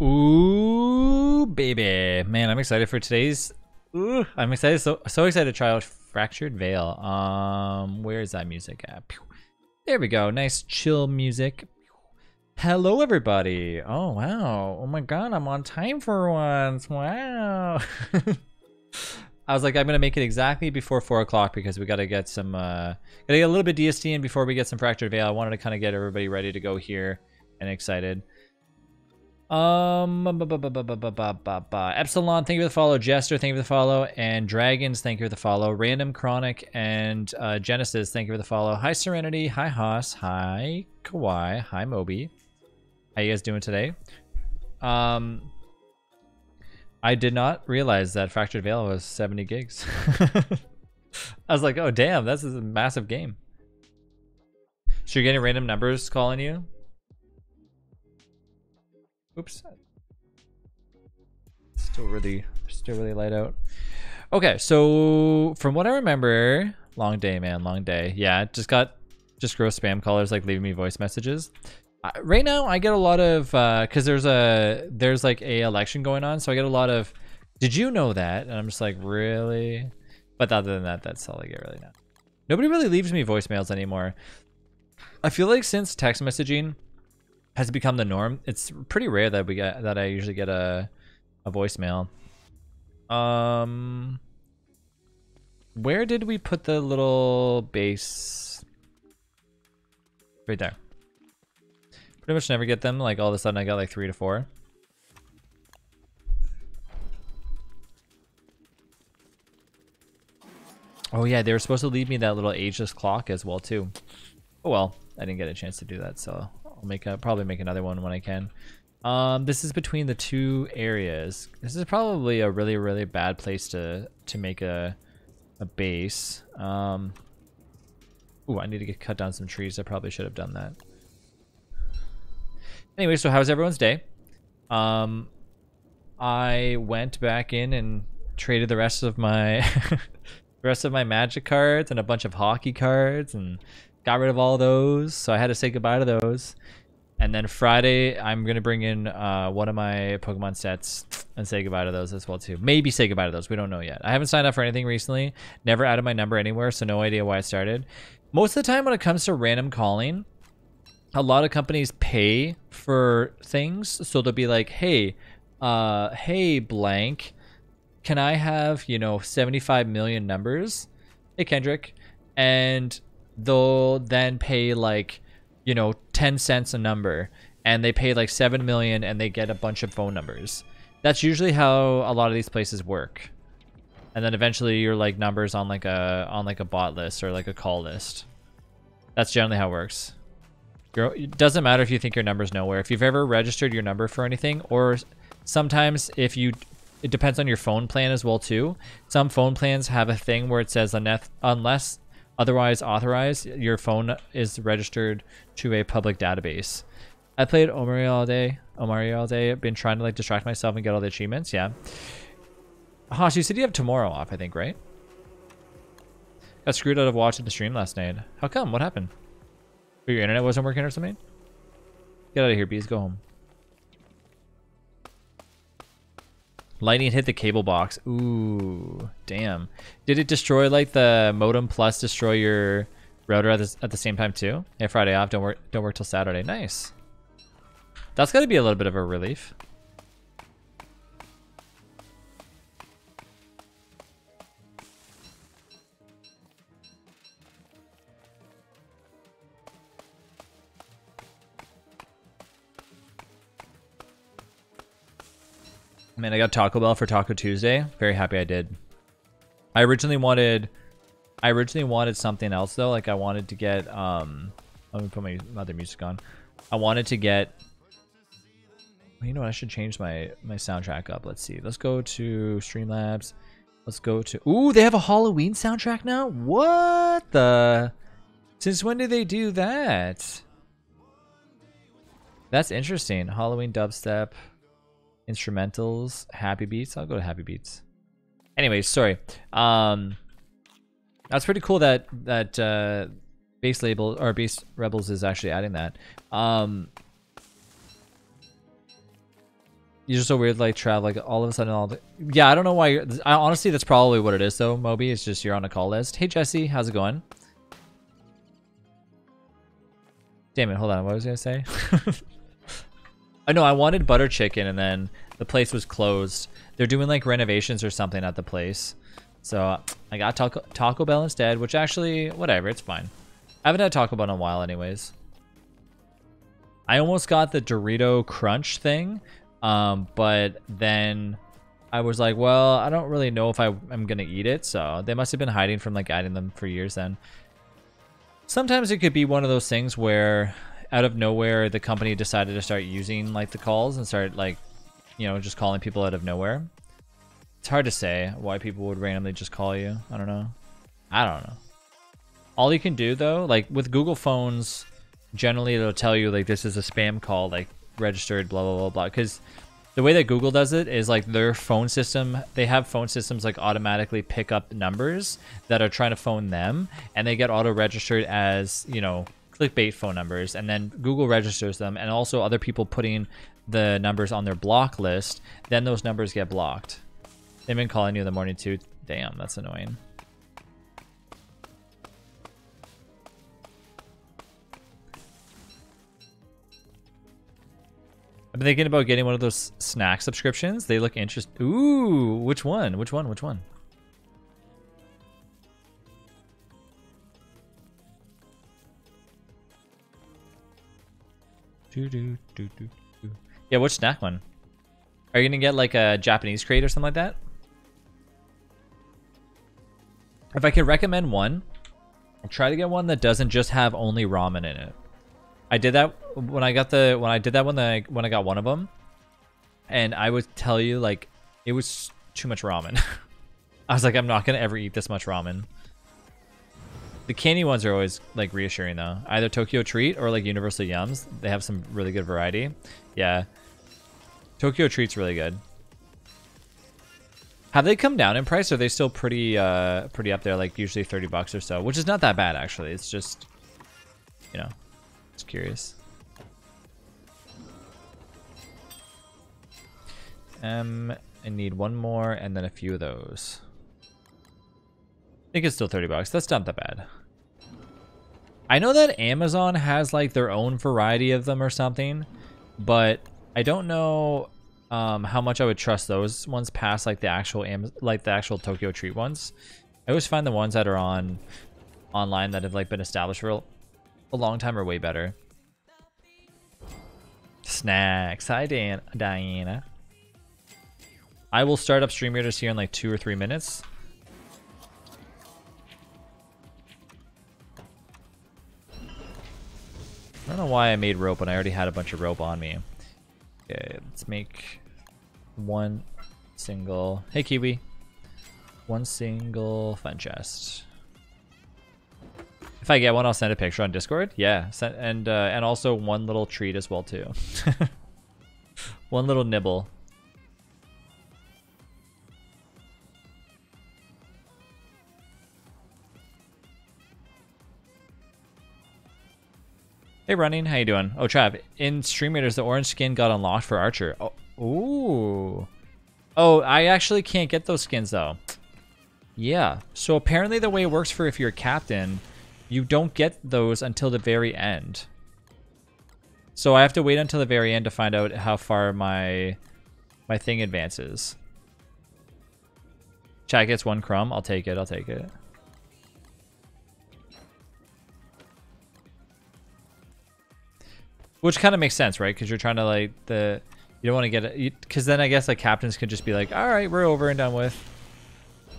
Ooh, baby. Man, I'm excited for today's... Ooh, I'm excited, so, so excited to try out Fractured Veil. Um, Where is that music at? There we go. Nice chill music. Hello, everybody. Oh, wow. Oh, my God. I'm on time for once. Wow. I was like, I'm going to make it exactly before 4 o'clock because we got to get some... Uh, got to get a little bit DST in before we get some Fractured Veil. I wanted to kind of get everybody ready to go here and excited. Um, Epsilon, thank you for the follow. Jester, thank you for the follow. And Dragons, thank you for the follow. Random Chronic and uh, Genesis, thank you for the follow. Hi, Serenity. Hi, Haas. Hi, Kawhi. Hi, Moby. How you guys doing today? Um, I did not realize that Fractured Veil was 70 gigs. I was like, oh, damn, this is a massive game. So you're getting random numbers calling you? Oops. Still really, still really light out. Okay, so from what I remember, long day, man, long day. Yeah, just got just gross spam callers like leaving me voice messages. Uh, right now, I get a lot of because uh, there's a there's like a election going on, so I get a lot of. Did you know that? And I'm just like, really? But other than that, that's all I get really now. Nobody really leaves me voicemails anymore. I feel like since text messaging has become the norm. It's pretty rare that we get that I usually get a a voicemail. Um where did we put the little base? Right there. Pretty much never get them. Like all of a sudden I got like three to four. Oh yeah, they were supposed to leave me that little ageless clock as well too. Oh well, I didn't get a chance to do that, so I'll make a probably make another one when I can. Um, this is between the two areas. This is probably a really really bad place to to make a a base. Um, ooh, I need to get cut down some trees. I probably should have done that. Anyway, so how's everyone's day? Um, I went back in and traded the rest of my the rest of my magic cards and a bunch of hockey cards and Got rid of all those, so I had to say goodbye to those. And then Friday, I'm going to bring in uh, one of my Pokemon sets and say goodbye to those as well, too. Maybe say goodbye to those. We don't know yet. I haven't signed up for anything recently. Never added my number anywhere, so no idea why I started. Most of the time when it comes to random calling, a lot of companies pay for things. So they'll be like, hey, uh, hey, blank, can I have, you know, 75 million numbers? Hey, Kendrick. And they'll then pay like, you know, 10 cents a number and they pay like 7 million and they get a bunch of phone numbers. That's usually how a lot of these places work. And then eventually your like numbers on like a on like a bot list or like a call list. That's generally how it works. it doesn't matter if you think your number's nowhere. If you've ever registered your number for anything or sometimes if you it depends on your phone plan as well too. Some phone plans have a thing where it says unless unless Otherwise authorized, your phone is registered to a public database. I played Omari all day. Omari all day. I've been trying to like distract myself and get all the achievements. Yeah. Hosh, you said you have tomorrow off, I think, right? Got screwed out of watching the stream last night. How come? What happened? Your internet wasn't working or something? Get out of here, bees. Go home. Lightning hit the cable box. Ooh, damn. Did it destroy like the modem plus destroy your router at the, at the same time too? Hey, Friday off. Don't work. Don't work till Saturday. Nice. That's got to be a little bit of a relief. Man, I got Taco Bell for Taco Tuesday. Very happy I did. I originally wanted, I originally wanted something else though. Like I wanted to get, um, let me put my other music on. I wanted to get, you know what? I should change my, my soundtrack up. Let's see. Let's go to Streamlabs. Let's go to, ooh, they have a Halloween soundtrack now? What the? Since when did they do that? That's interesting. Halloween dubstep instrumentals, happy beats. I'll go to happy beats. Anyway, sorry. Um, that's pretty cool that that uh, base label or base rebels is actually adding that. Um, you're just so weird, like Trav. Like all of a sudden, all the yeah. I don't know why. I, honestly, that's probably what it is, though. Moby, it's just you're on a call list. Hey Jesse, how's it going? Damn it! Hold on. What was I gonna say? I oh, know I wanted butter chicken and then the place was closed. They're doing like renovations or something at the place. So I got Taco, Taco Bell instead, which actually, whatever, it's fine. I haven't had Taco Bell in a while anyways. I almost got the Dorito Crunch thing, um, but then I was like, well, I don't really know if I, am going to eat it. So they must have been hiding from like adding them for years then. Sometimes it could be one of those things where out of nowhere, the company decided to start using like the calls and start like, you know, just calling people out of nowhere. It's hard to say why people would randomly just call you. I don't know. I don't know. All you can do though, like with Google phones, generally it'll tell you like this is a spam call, like registered, blah blah blah blah. Because the way that Google does it is like their phone system, they have phone systems like automatically pick up numbers that are trying to phone them and they get auto registered as, you know, clickbait phone numbers, and then Google registers them, and also other people putting the numbers on their block list, then those numbers get blocked. They've been calling you in the morning too. Damn, that's annoying. i have been thinking about getting one of those snack subscriptions. They look interesting. Ooh, which one? Which one? Which one? Do, do, do, do, do. Yeah, which snack one? Are you gonna get like a Japanese crate or something like that? If I could recommend one, I'll try to get one that doesn't just have only ramen in it. I did that when I got the when I did that when the when I got one of them, and I would tell you like it was too much ramen. I was like, I'm not gonna ever eat this much ramen. The candy ones are always like reassuring though. Either Tokyo Treat or like Universal Yums. They have some really good variety. Yeah. Tokyo Treat's really good. Have they come down in price? are they still pretty uh pretty up there, like usually 30 bucks or so, which is not that bad actually. It's just you know, it's curious. Um I need one more and then a few of those think it's still 30 bucks. That's not that bad. I know that Amazon has like their own variety of them or something, but I don't know um, how much I would trust those ones past like the actual Am like the actual Tokyo Treat ones. I always find the ones that are on online that have like been established for a long time are way better. Snacks. Hi, Dan Diana. I will start up StreamYarders here in like two or three minutes. I don't know why I made rope when I already had a bunch of rope on me. Okay, let's make one single... Hey, Kiwi. One single fun chest. If I get one, I'll send a picture on Discord. Yeah, and uh, and also one little treat as well, too. one little nibble. Hey, running. How you doing? Oh, Trav. In Stream Raiders, the orange skin got unlocked for Archer. Oh, ooh. Oh, I actually can't get those skins though. Yeah. So apparently the way it works for if you're a captain, you don't get those until the very end. So I have to wait until the very end to find out how far my my thing advances. Chat gets one crumb. I'll take it. I'll take it. Which kind of makes sense, right? Because you're trying to like the you don't want to get it because then I guess like captains could just be like, all right, we're over and done with.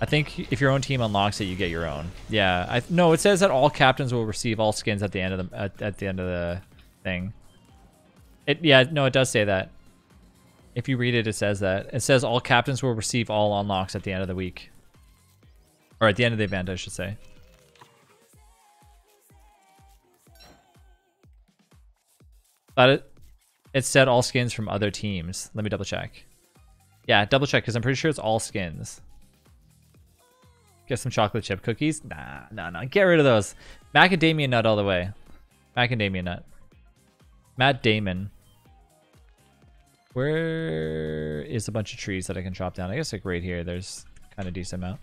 I think if your own team unlocks it, you get your own. Yeah, I no, it says that all captains will receive all skins at the end of the at, at the end of the thing. It yeah, no, it does say that. If you read it, it says that. It says all captains will receive all unlocks at the end of the week. Or at the end of the event, I should say. But it, it said all skins from other teams. Let me double check. Yeah, double check, because I'm pretty sure it's all skins. Get some chocolate chip cookies. Nah, nah, nah. Get rid of those. Macadamia nut all the way. Macadamia nut. Matt Damon. Where is a bunch of trees that I can chop down? I guess like right here, there's kind of decent amount.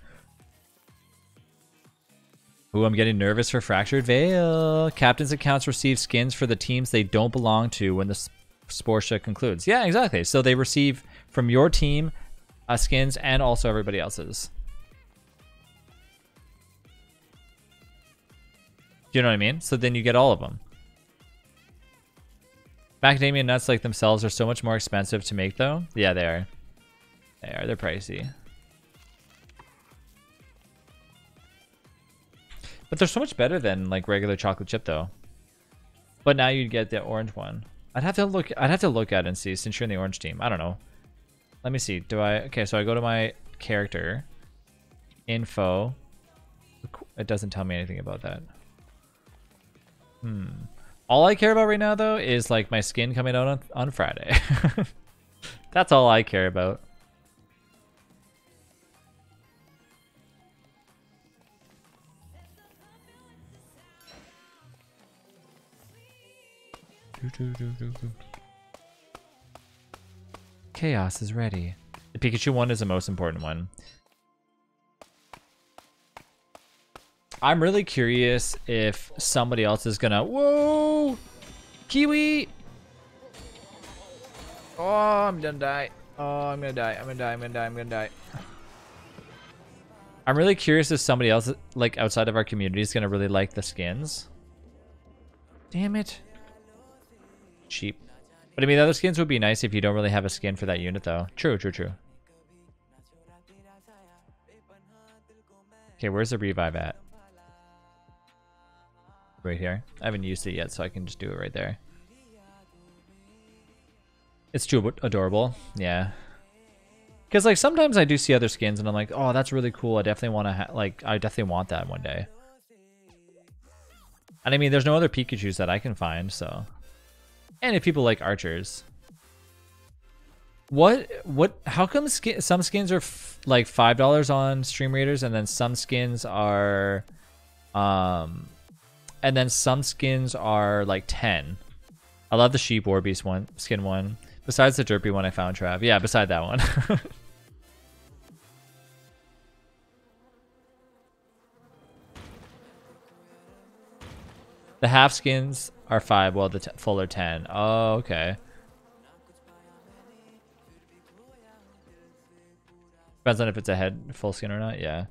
Ooh, I'm getting nervous for Fractured Veil. Captain's accounts receive skins for the teams they don't belong to when the Sportia concludes. Yeah, exactly. So they receive from your team uh, skins and also everybody else's. Do you know what I mean? So then you get all of them. Macadamia nuts like themselves are so much more expensive to make though. Yeah, they are. They are. They're pricey. But they're so much better than like regular chocolate chip though. But now you'd get the orange one. I'd have to look I'd have to look at and see since you're in the orange team. I don't know. Let me see. Do I okay, so I go to my character info. It doesn't tell me anything about that. Hmm. All I care about right now though is like my skin coming out on, on Friday. That's all I care about. Chaos is ready. The Pikachu one is the most important one. I'm really curious if somebody else is gonna, whoa, Kiwi. Oh, I'm gonna die. Oh, I'm gonna die, I'm gonna die, I'm gonna die, I'm gonna die. I'm really curious if somebody else, like outside of our community, is gonna really like the skins. Damn it cheap. But I mean, the other skins would be nice if you don't really have a skin for that unit, though. True, true, true. Okay, where's the revive at? Right here. I haven't used it yet, so I can just do it right there. It's too adorable. Yeah. Because, like, sometimes I do see other skins and I'm like, oh, that's really cool. I definitely want to, like, I definitely want that one day. And I mean, there's no other Pikachus that I can find, so and if people like archers. What what? How come some skins are like five dollars on Stream Raiders, and then some skins are, um, and then some skins are like ten. I love the sheep war beast one skin one. Besides the derpy one I found, Trav. Yeah, beside that one. the half skins r five, while the fuller ten. Oh, okay. Depends on if it's a head full skin or not, yeah.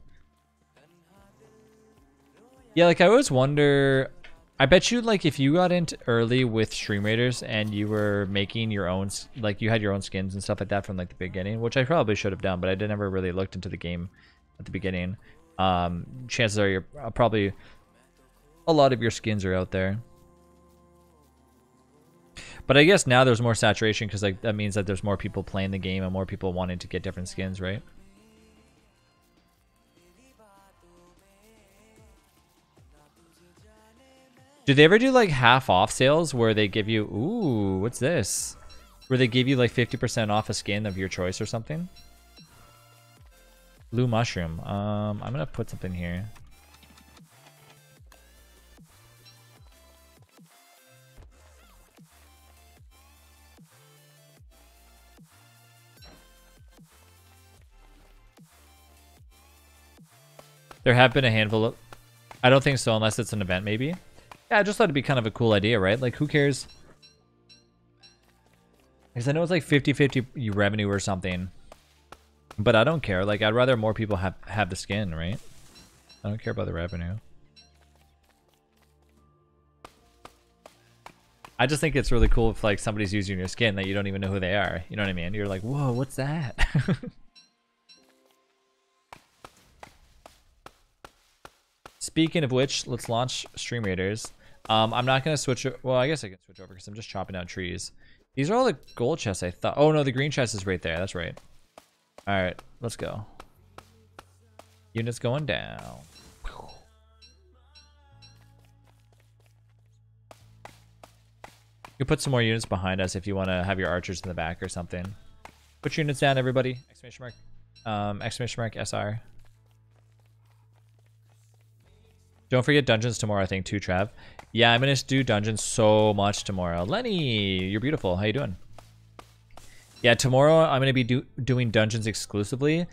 Yeah, like I always wonder, I bet you like if you got into early with stream raiders and you were making your own, like you had your own skins and stuff like that from like the beginning, which I probably should have done, but I did never really looked into the game at the beginning. Um, chances are you're uh, probably, a lot of your skins are out there. But I guess now there's more saturation because like that means that there's more people playing the game and more people wanting to get different skins, right? Do they ever do like half off sales where they give you, ooh, what's this? Where they give you like 50% off a skin of your choice or something? Blue mushroom. Um, I'm gonna put something here. There have been a handful of... I don't think so, unless it's an event, maybe. Yeah, I just thought it'd be kind of a cool idea, right? Like, who cares? Because I know it's like 50-50 revenue or something. But I don't care. Like, I'd rather more people have, have the skin, right? I don't care about the revenue. I just think it's really cool if like somebody's using your skin that you don't even know who they are. You know what I mean? You're like, whoa, what's that? Speaking of which, let's launch Stream Raiders. Um, I'm not going to switch. Well, I guess I can switch over because I'm just chopping down trees. These are all the gold chests I thought. Oh, no, the green chest is right there. That's right. All right, let's go. Units going down. You put some more units behind us if you want to have your archers in the back or something. Put your units down, everybody! Exclamation mark. Um, exclamation mark SR. Don't forget dungeons tomorrow, I think, too, Trav. Yeah, I'm going to do dungeons so much tomorrow. Lenny, you're beautiful. How you doing? Yeah, tomorrow I'm going to be do doing dungeons exclusively.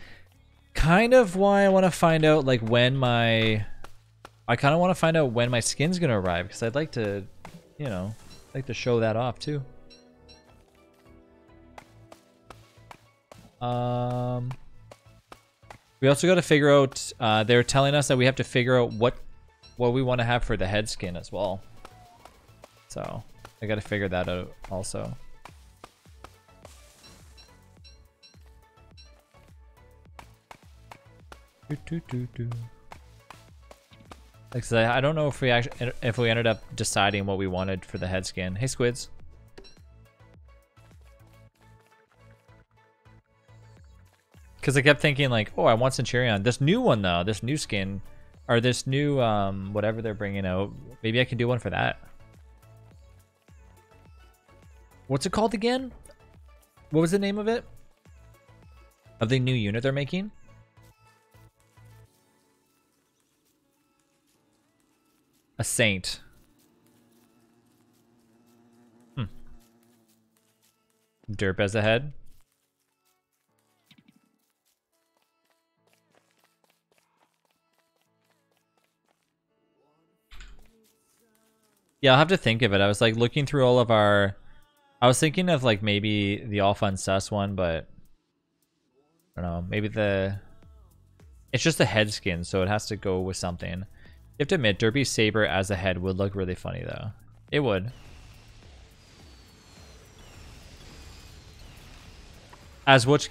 Kind of why I want to find out, like, when my... I kind of want to find out when my skin's going to arrive, because I'd like to, you know, like to show that off, too. Um... We also got to figure out, uh, they're telling us that we have to figure out what what we want to have for the head skin as well. So I got to figure that out also. like I I don't know if we actually if we ended up deciding what we wanted for the head skin. Hey, squids. Because I kept thinking like, oh, I want Centurion. This new one though, this new skin or this new, um, whatever they're bringing out. Maybe I can do one for that. What's it called again? What was the name of it? Of the new unit they're making? A saint. Hmm. Derp as a head. Yeah, I'll have to think of it. I was like looking through all of our. I was thinking of like maybe the all fun sus one, but I don't know. Maybe the. It's just a head skin, so it has to go with something. You have to admit, Derpy Saber as a head would look really funny though. It would. As which,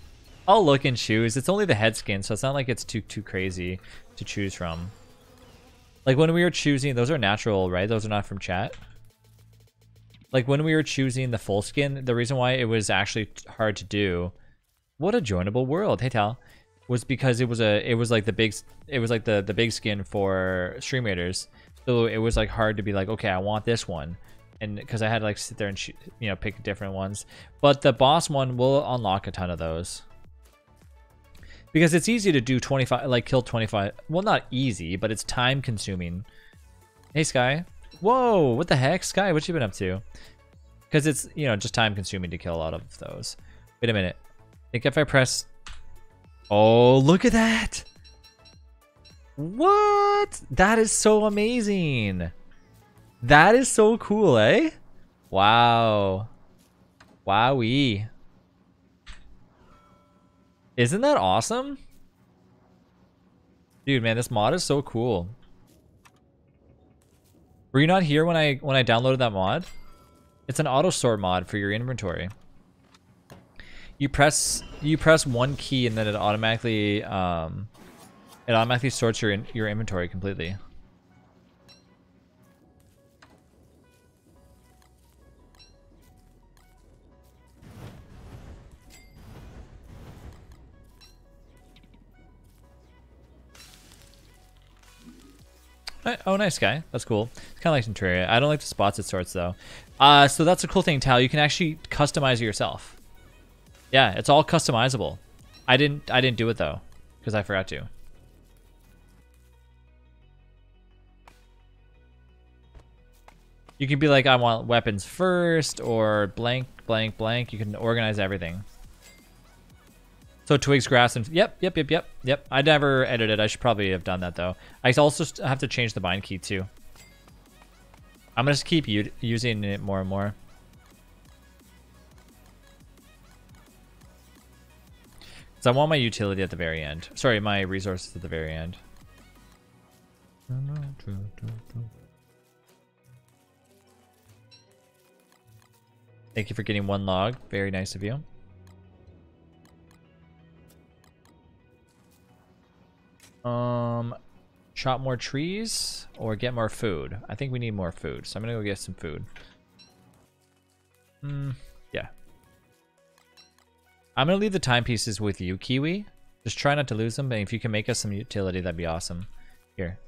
I'll look and choose. It's only the head skin, so it's not like it's too too crazy to choose from. Like when we were choosing, those are natural, right? Those are not from chat. Like when we were choosing the full skin, the reason why it was actually hard to do, what a joinable world, hey Tal, was because it was a, it was like the big, it was like the, the big skin for stream raiders. So it was like hard to be like, okay, I want this one. And because I had to like sit there and, you know, pick different ones. But the boss one will unlock a ton of those. Because it's easy to do 25, like kill 25. Well, not easy, but it's time consuming. Hey, Sky. Whoa, what the heck? Sky, what you been up to? Because it's, you know, just time consuming to kill a lot of those. Wait a minute. I think if I press... Oh, look at that! What? That is so amazing. That is so cool, eh? Wow. Wowee. Isn't that awesome? Dude, man, this mod is so cool. Were you not here when I when I downloaded that mod? It's an auto sort mod for your inventory. You press you press one key and then it automatically um, it automatically sorts your in, your inventory completely. Oh, nice guy. That's cool. It's kind of like Centuria. I don't like the spots it sorts, though. Uh, so that's a cool thing, Tal. You can actually customize it yourself. Yeah, it's all customizable. I didn't I didn't do it, though, because I forgot to. You can be like, I want weapons first, or blank, blank, blank. You can organize everything. So twigs, grass, and yep, yep, yep, yep, yep. I never edited. I should probably have done that though. I also have to change the bind key too. I'm gonna just keep using it more and more. Cause I want my utility at the very end. Sorry, my resources at the very end. Thank you for getting one log. Very nice of you. Um, chop more trees or get more food. I think we need more food, so I'm gonna go get some food. Hmm, yeah. I'm gonna leave the timepieces with you, Kiwi. Just try not to lose them, but if you can make us some utility, that'd be awesome. Here.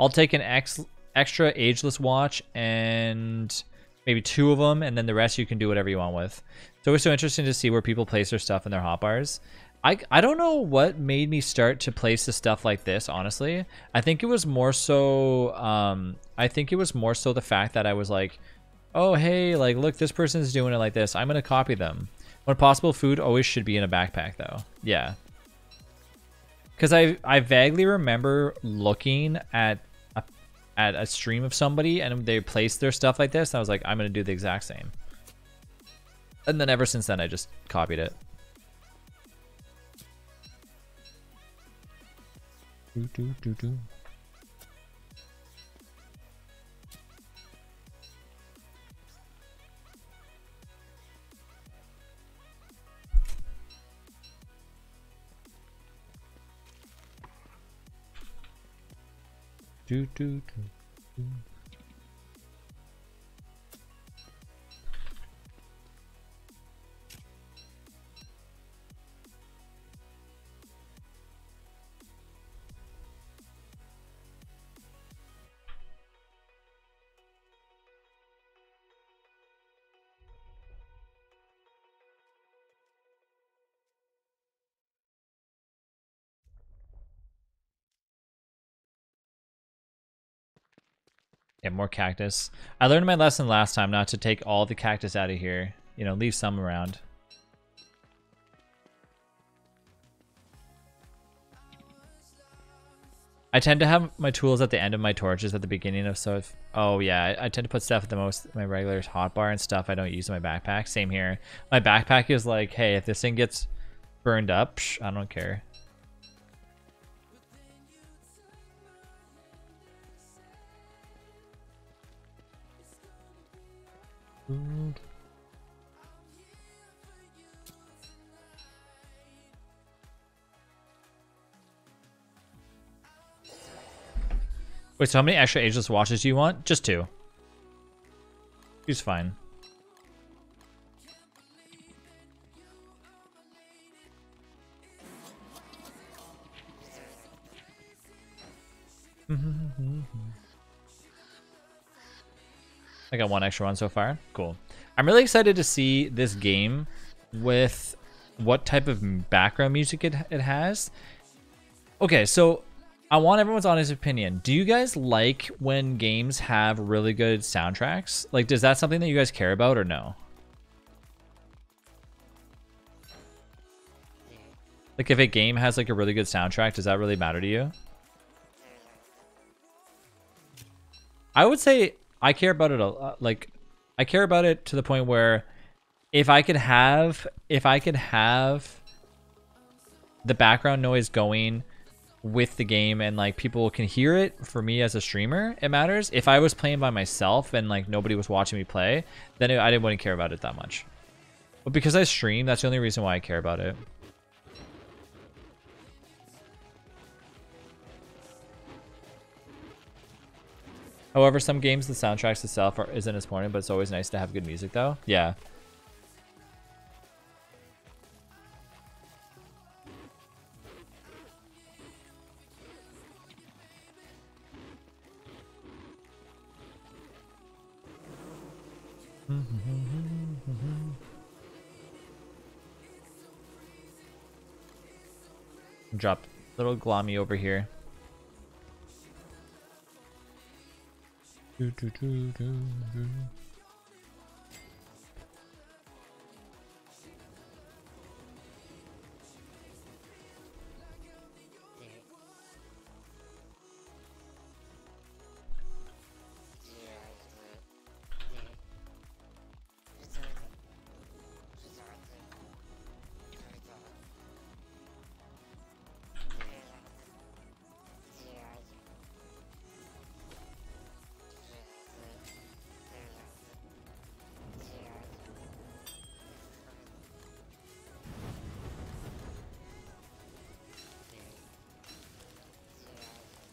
I'll take an ex extra ageless watch and maybe two of them, and then the rest you can do whatever you want with. So it's so interesting to see where people place their stuff in their hotbars. I, I don't know what made me start to place the stuff like this, honestly. I think it was more so, um, I think it was more so the fact that I was like, oh, hey, like, look, this person's doing it like this. I'm going to copy them. When possible, food always should be in a backpack, though. Yeah. Because I, I vaguely remember looking at a, at a stream of somebody and they placed their stuff like this. And I was like, I'm going to do the exact same. And then ever since then, I just copied it. Do, do, do, do. Do, do, do. And more cactus. I learned my lesson last time not to take all the cactus out of here. You know, leave some around. I tend to have my tools at the end of my torches at the beginning of so if, oh yeah I, I, tend to put stuff at the most my regular hotbar and stuff I don't use in my backpack same here my backpack is like hey if this thing gets burned up psh, I don't care Wait, so how many extra ageless watches do you want? Just two. He's fine. I got one extra one so far. Cool. I'm really excited to see this game with what type of background music it, it has. Okay, so I want everyone's honest opinion. Do you guys like when games have really good soundtracks? Like, does that something that you guys care about or no? Like, if a game has like a really good soundtrack, does that really matter to you? I would say I care about it a lot. Uh, like I care about it to the point where if I could have if I could have the background noise going with the game and like people can hear it for me as a streamer it matters if i was playing by myself and like nobody was watching me play then it, i didn't want care about it that much but because i stream that's the only reason why i care about it However, some games, the soundtracks itself are, isn't as important, but it's always nice to have good music, though. Yeah. Drop little glommy over here. Do, do, do, do, do.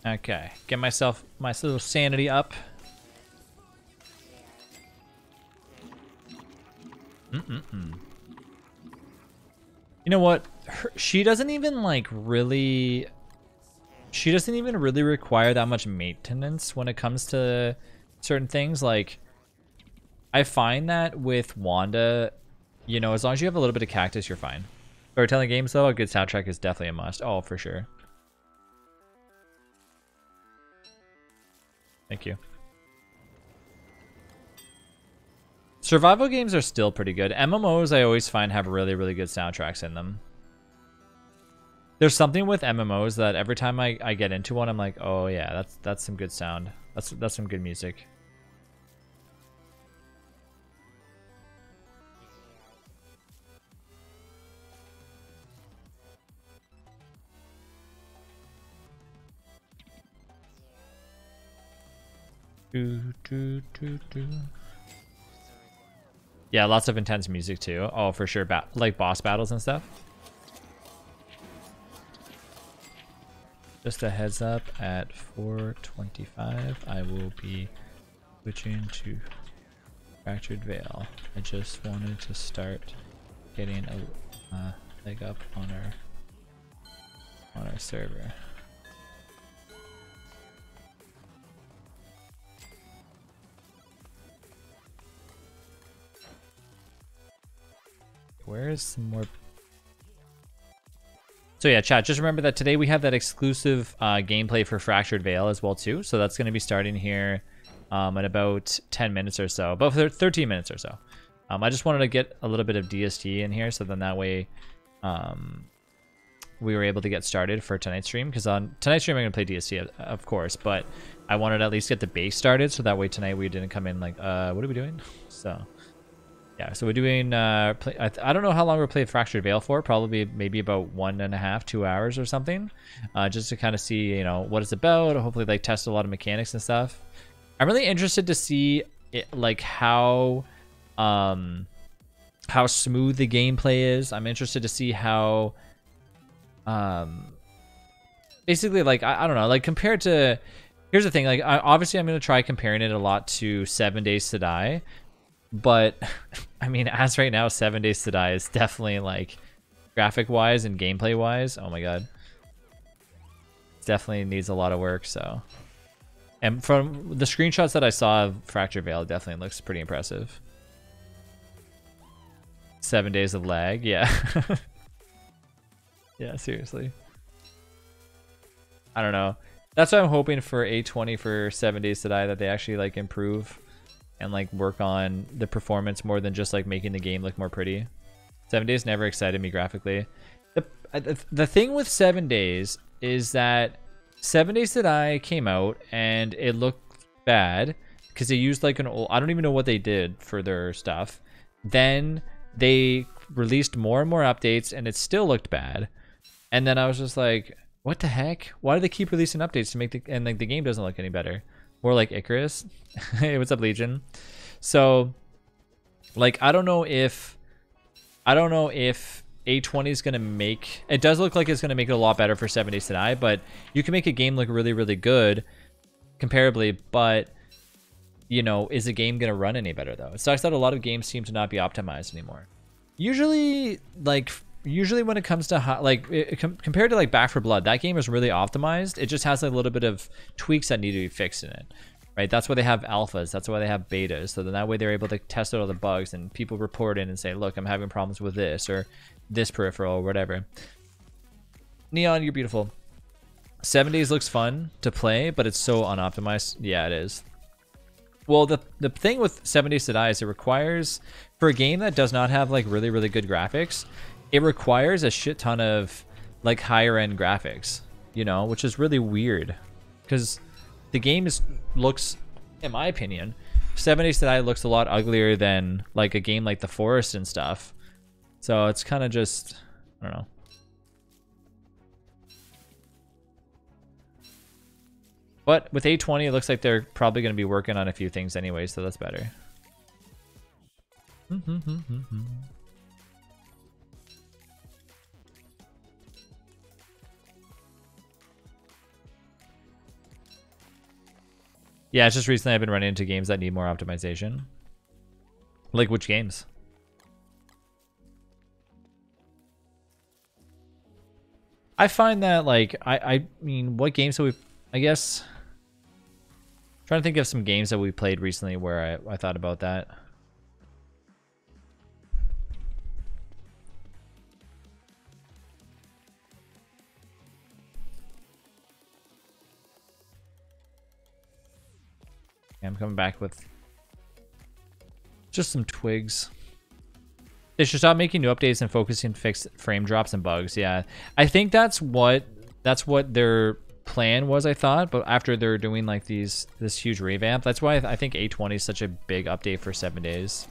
Okay, get myself my little sanity up. Mm-mm-mm. You know what? Her, she doesn't even like really. She doesn't even really require that much maintenance when it comes to certain things. Like, I find that with Wanda, you know, as long as you have a little bit of cactus, you're fine. Storytelling games, though, a good soundtrack is definitely a must. Oh, for sure. Thank you. Survival games are still pretty good. MMOs I always find have really, really good soundtracks in them. There's something with MMOs that every time I, I get into one, I'm like, oh yeah, that's that's some good sound. That's that's some good music. Do, do, do, do. Yeah, lots of intense music too. Oh, for sure, ba like boss battles and stuff. Just a heads up, at 4.25, I will be switching to Fractured Veil. I just wanted to start getting a uh, leg up on our on our server. Where is some more? So yeah, chat, just remember that today we have that exclusive uh, gameplay for Fractured Veil as well too. So that's going to be starting here um, in about 10 minutes or so, about 13 minutes or so. Um, I just wanted to get a little bit of DST in here so then that way um, we were able to get started for tonight's stream because on tonight's stream I'm going to play DST of course, but I wanted to at least get the base started so that way tonight we didn't come in like, uh, what are we doing? So... Yeah, so we're doing, uh, play, I, I, don't know how long we played Fractured Veil for, probably maybe about one and a half, two hours or something, uh, just to kind of see, you know, what it's about, hopefully, like, test a lot of mechanics and stuff. I'm really interested to see, it, like, how, um, how smooth the gameplay is. I'm interested to see how, um, basically, like, I, I don't know, like, compared to, here's the thing, like, I, obviously, I'm going to try comparing it a lot to Seven Days to Die, but I mean, as right now, Seven Days to Die is definitely like graphic wise and gameplay wise. Oh my god, definitely needs a lot of work. So, and from the screenshots that I saw of Fracture Veil, definitely looks pretty impressive. Seven days of lag, yeah. yeah, seriously. I don't know. That's why I'm hoping for A20 for Seven Days to Die that they actually like improve and like work on the performance more than just like making the game look more pretty. Seven Days never excited me graphically. The, the thing with Seven Days is that Seven Days that I came out and it looked bad because they used like an old, I don't even know what they did for their stuff. Then they released more and more updates and it still looked bad. And then I was just like, what the heck? Why do they keep releasing updates to make the, and like the game doesn't look any better? More like Icarus. hey, what's up, Legion? So, like, I don't know if... I don't know if a20 is going to make... It does look like it's going to make it a lot better for seventies to Die, but you can make a game look really, really good comparably, but, you know, is the game going to run any better, though? It sucks that a lot of games seem to not be optimized anymore. Usually, like, usually when it comes to like it, com compared to like Back for Blood, that game is really optimized. It just has a little bit of tweaks that need to be fixed in it, right? That's why they have alphas. That's why they have betas. So then that way they're able to test out all the bugs and people report in and say, look, I'm having problems with this or this peripheral or whatever. Neon, you're beautiful. Seven Days looks fun to play, but it's so unoptimized. Yeah, it is. Well, the the thing with Seven Days to Die is it requires for a game that does not have like really really good graphics, it requires a shit ton of like higher end graphics, you know, which is really weird because the game is looks, in my opinion, 70s today looks a lot uglier than like a game like The Forest and stuff. So it's kind of just, I don't know. But with A20, it looks like they're probably going to be working on a few things anyway, so that's better. Mm-hmm, mm-hmm, mm-hmm. Yeah, it's just recently I've been running into games that need more optimization. Like which games? I find that like I I mean what games have we I guess I'm trying to think of some games that we played recently where I, I thought about that. I'm coming back with just some twigs. They should stop making new updates and focusing fixed frame drops and bugs. Yeah, I think that's what that's what their plan was. I thought, but after they're doing like these this huge revamp, that's why I think A20 is such a big update for seven days.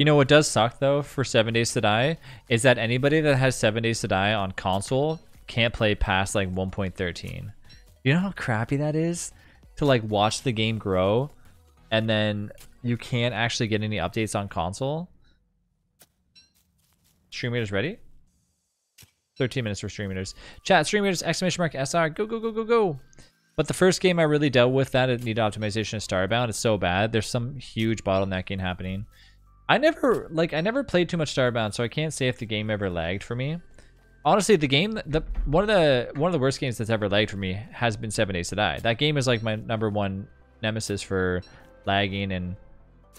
You know what does suck though for Seven Days to Die is that anybody that has Seven Days to Die on console can't play past like 1.13. You know how crappy that is to like watch the game grow and then you can't actually get any updates on console. Stream meters ready? 13 minutes for stream meters. Chat, stream meters, exclamation mark, SR, go, go, go, go, go. But the first game I really dealt with that it needed optimization is Starbound. It's so bad. There's some huge bottlenecking happening. I never, like, I never played too much Starbound, so I can't say if the game ever lagged for me. Honestly, the game, the one of the one of the worst games that's ever lagged for me has been Seven Days to Die. That game is like my number one nemesis for lagging and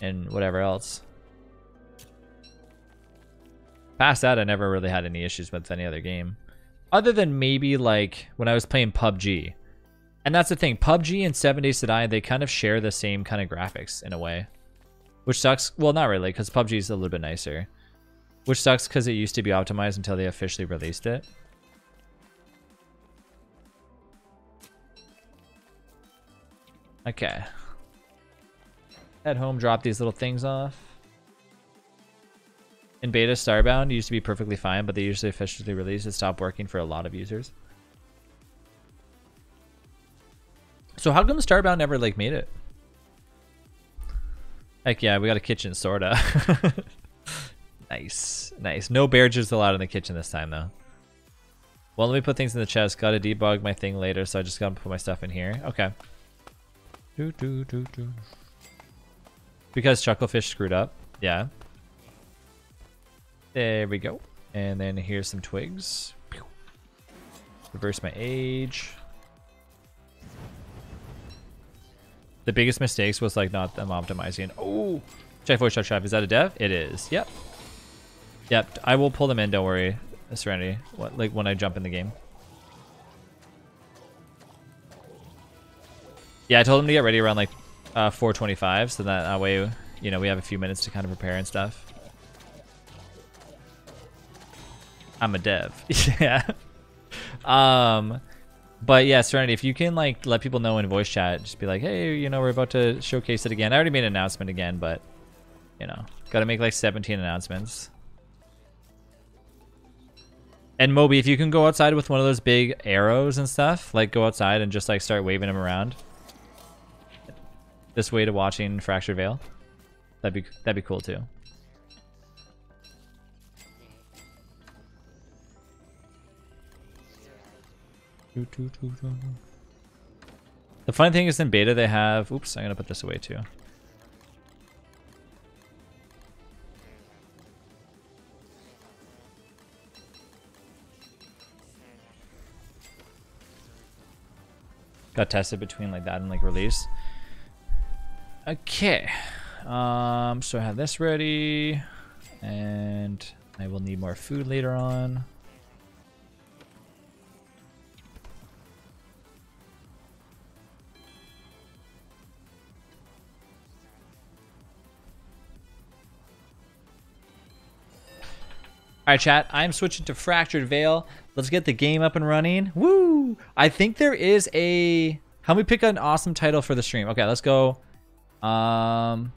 and whatever else. Past that, I never really had any issues with any other game, other than maybe like when I was playing PUBG. And that's the thing, PUBG and Seven Days to Die, they kind of share the same kind of graphics in a way. Which sucks. Well, not really, because PUBG is a little bit nicer. Which sucks because it used to be optimized until they officially released it. Okay. At home, drop these little things off. In beta, Starbound used to be perfectly fine, but they usually officially released it stopped working for a lot of users. So how come Starbound never like made it? Heck yeah, we got a kitchen, sorta. nice, nice. No barrages allowed in the kitchen this time, though. Well, let me put things in the chest. Gotta debug my thing later, so I just gotta put my stuff in here. Okay. Do, do, do, do. Because Chucklefish screwed up. Yeah. There we go. And then here's some twigs. Reverse my age. the biggest mistakes was like not them optimizing. Oh, check voice chat trap. Is that a dev? It is. Yep. Yep. I will pull them in. Don't worry, Serenity. What, like when I jump in the game. Yeah, I told them to get ready around like uh, 4:25, so that, that way, you know, we have a few minutes to kind of prepare and stuff. I'm a dev. yeah. Um. But yeah, Serenity, if you can like let people know in voice chat, just be like, hey, you know, we're about to showcase it again. I already made an announcement again, but you know, gotta make like 17 announcements. And Moby, if you can go outside with one of those big arrows and stuff, like go outside and just like start waving them around. This way to watching Fracture Veil. That'd be that'd be cool too. The funny thing is in beta they have... Oops, I'm going to put this away too. Got tested between like that and like release. Okay. Um, so I have this ready. And I will need more food later on. All right, chat, I'm switching to Fractured Veil. Let's get the game up and running. Woo! I think there is a... Help me pick an awesome title for the stream. Okay, let's go. Um,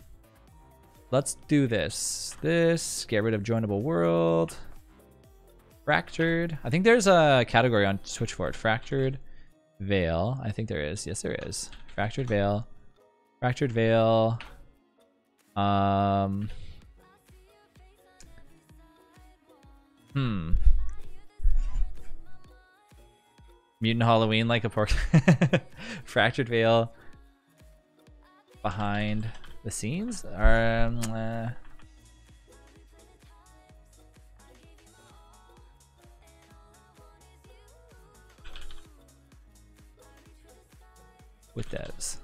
Let's do this. This, get rid of Joinable World. Fractured. I think there's a category on Switch for it. Fractured Veil. I think there is. Yes, there is. Fractured Veil. Fractured Veil. Um... Hmm. Mutant Halloween like a pork. Fractured Veil. Behind the scenes? Um, uh... with devs.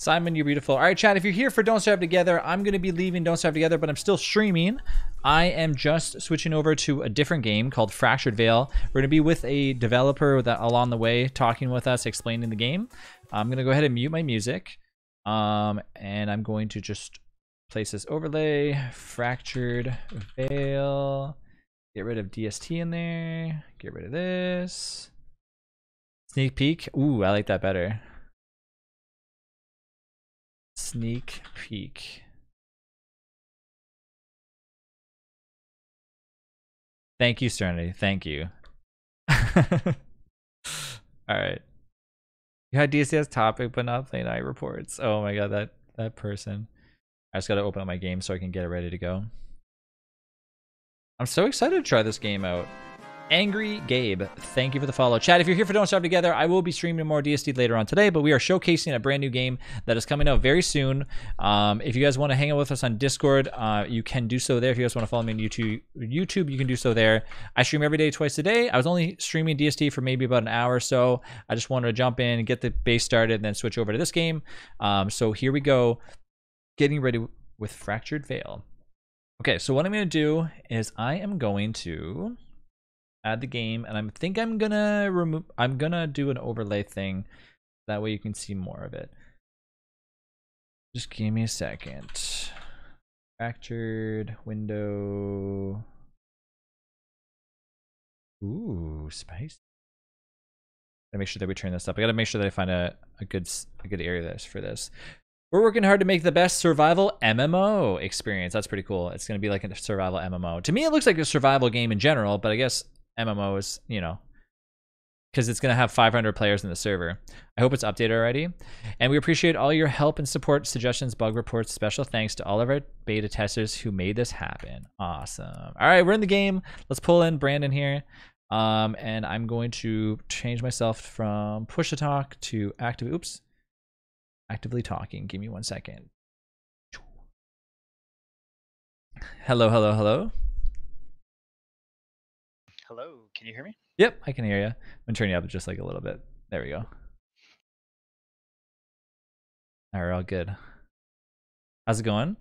Simon, you're beautiful. All right, Chad, if you're here for Don't Starve Together, I'm going to be leaving Don't Starve Together, but I'm still streaming. I am just switching over to a different game called Fractured Veil. We're going to be with a developer that along the way talking with us, explaining the game. I'm going to go ahead and mute my music. Um, and I'm going to just place this overlay, Fractured Veil. Get rid of DST in there. Get rid of this. Sneak peek. Ooh, I like that better sneak peek. Thank you, Serenity. Thank you. All right. You had DCS topic, but not play night reports. Oh my god, that that person. I just gotta open up my game so I can get it ready to go. I'm so excited to try this game out. Angry Gabe, thank you for the follow. chat. if you're here for Don't Starve Together, I will be streaming more DSD later on today, but we are showcasing a brand new game that is coming out very soon. Um, if you guys want to hang out with us on Discord, uh, you can do so there. If you guys want to follow me on YouTube, YouTube, you can do so there. I stream every day, twice a day. I was only streaming DSD for maybe about an hour or so. I just wanted to jump in, get the base started, and then switch over to this game. Um, so here we go, getting ready with Fractured Veil. Okay, so what I'm going to do is I am going to add the game, and I think I'm gonna remove. I'm gonna do an overlay thing. That way you can see more of it. Just give me a second. Fractured window. Ooh, spice. Gotta make sure that we turn this up. I gotta make sure that I find a, a good a good area for this. We're working hard to make the best survival MMO experience. That's pretty cool. It's gonna be like a survival MMO. To me, it looks like a survival game in general, but I guess MMOs, you know, because it's going to have 500 players in the server. I hope it's updated already. And we appreciate all your help and support, suggestions, bug reports. Special thanks to all of our beta testers who made this happen. Awesome. All right, we're in the game. Let's pull in Brandon here. Um, and I'm going to change myself from push to talk to active. Oops. Actively talking. Give me one second. Hello, hello, hello. Hello, can you hear me? Yep, I can hear you. I'm gonna turn you up just like a little bit. There we go. All right, all good. How's it going?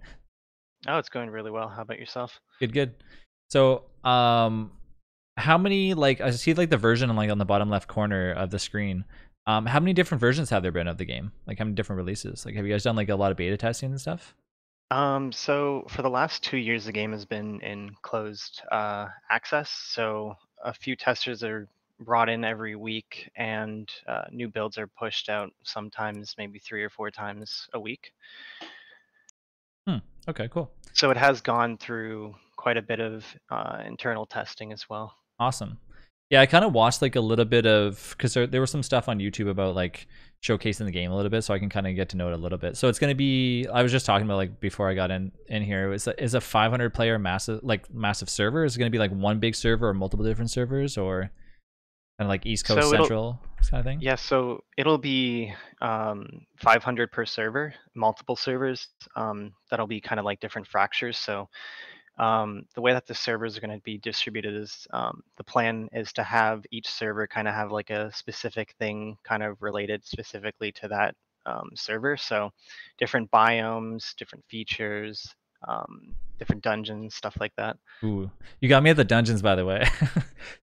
Oh, it's going really well. How about yourself? Good, good. So, um, how many like I see like the version like on the bottom left corner of the screen. Um, how many different versions have there been of the game? Like how many different releases? Like have you guys done like a lot of beta testing and stuff? Um, so for the last two years, the game has been in closed uh, access. So a few testers are brought in every week, and uh, new builds are pushed out sometimes, maybe three or four times a week. Hmm. Okay. Cool. So it has gone through quite a bit of uh, internal testing as well. Awesome. Yeah, I kind of watched like a little bit of because there there was some stuff on YouTube about like showcasing the game a little bit, so I can kind of get to know it a little bit. So it's gonna be I was just talking about like before I got in in here it was is a 500 player massive like massive server is it gonna be like one big server or multiple different servers or kind of like East Coast so Central kind of thing? Yeah, so it'll be um, 500 per server, multiple servers. Um, that'll be kind of like different fractures. So um, the way that the servers are going to be distributed is um, the plan is to have each server kind of have like a specific thing kind of related specifically to that um, server. So different biomes, different features, um, different dungeons, stuff like that. Ooh, you got me at the dungeons, by the way.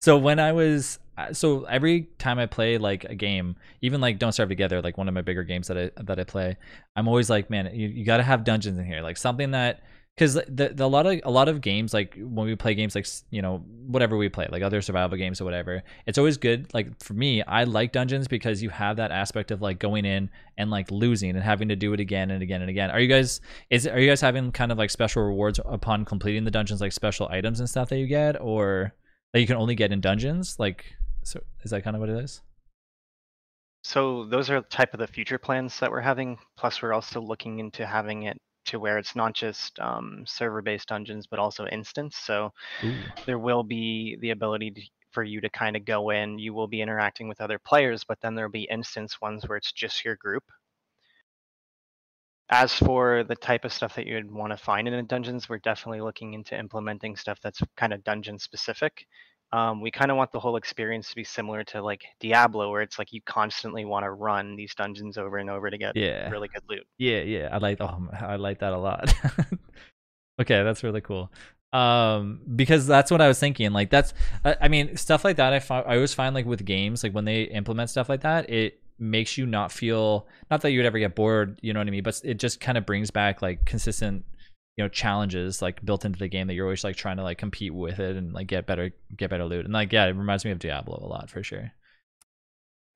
so when I was uh, so every time I play like a game, even like Don't Starve Together, like one of my bigger games that I that I play, I'm always like, man, you, you got to have dungeons in here, like something that because the, the, a lot of a lot of games like when we play games like you know whatever we play like other survival games or whatever it's always good like for me i like dungeons because you have that aspect of like going in and like losing and having to do it again and again and again are you guys is are you guys having kind of like special rewards upon completing the dungeons like special items and stuff that you get or that you can only get in dungeons like so is that kind of what it is so those are type of the future plans that we're having plus we're also looking into having it to where it's not just um, server-based dungeons, but also instance. So Ooh. there will be the ability to, for you to kind of go in. You will be interacting with other players, but then there'll be instance ones where it's just your group. As for the type of stuff that you'd want to find in a dungeons, we're definitely looking into implementing stuff that's kind of dungeon specific. Um, we kind of want the whole experience to be similar to like Diablo, where it's like you constantly want to run these dungeons over and over to get yeah. really good loot. Yeah, yeah, I like oh, I like that a lot. okay, that's really cool. Um, because that's what I was thinking. Like that's, I, uh, I mean, stuff like that. I find, I always find like with games, like when they implement stuff like that, it makes you not feel not that you would ever get bored. You know what I mean? But it just kind of brings back like consistent you know challenges like built into the game that you're always like trying to like compete with it and like get better get better loot and like yeah it reminds me of diablo a lot for sure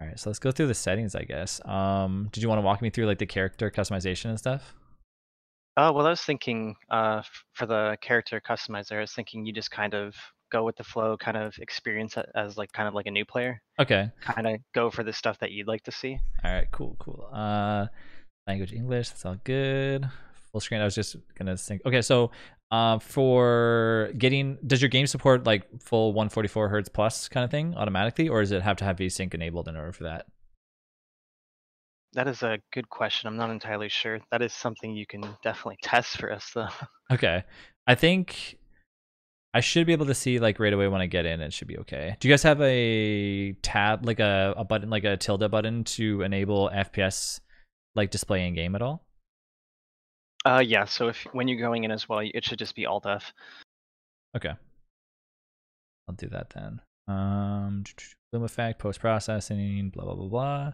all right so let's go through the settings i guess um did you want to walk me through like the character customization and stuff oh well i was thinking uh for the character customizer i was thinking you just kind of go with the flow kind of experience as like kind of like a new player okay kind of go for the stuff that you'd like to see all right cool cool uh language english that's all good full screen. I was just gonna think. Okay, so uh, for getting, does your game support like full 144 hertz plus kind of thing automatically, or does it have to have VSync enabled in order for that? That is a good question. I'm not entirely sure. That is something you can definitely test for us, though. Okay, I think I should be able to see like right away when I get in. It should be okay. Do you guys have a tab, like a, a button, like a tilde button to enable FPS like display in game at all? Uh, yeah. So if when you're going in as well, it should just be all def. Okay. I'll do that then. Um, bloom effect, post processing, blah blah blah blah.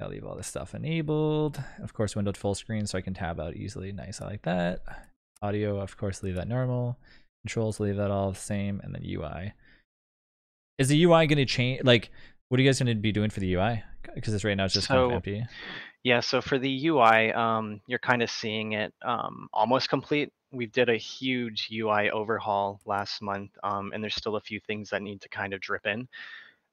I'll leave all this stuff enabled. Of course, windowed full screen so I can tab out easily. Nice, I like that. Audio, of course, leave that normal. Controls, leave that all the same, and then UI. Is the UI going to change? Like, what are you guys going to be doing for the UI? Because right now it's just so, kind of empty. Yeah, so for the UI, um, you're kind of seeing it um, almost complete. We did a huge UI overhaul last month, um, and there's still a few things that need to kind of drip in.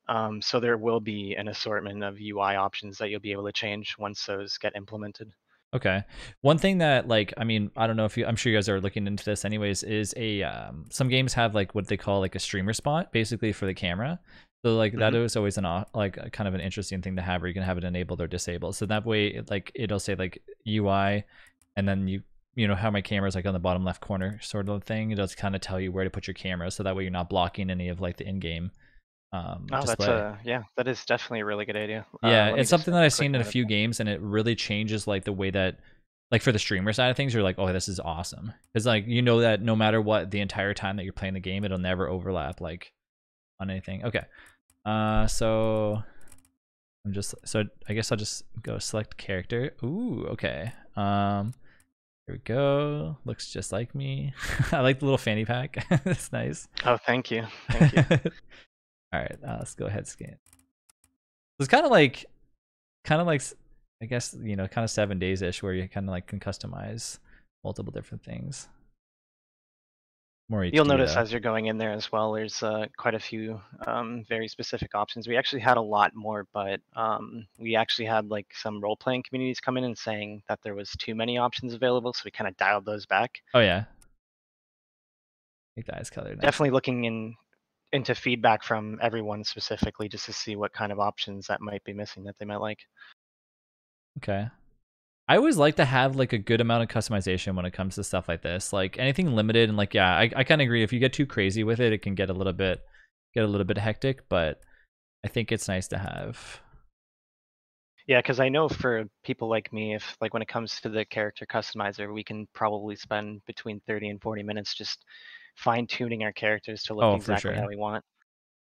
Um, so there will be an assortment of UI options that you'll be able to change once those get implemented. Okay. One thing that like I mean, I don't know if you I'm sure you guys are looking into this anyways is a um, some games have like what they call like a streamer spot basically for the camera. So like mm-hmm. that is always an like kind of an interesting thing to have, where you can have it enabled or disabled. So that way, like it'll say like UI, and then you you know how my camera is like on the bottom left corner sort of thing. It does kind of tell you where to put your camera, so that way you're not blocking any of like the in game. Um, oh, display. that's a yeah, that is definitely a really good idea. Uh, yeah, uh, it's something that I've seen in a few games, and it really changes like the way that like for the streamer side of things, you're like, oh, this is awesome. It's like you know that no matter what, the entire time that you're playing the game, it'll never overlap. Like on anything. Okay. Uh, so I'm just, so I guess I'll just go select character. Ooh, okay. Um, here we go. Looks just like me. I like the little fanny pack. That's nice. Oh, thank you. Thank you. All right, uh, let's go ahead scan. It's kind of like, kind of like, I guess you know, kind of seven days ish, where you kind of like can customize multiple different things. More You'll notice as you're going in there as well, there's uh, quite a few um, very specific options. We actually had a lot more, but um, we actually had like some role playing communities come in and saying that there was too many options available, so we kind of dialed those back. Oh yeah, make eyes color. Nice. Definitely looking in into feedback from everyone specifically just to see what kind of options that might be missing that they might like. Okay. I always like to have like a good amount of customization when it comes to stuff like this. Like anything limited and like yeah, I, I kind of agree. If you get too crazy with it, it can get a little bit get a little bit hectic. But I think it's nice to have. Yeah, because I know for people like me, if like when it comes to the character customizer, we can probably spend between thirty and forty minutes just fine tuning our characters to look oh, exactly sure. how we want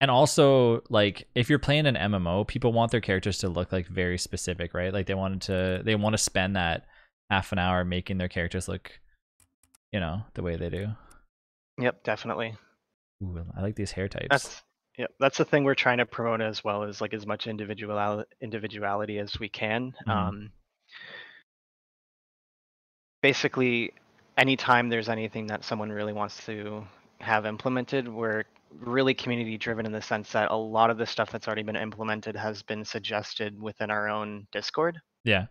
and also like if you're playing an MMO, people want their characters to look like very specific, right? Like they wanted to they want to spend that half an hour making their characters look, you know, the way they do. Yep, definitely. Ooh, I like these hair types. That's yeah, that's the thing we're trying to promote as well as like as much individual individuality as we can. Mm-hmm. Um, basically, anytime there's anything that someone really wants to have implemented, we're really community driven in the sense that a lot of the stuff that's already been implemented has been suggested within our own Discord. Yeah.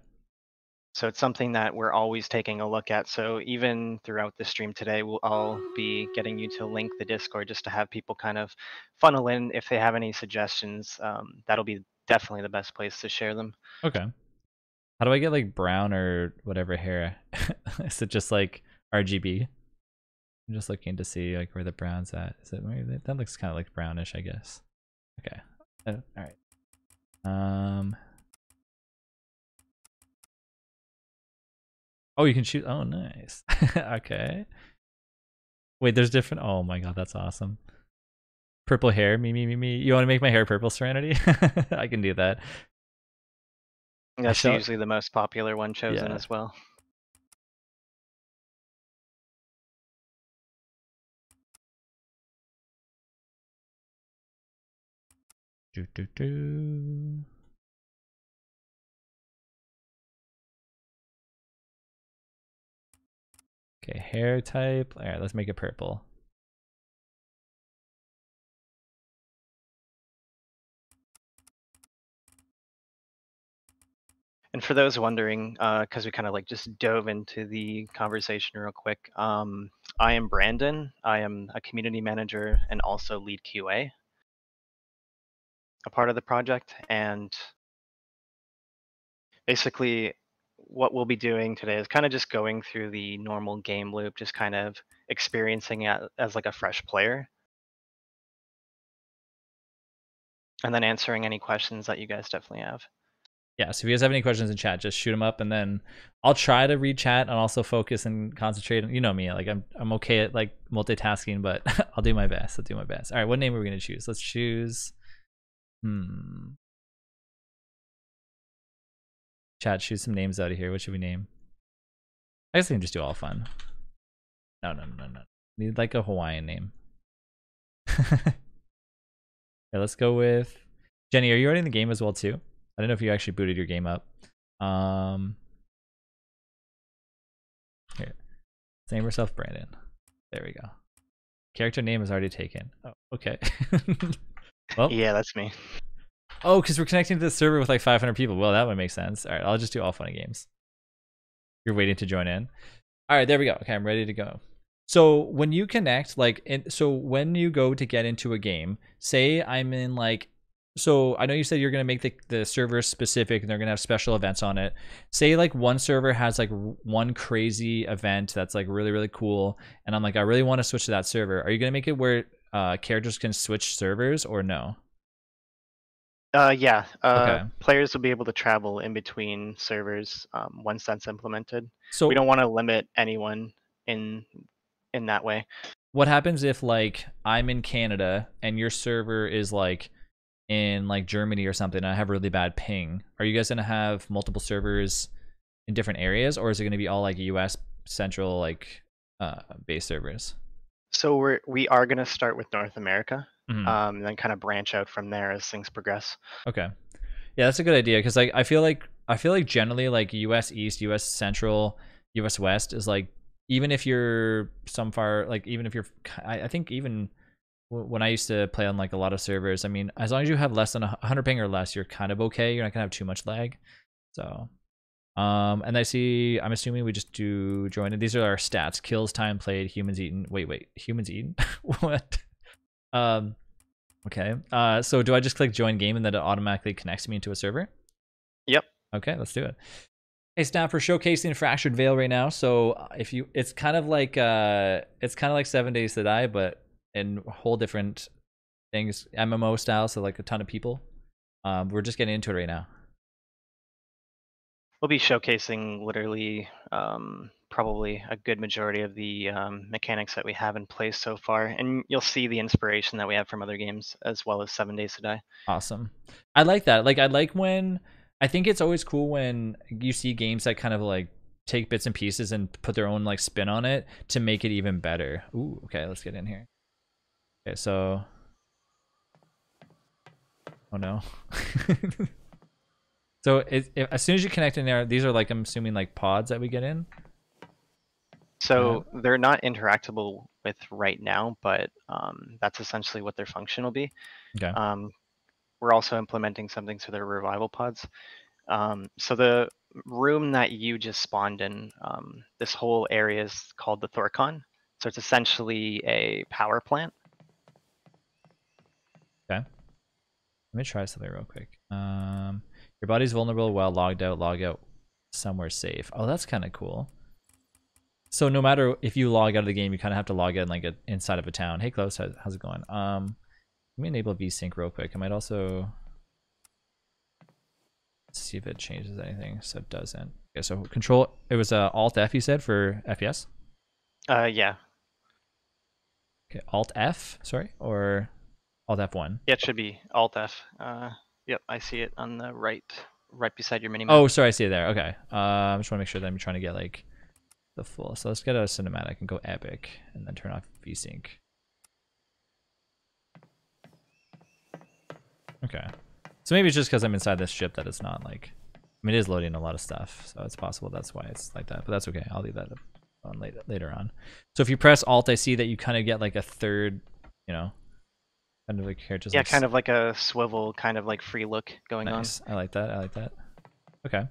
So it's something that we're always taking a look at. So even throughout the stream today, we'll, all be getting you to link the Discord just to have people kind of funnel in if they have any suggestions. Um, that'll be definitely the best place to share them. Okay. How do I get like brown or whatever hair? Is it just like RGB? I'm just looking to see like where the brown's at. Is it that looks kind of like brownish, I guess. Okay. Oh, all right. Um. Oh, you can shoot. Oh, nice. okay. Wait, there's different. Oh my god, that's awesome. Purple hair, me, me, me, me. You want to make my hair purple, Serenity? I can do that. That's usually the most popular one chosen yeah. as well. Do, do, do. Okay, hair type. All right, let's make it purple. And for those wondering, because uh, we kind of like just dove into the conversation real quick, um, I am Brandon. I am a community manager and also lead QA a part of the project. And basically, what we'll be doing today is kind of just going through the normal game loop, just kind of experiencing it as like a fresh player. And then answering any questions that you guys definitely have. Yeah, so if you guys have any questions in chat, just shoot them up, and then I'll try to read chat and also focus and concentrate. You know me, like I'm I'm okay at like multitasking, but I'll do my best. I'll do my best. All right, what name are we gonna choose? Let's choose. Hmm. Chat, shoot some names out of here. What should we name? I guess we can just do all fun. No, no, no, no. Need like a Hawaiian name. okay, let's go with Jenny. Are you already in the game as well too? I don't know if you actually booted your game up. Um, here, name yourself Brandon. There we go. Character name is already taken. Oh, okay. Well, yeah, that's me. Oh, because we're connecting to the server with like 500 people. Well, that would make sense. All right, I'll just do all funny games. You're waiting to join in. All right, there we go. Okay, I'm ready to go. So when you connect, like, in, so when you go to get into a game, say I'm in like, so I know you said you're gonna make the, the server specific and they're gonna have special events on it. Say like one server has like one crazy event that's like really really cool, and I'm like I really want to switch to that server. Are you gonna make it where uh, characters can switch servers or no? Uh, yeah, uh, okay. players will be able to travel in between servers um, once that's implemented. So we don't want to limit anyone in in that way. What happens if like I'm in Canada and your server is like in like Germany or something? I have really bad ping. Are you guys gonna have multiple servers in different areas, or is it gonna be all like U.S. central like uh, base servers? So we're we are going to start with North America, mm-hmm. um, and then kind of branch out from there as things progress. Okay, yeah, that's a good idea because like I feel like I feel like generally like U.S. East, U.S. Central, U.S. West is like even if you're some far like even if you're I, I think even when I used to play on like a lot of servers, I mean, as long as you have less than 100 ping or less, you're kind of okay. You're not gonna have too much lag. So um, and I see, I'm assuming we just do join it. These are our stats. Kills, time played, humans eaten. Wait, wait, humans eaten? what? Um, okay. Uh, so do I just click join game and then it automatically connects me into a server? Yep. Okay, let's do it. Hey, staff, we're showcasing Fractured Veil right now. So uh, if you, it's kind of like, uh, it's kind of like Seven Days to Die, but in whole different things, MMO style. So like a ton of people. Um, we're just getting into it right now we'll be showcasing literally um, probably a good majority of the um, mechanics that we have in place so far, and you'll see the inspiration that we have from other games as well as Seven Days to Die. Awesome, I like that. Like I like when I think it's always cool when you see games that kind of like take bits and pieces and put their own like spin on it to make it even better. Ooh, okay, let's get in here. Okay, so. Oh no. So it, it, as soon as you connect in there, these are like I'm assuming like pods that we get in. So they're not interactable with right now, but um, that's essentially what their function will be. Okay. Um, we're also implementing something so they're revival pods. Um, so the room that you just spawned in, um, this whole area is called the Thorcon. So it's essentially a power plant. Okay. Let me try something real quick. Um, your body's vulnerable while logged out. Log out somewhere safe. Oh, that's kind of cool. So no matter if you log out of the game, you kind of have to log in like a, inside of a town. Hey, close. how's, how's it going? Um, let me enable VSync real quick. I might also see if it changes anything. So it doesn't. Okay, so control. It was uh, Alt F you said for FPS. Uh, yeah. Okay, Alt F. Sorry, or Alt F one. Yeah, it should be Alt F. Uh. Yep, I see it on the right, right beside your mini. -map. Oh, sorry, I see it there. Okay, uh, I just want to make sure that I'm trying to get like the full. So let's get a cinematic and go epic, and then turn off VSync. Okay, so maybe it's just because I'm inside this ship that it's not like. I mean, it is loading a lot of stuff, so it's possible that's why it's like that. But that's okay. I'll leave that on later later on. So if you press Alt, I see that you kind of get like a third, you know, Kind of like hair just yeah, like kind of like a swivel, kind of like free look going nice. on. I like that. I like that. Okay.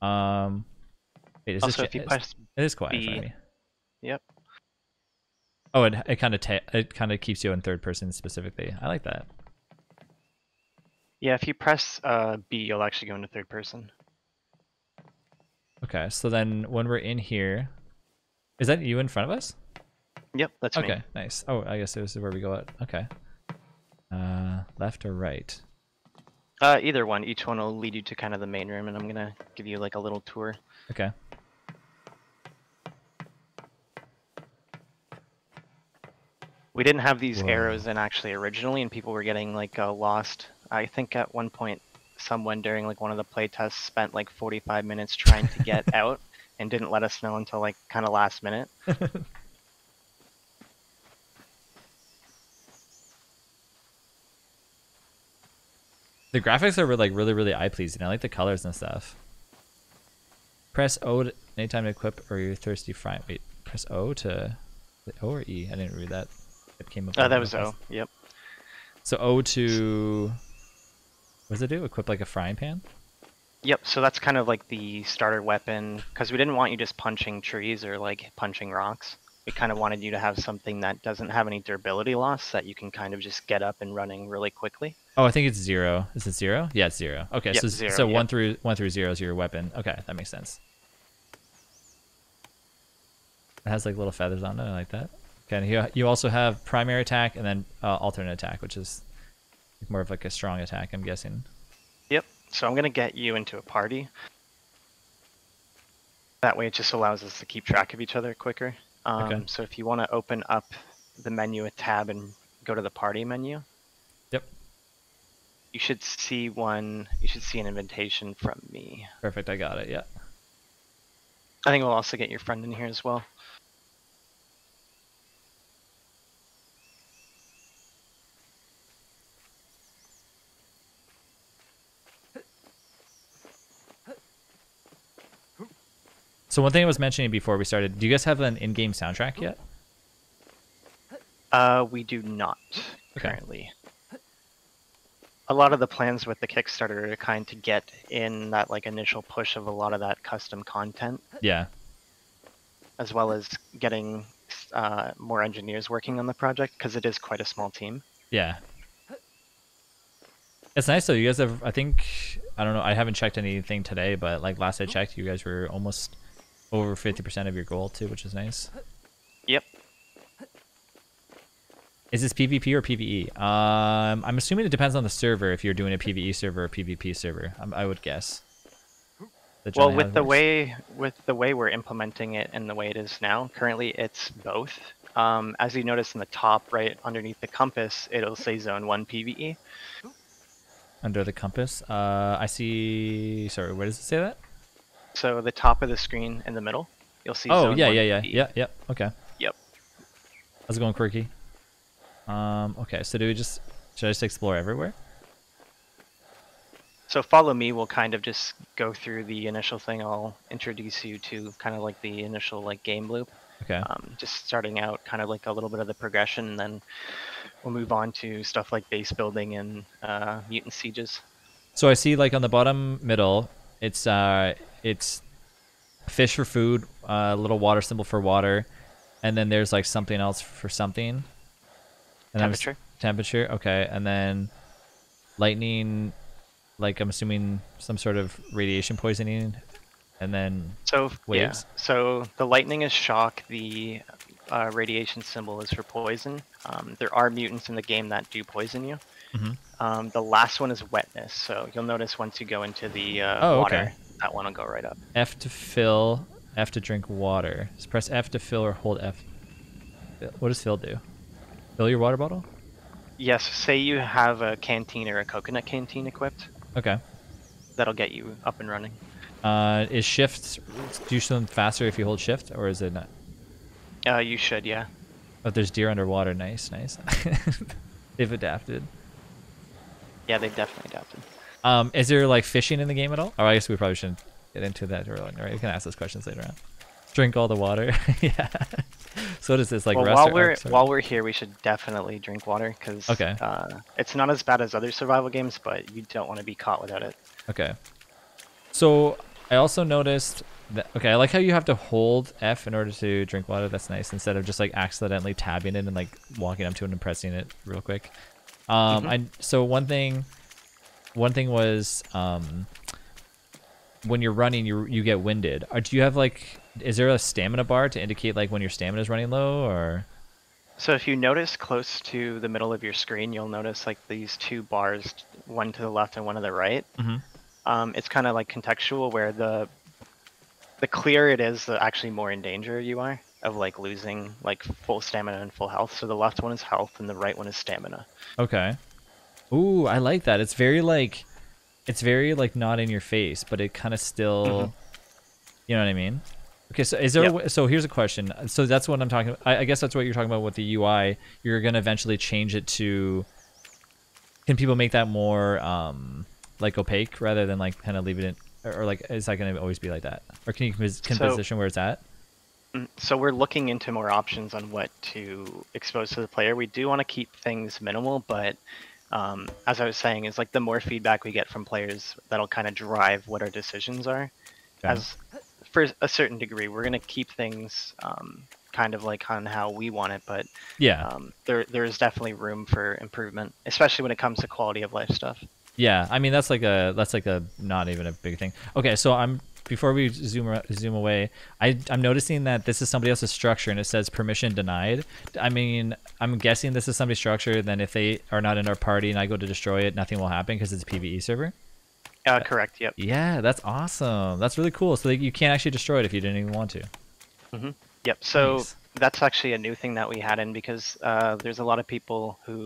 Um, wait, is also, this, if you press it is quiet B, me. Yep. Oh, it it kind of it kind of keeps you in third person specifically. I like that. Yeah, if you press uh, B, you'll actually go into third person. Okay, so then when we're in here, is that you in front of us? Yep, that's okay, me. Okay, nice. Oh, I guess this is where we go out. Okay. Uh, left or right? Uh, either one. Each one will lead you to kind of the main room, and I'm gonna give you like a little tour. Okay. We didn't have these Whoa. arrows in actually originally, and people were getting like uh, lost. I think at one point, someone during like one of the play tests spent like 45 minutes trying to get out and didn't let us know until like kind of last minute. The graphics are like really, really eye pleasing. I like the colors and stuff. Press O to, anytime to equip or you're thirsty frying. Wait, press O to O or E? I didn't read that. It came up. Oh, that was O. Yep. So O to what does it do? Equip like a frying pan? Yep, so that's kind of like the starter weapon, because we didn't want you just punching trees or like punching rocks we kind of wanted you to have something that doesn't have any durability loss that you can kind of just get up and running really quickly. Oh, I think it's zero. Is it zero? Yeah, it's zero. Okay, yep, so zero, so yep. one through one through zero is your weapon. Okay, that makes sense. It has like little feathers on it. I like that. Okay, you you also have primary attack and then uh, alternate attack, which is more of like a strong attack. I'm guessing. Yep. So I'm gonna get you into a party. That way, it just allows us to keep track of each other quicker. Um, okay. So if you want to open up the menu a tab and go to the party menu. Yep. You should see one. You should see an invitation from me. Perfect. I got it. Yeah. I think we'll also get your friend in here as well. So one thing I was mentioning before we started, do you guys have an in-game soundtrack yet? Uh, we do not okay. currently. A lot of the plans with the Kickstarter are kind to get in that like initial push of a lot of that custom content. Yeah. As well as getting uh, more engineers working on the project because it is quite a small team. Yeah. It's nice though. You guys have, I think, I don't know. I haven't checked anything today, but like last I checked, you guys were almost over 50% of your goal too, which is nice. Yep. Is this PvP or PvE? Um, I'm assuming it depends on the server if you're doing a PvE server or PvP server. I would guess. Well, with the way with the way we're implementing it and the way it is now, currently it's both. Um, as you notice in the top right underneath the compass, it'll say Zone One PVE. Under the compass, uh, I see. Sorry, where does it say that? So the top of the screen in the middle, you'll see. Oh yeah, yeah, yeah, B. yeah, yeah. Okay. Yep. How's it going, Quirky? Um. Okay. So do we just should I just explore everywhere? So follow me. We'll kind of just go through the initial thing. I'll introduce you to kind of like the initial like game loop. Okay. Um, just starting out, kind of like a little bit of the progression, and then we'll move on to stuff like base building and uh, mutant sieges. So I see like on the bottom middle, it's uh, it's fish for food, a uh, little water symbol for water, and then there's like something else for something. And temperature. Temperature. Okay, and then lightning, like I'm assuming some sort of radiation poisoning, and then so waves. Yeah. So the lightning is shock. The uh, radiation symbol is for poison. Um, there are mutants in the game that do poison you. Mm-hmm. Um, the last one is wetness. So you'll notice once you go into the uh, oh, water, okay. that one will go right up. F to fill, F to drink water. Just press F to fill or hold F. What does fill do? Fill your water bottle? Yes. Say you have a canteen or a coconut canteen equipped. Okay. That'll get you up and running. Uh, is shift do something faster if you hold shift, or is it not? Uh, you should, yeah. But oh, there's deer underwater. Nice, nice. They've adapted. Yeah, they definitely adapted. Um, is there like fishing in the game at all? Or oh, I guess we probably shouldn't get into that early, right? We can ask those questions later on. Drink all the water. yeah. So what is this like? Well, while we're while we're here, we should definitely drink water because okay. Uh, it's not as bad as other survival games, but you don't want to be caught without it. Okay. So I also noticed that. Okay, I like how you have to hold F in order to drink water. That's nice. Instead of just like accidentally tabbing it and like walking up to it and pressing it real quick. Um, mm -hmm. I so one thing, one thing was um, when you're running, you you get winded. Or uh, do you have like, is there a stamina bar to indicate like when your stamina is running low or? So if you notice close to the middle of your screen, you'll notice like these two bars, one to the left and one to the right. Mm -hmm. um, it's kind of like contextual where the the clearer it is, the actually more in danger you are of like losing like full stamina and full health. So the left one is health and the right one is stamina. Okay. Ooh, I like that. It's very like it's very like not in your face, but it kind of still mm -hmm. you know what I mean? Okay, so is there yep. a, so here's a question. So that's what I'm talking about. I, I guess that's what you're talking about with the UI. You're going to eventually change it to can people make that more um like opaque rather than like kind of leave it in or, like is that going to always be like that? Or can you can composition so, where it's at? Mm, so we're looking into more options on what to expose to the player. We do want to keep things minimal, but um, as I was saying, is like the more feedback we get from players, that'll kind of drive what our decisions are. As for a certain degree, we're gonna keep things um, kind of like on how we want it, but yeah, um, there there is definitely room for improvement, especially when it comes to quality of life stuff. Yeah, I mean that's like a that's like a not even a big thing. Okay, so I'm before we zoom zoom away, I I'm noticing that this is somebody else's structure and it says permission denied. I mean, I'm guessing this is somebody's structure. Then if they are not in our party and I go to destroy it, nothing will happen because it's a PVE server. Uh, correct. Yep. Yeah, that's awesome. That's really cool. So like, you can't actually destroy it if you didn't even want to. Mm -hmm. Yep. So nice. that's actually a new thing that we had in because uh, there's a lot of people who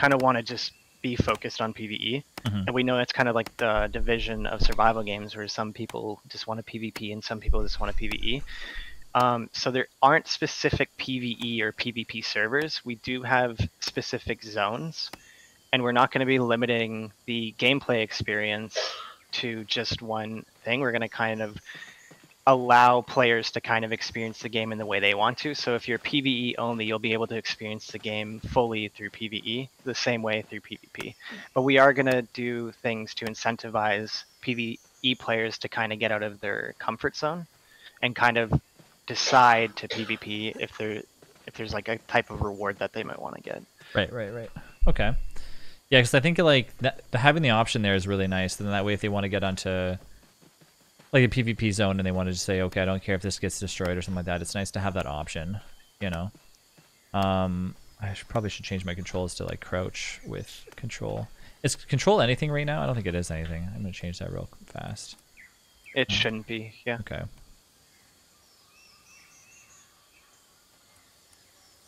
kind of want to just be focused on PVE, mm-hmm. and we know that's kind of like the division of survival games, where some people just want a PvP and some people just want a PVE. Um, so there aren't specific PVE or PvP servers. We do have specific zones, and we're not going to be limiting the gameplay experience to just one thing. We're going to kind of allow players to kind of experience the game in the way they want to. So if you're PvE only, you'll be able to experience the game fully through PvE, the same way through PvP. But we are going to do things to incentivize PvE players to kind of get out of their comfort zone and kind of decide to PvP if there if there's like a type of reward that they might want to get. Right, right, right. Okay. Yeah, because I think like that, having the option there is really nice. Then that way, if they want to get onto like a PvP zone and they wanted to say, okay, I don't care if this gets destroyed or something like that. It's nice to have that option, you know. Um, I should, probably should change my controls to like crouch with control. Is control anything right now? I don't think it is anything. I'm gonna change that real fast. It oh. shouldn't be, yeah. Okay.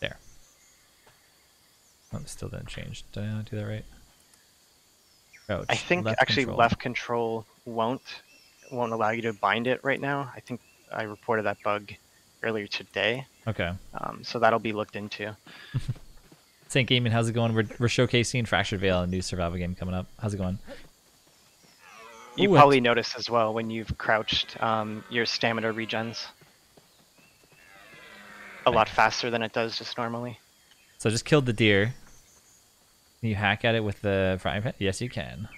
There. Oh, still didn't change. Did I not do that right? Crouch. I think left actually control. left control won't won't allow you to bind it right now. I think I reported that bug earlier today. Okay. Um, so that'll be looked into. St. Gaming, how's it going? We're, we're showcasing Fractured Veil, a new survival game coming up. How's it going? You Ooh, probably noticed as well when you've crouched, um, your stamina regens a lot faster than it does just normally. So just killed the deer. Can you hack at it with the frying pan? Yes, you can.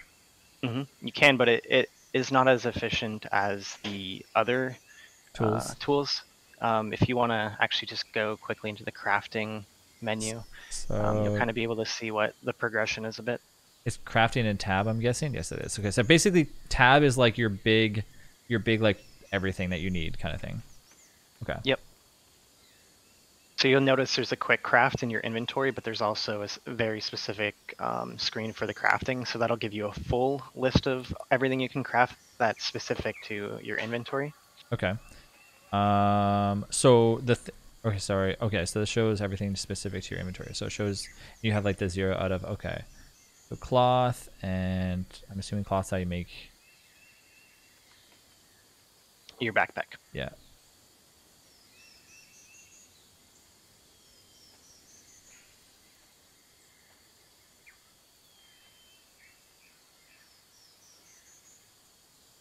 Mm -hmm. You can, but it, it is not as efficient as the other uh, tools. Uh, tools. Um, if you want to actually just go quickly into the crafting menu, so um, you'll kind of be able to see what the progression is a bit. It's crafting and tab, I'm guessing. Yes, it is. Okay, so basically, tab is like your big, your big like everything that you need kind of thing. Okay. Yep. So you'll notice there's a quick craft in your inventory, but there's also a very specific um, screen for the crafting. So that'll give you a full list of everything you can craft that's specific to your inventory. Okay. Um, so the, th okay, sorry. Okay. So this shows everything specific to your inventory. So it shows you have like the zero out of, okay. So cloth and I'm assuming cloth how you make your backpack. Yeah.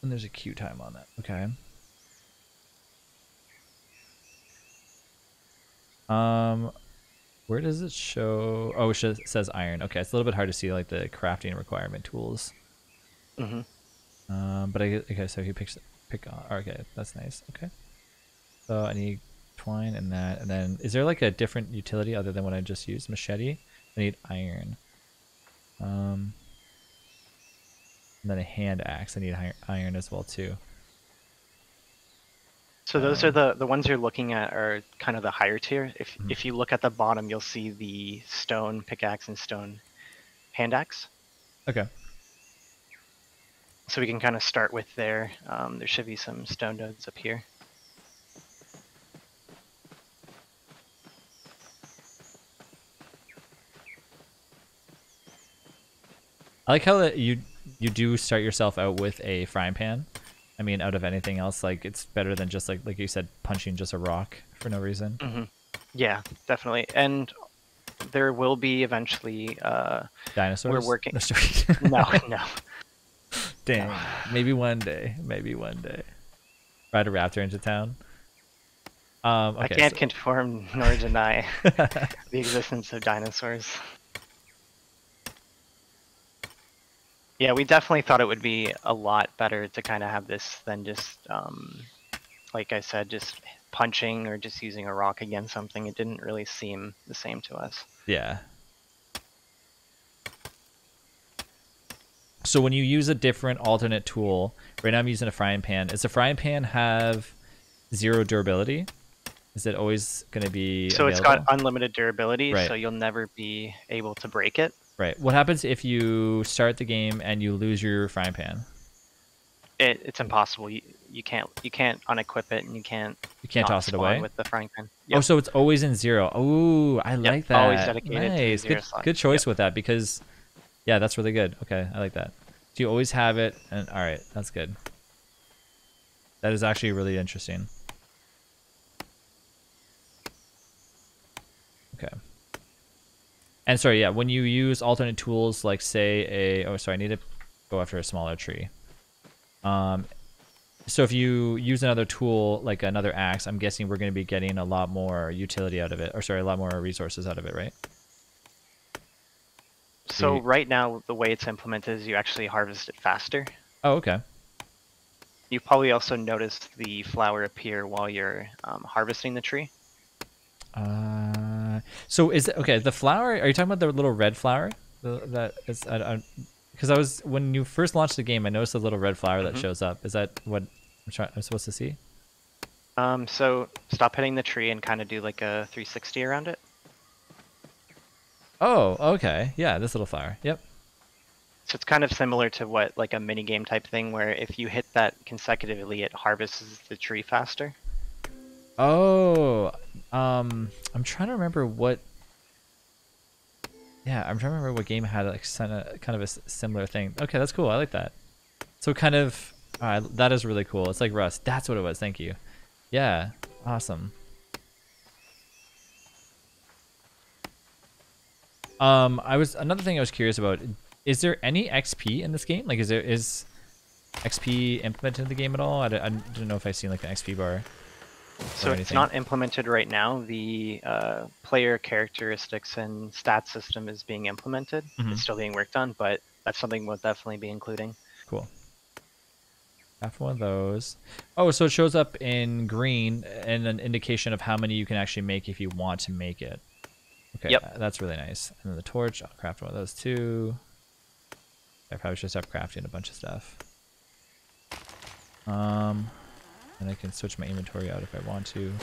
And there's a queue time on that. Okay. Um, where does it show? Oh, it says iron. Okay, it's a little bit hard to see like the crafting requirement tools. Mhm. um, but I okay. So he picks pick. On, oh, okay, that's nice. Okay. So I need twine and that, and then is there like a different utility other than what I just used? Machete. I need iron. Um. And then a hand axe. I need iron as well too. So those um, are the the ones you're looking at are kind of the higher tier. If mm. if you look at the bottom, you'll see the stone pickaxe and stone hand axe. Okay. So we can kind of start with there. Um, there should be some stone nodes up here. I like how that you you do start yourself out with a frying pan. I mean, out of anything else, like it's better than just like like you said, punching just a rock for no reason. Mm -hmm. Yeah, definitely. And there will be eventually uh, dinosaurs. We're working. No, no. Damn. Maybe one day. Maybe one day. Ride a raptor into town. Um, okay, I can't so... confirm nor deny the existence of dinosaurs. yeah, we definitely thought it would be a lot better to kind of have this than just, um, like I said, just punching or just using a rock against something. It didn't really seem the same to us. Yeah. So when you use a different alternate tool, right now I'm using a frying pan. Does the frying pan have zero durability? Is it always going to be? So available? it's got unlimited durability, right. so you'll never be able to break it. Right. What happens if you start the game and you lose your frying pan? It, it's impossible. You, you can't you can't unequip it and you can't you can't toss it away with the frying pan. Oh, yep. Oh, so it's always in zero. Oh, I yep. like that. Always dedicated. Nice. good, slot. good choice yep. with that because yeah, that's really good. Okay, I like that. Do you always have it and all right, that's good. That is actually really interesting. Okay. And sorry, yeah, when you use alternate tools, like say a, oh, sorry, I need to go after a smaller tree. Um, so if you use another tool, like another axe, I'm guessing we're going to be getting a lot more utility out of it, or sorry, a lot more resources out of it, right? So right now, the way it's implemented is you actually harvest it faster. Oh, okay. You probably also noticed the flower appear while you're um, harvesting the tree. Uh, so is it, okay? The flower? Are you talking about the little red flower? The, that is, because I, I, I, was when you first launched the game, I noticed the little red flower mm -hmm. that mm-hmm. shows up. Is that what I'm, I'm supposed to see? Um. So stop hitting the tree and kind of do like a 360 around it. Oh. Okay. Yeah. This little flower. Yep. So it's kind of similar to what like a mini game type thing where if you hit that consecutively, it harvests the tree faster. Oh, um, I'm trying to remember what. Yeah, I'm trying to remember what game had like kind of kind of a similar thing. Okay, that's cool. I like that. So kind of, uh, that is really cool. It's like Rust. That's what it was. Thank you. Yeah, awesome. Um, I was another thing I was curious about. Is there any XP in this game? Like, is there is XP implemented in the game at all? I, I don't know if I've seen like an XP bar. So it's not implemented right now. The uh, player characteristics and stat system is being implemented. Mm -hmm. It's still being worked on, but that's something we'll definitely be including. Cool. After one of those. Oh, so it shows up in green and an indication of how many you can actually make if you want to make it. Okay, yep. Uh, that's really nice. And then the torch, I'll craft one of those too. I probably should stop crafting a bunch of stuff. Um, and I can switch my inventory out if I want to.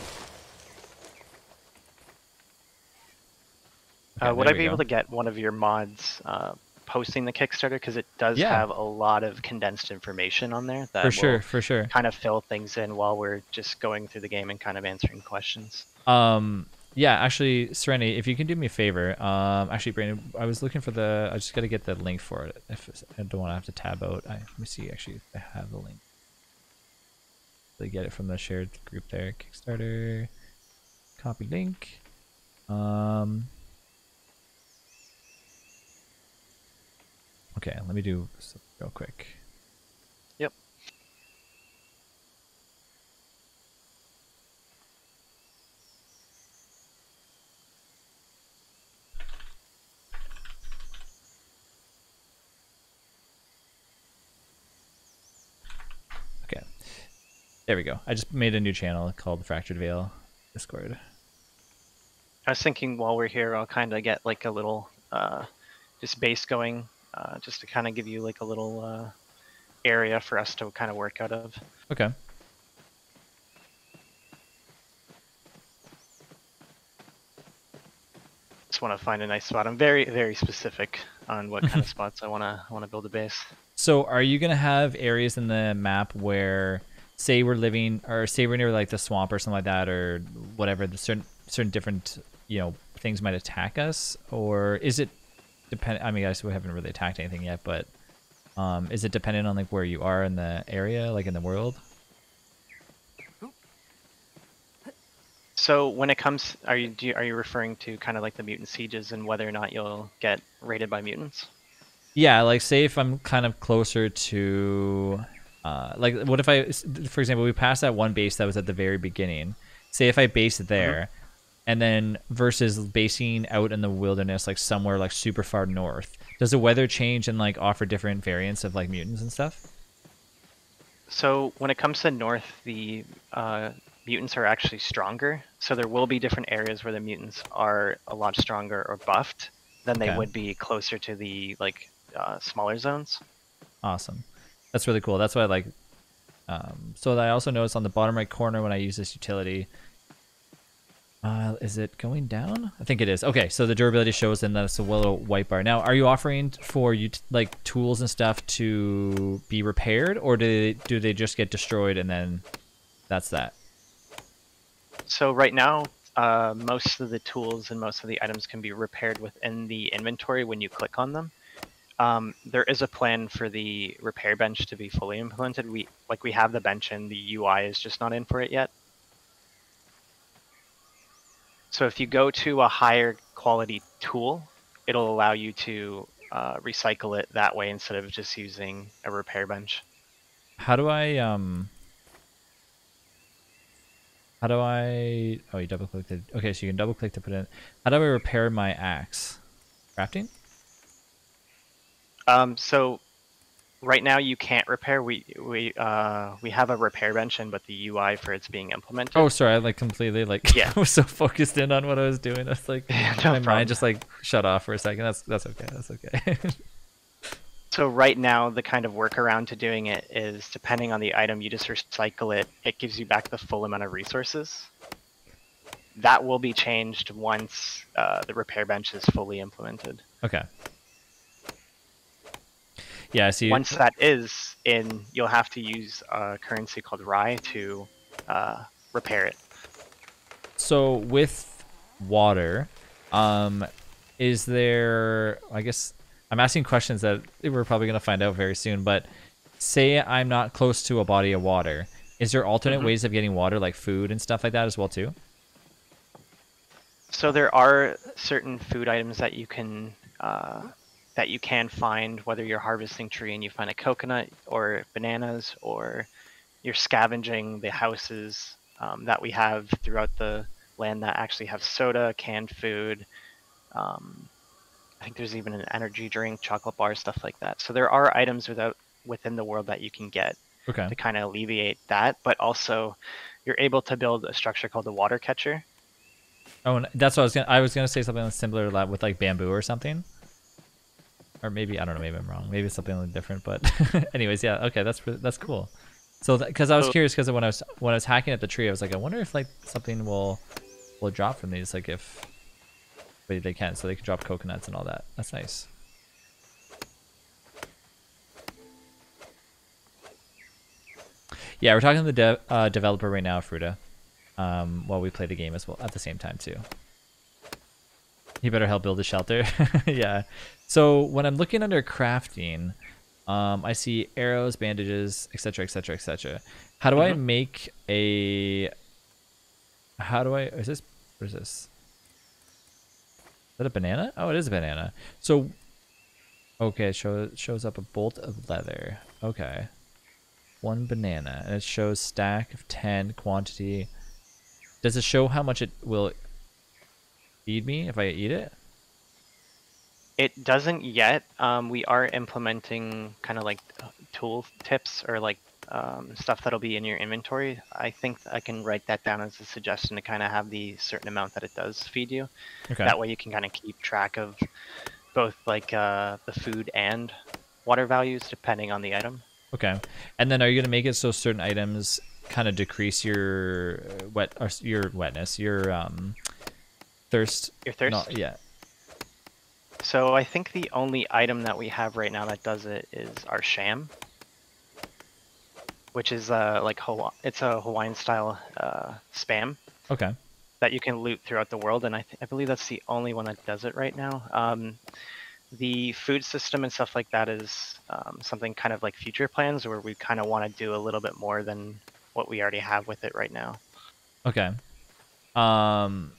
Uh, okay, uh, would I be go. able to get one of your mods uh, posting the Kickstarter? Because it does yeah. have a lot of condensed information on there. That for sure, for sure. Kind of fill things in while we're just going through the game and kind of answering questions. Um, yeah, actually, Serenity, if you can do me a favor, um, actually, Brandon, I was looking for the, I just got to get the link for it. If I don't want to have to tab out, I, let me see. Actually, I have the link. They get it from the shared group there. Kickstarter, copy link. Um, okay, let me do real quick. There we go. I just made a new channel called Fractured Veil Discord. I was thinking while we're here, I'll kind of get like a little uh, just base going, uh, just to kind of give you like a little uh, area for us to kind of work out of. Okay. Just want to find a nice spot. I'm very, very specific on what kind of spots I want to want to build a base. So, are you going to have areas in the map where say we're living or say we're near like the swamp or something like that or whatever the certain certain different you know things might attack us or is it Depend. i mean i guess we haven't really attacked anything yet but um is it dependent on like where you are in the area like in the world so when it comes are you, you are you referring to kind of like the mutant sieges and whether or not you'll get raided by mutants yeah like say if i'm kind of closer to uh, like, what if I, for example, we passed that one base that was at the very beginning. Say if I base uh-huh. there, and then versus basing out in the wilderness, like somewhere like super far north, does the weather change and like offer different variants of like mutants and stuff? So when it comes to north, the uh, mutants are actually stronger. So there will be different areas where the mutants are a lot stronger or buffed than okay. they would be closer to the like uh, smaller zones. Awesome. That's really cool. That's what I like. Um, so I also noticed on the bottom right corner when I use this utility, uh, is it going down? I think it is. Okay, so the durability shows and it's a little white bar. Now, are you offering for you like tools and stuff to be repaired, or do they, do they just get destroyed and then that's that? So right now, uh, most of the tools and most of the items can be repaired within the inventory when you click on them. Um, there is a plan for the repair bench to be fully implemented. We like we have the bench and the UI is just not in for it yet. So if you go to a higher quality tool, it'll allow you to uh, recycle it that way instead of just using a repair bench. How do I um? How do I? Oh, you double clicked it. Okay, so you can double click to put in. How do I repair my axe? Crafting. Um, so right now you can't repair. We we uh, we have a repair bench in, but the UI for it's being implemented. Oh, sorry, I like completely like yeah. I was so focused in on what I was doing. I was like, no my problem. mind just like shut off for a second. That's that's okay. That's okay. so right now, the kind of workaround to doing it is depending on the item, you just recycle it. It gives you back the full amount of resources. That will be changed once uh, the repair bench is fully implemented. Okay. Yeah, I see. Once that is in, you'll have to use a currency called Rye to uh, repair it. So with water, um, is there? I guess I'm asking questions that we're probably gonna find out very soon. But say I'm not close to a body of water. Is there alternate mm -hmm. ways of getting water, like food and stuff like that, as well too? So there are certain food items that you can uh, that you can find, whether you're harvesting tree and you find a coconut or bananas, or you're scavenging the houses um, that we have throughout the land that actually have soda, canned food. Um, I think there's even an energy drink, chocolate bar, stuff like that. So there are items without within the world that you can get okay. to kind of alleviate that, but also you're able to build a structure called the water catcher. Oh, and that's what I was gonna. I was gonna say something similar to that with like bamboo or something or maybe I don't know. Maybe I'm wrong. Maybe it's something different. But anyways, yeah. Okay, that's that's cool. So because I was curious, because when I was when I was hacking at the tree, I was like, I wonder if like something will will drop from these, like if but they can, so they can drop coconuts and all that. That's nice. Yeah, we're talking to the de uh, developer right now, Fruta, um, while we play the game as well at the same time too. He better help build a shelter. yeah, so when I'm looking under crafting, um, I see arrows, bandages, etc., etc., etc. How do mm-hmm. I make a? How do I? Is this? What is this? Is that a banana? Oh, it is a banana. So, okay, show shows up a bolt of leather. Okay, one banana, and it shows stack of ten quantity. Does it show how much it will feed me if I eat it? It doesn't yet. Um, we are implementing kind of like tool tips or like um, stuff that'll be in your inventory. I think I can write that down as a suggestion to kind of have the certain amount that it does feed you. Okay. That way you can kind of keep track of both like uh, the food and water values depending on the item. Okay. And then are you going to make it so certain items kind of decrease your uh, wet or your wetness, your um thirst? Your thirst? Not yeah. So I think the only item that we have right now that does it is our sham, which is uh, like Hawaii, it's a Hawaiian style uh, spam. Okay. That you can loot throughout the world, and I, I believe that's the only one that does it right now. Um, the food system and stuff like that is um, something kind of like future plans, where we kind of want to do a little bit more than what we already have with it right now. Okay. Um,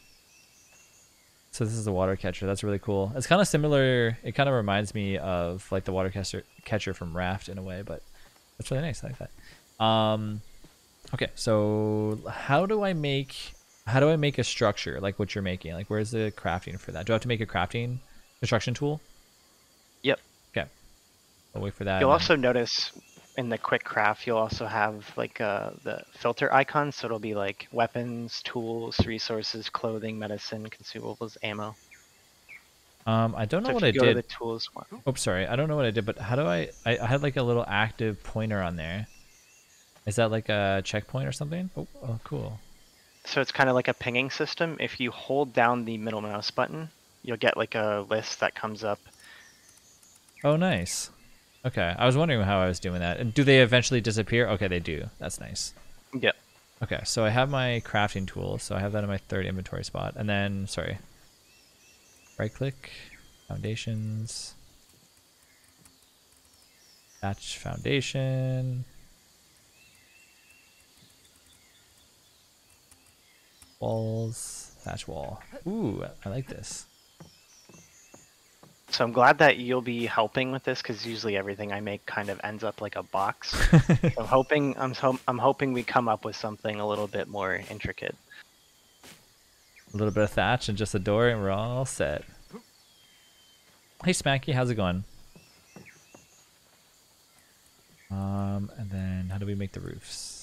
so this is the water catcher. That's really cool. It's kind of similar. It kind of reminds me of like the water catcher catcher from Raft in a way, but that's really nice. I like that. Um, okay, so how do I make how do I make a structure like what you're making? Like where's the crafting for that? Do I have to make a crafting construction tool? Yep. Okay. I'll wait for that. You'll also notice in the quick craft, you'll also have like uh, the filter icons. So it'll be like weapons, tools, resources, clothing, medicine, consumables, ammo. Um, I don't know so what I did. To tools one. Oh, sorry. I don't know what I did, but how do I, I? I had like a little active pointer on there. Is that like a checkpoint or something? Oh, oh cool. So it's kind of like a pinging system. If you hold down the middle mouse button, you'll get like a list that comes up. Oh, nice. Okay, I was wondering how I was doing that. And do they eventually disappear? Okay, they do. That's nice. Yep. Okay, so I have my crafting tool, so I have that in my third inventory spot. And then, sorry, right click, foundations, batch foundation, walls, thatch wall. Ooh, I like this. So I'm glad that you'll be helping with this because usually everything I make kind of ends up like a box. so I'm hoping I'm so, I'm hoping we come up with something a little bit more intricate. A little bit of thatch and just a door, and we're all set. Hey Smacky, how's it going? Um, and then how do we make the roofs?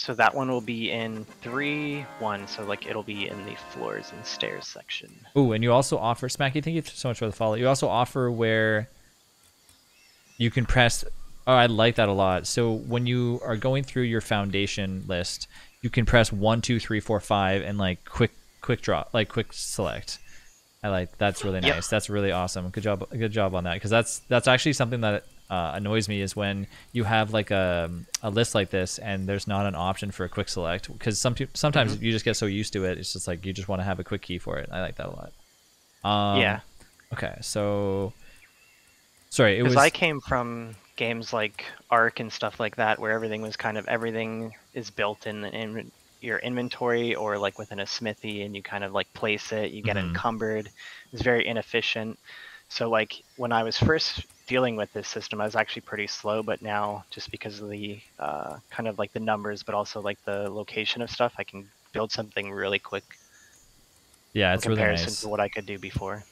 So that one will be in 3 1, so like it'll be in the floors and stairs section. Ooh, and you also offer, Smacky, thank you so much for the follow. You also offer where you can press. Oh, I like that a lot. So when you are going through your foundation list, you can press one, two, three, four, five, and like quick quick draw, like quick select. I like that's really nice. Yep. That's really awesome. Good job. Good job on that because that's that's actually something that uh, annoys me is when you have like a, a list like this and there's not an option for a quick select because some sometimes mm-hmm. you just get so used to it it's just like you just want to have a quick key for it i like that a lot um, yeah okay so sorry it was i came from games like arc and stuff like that where everything was kind of everything is built in, in your inventory or like within a smithy and you kind of like place it you get mm-hmm. encumbered it's very inefficient so like when I was first dealing with this system, I was actually pretty slow, but now just because of the uh, kind of like the numbers, but also like the location of stuff, I can build something really quick. Yeah, it's comparison really nice. to what I could do before.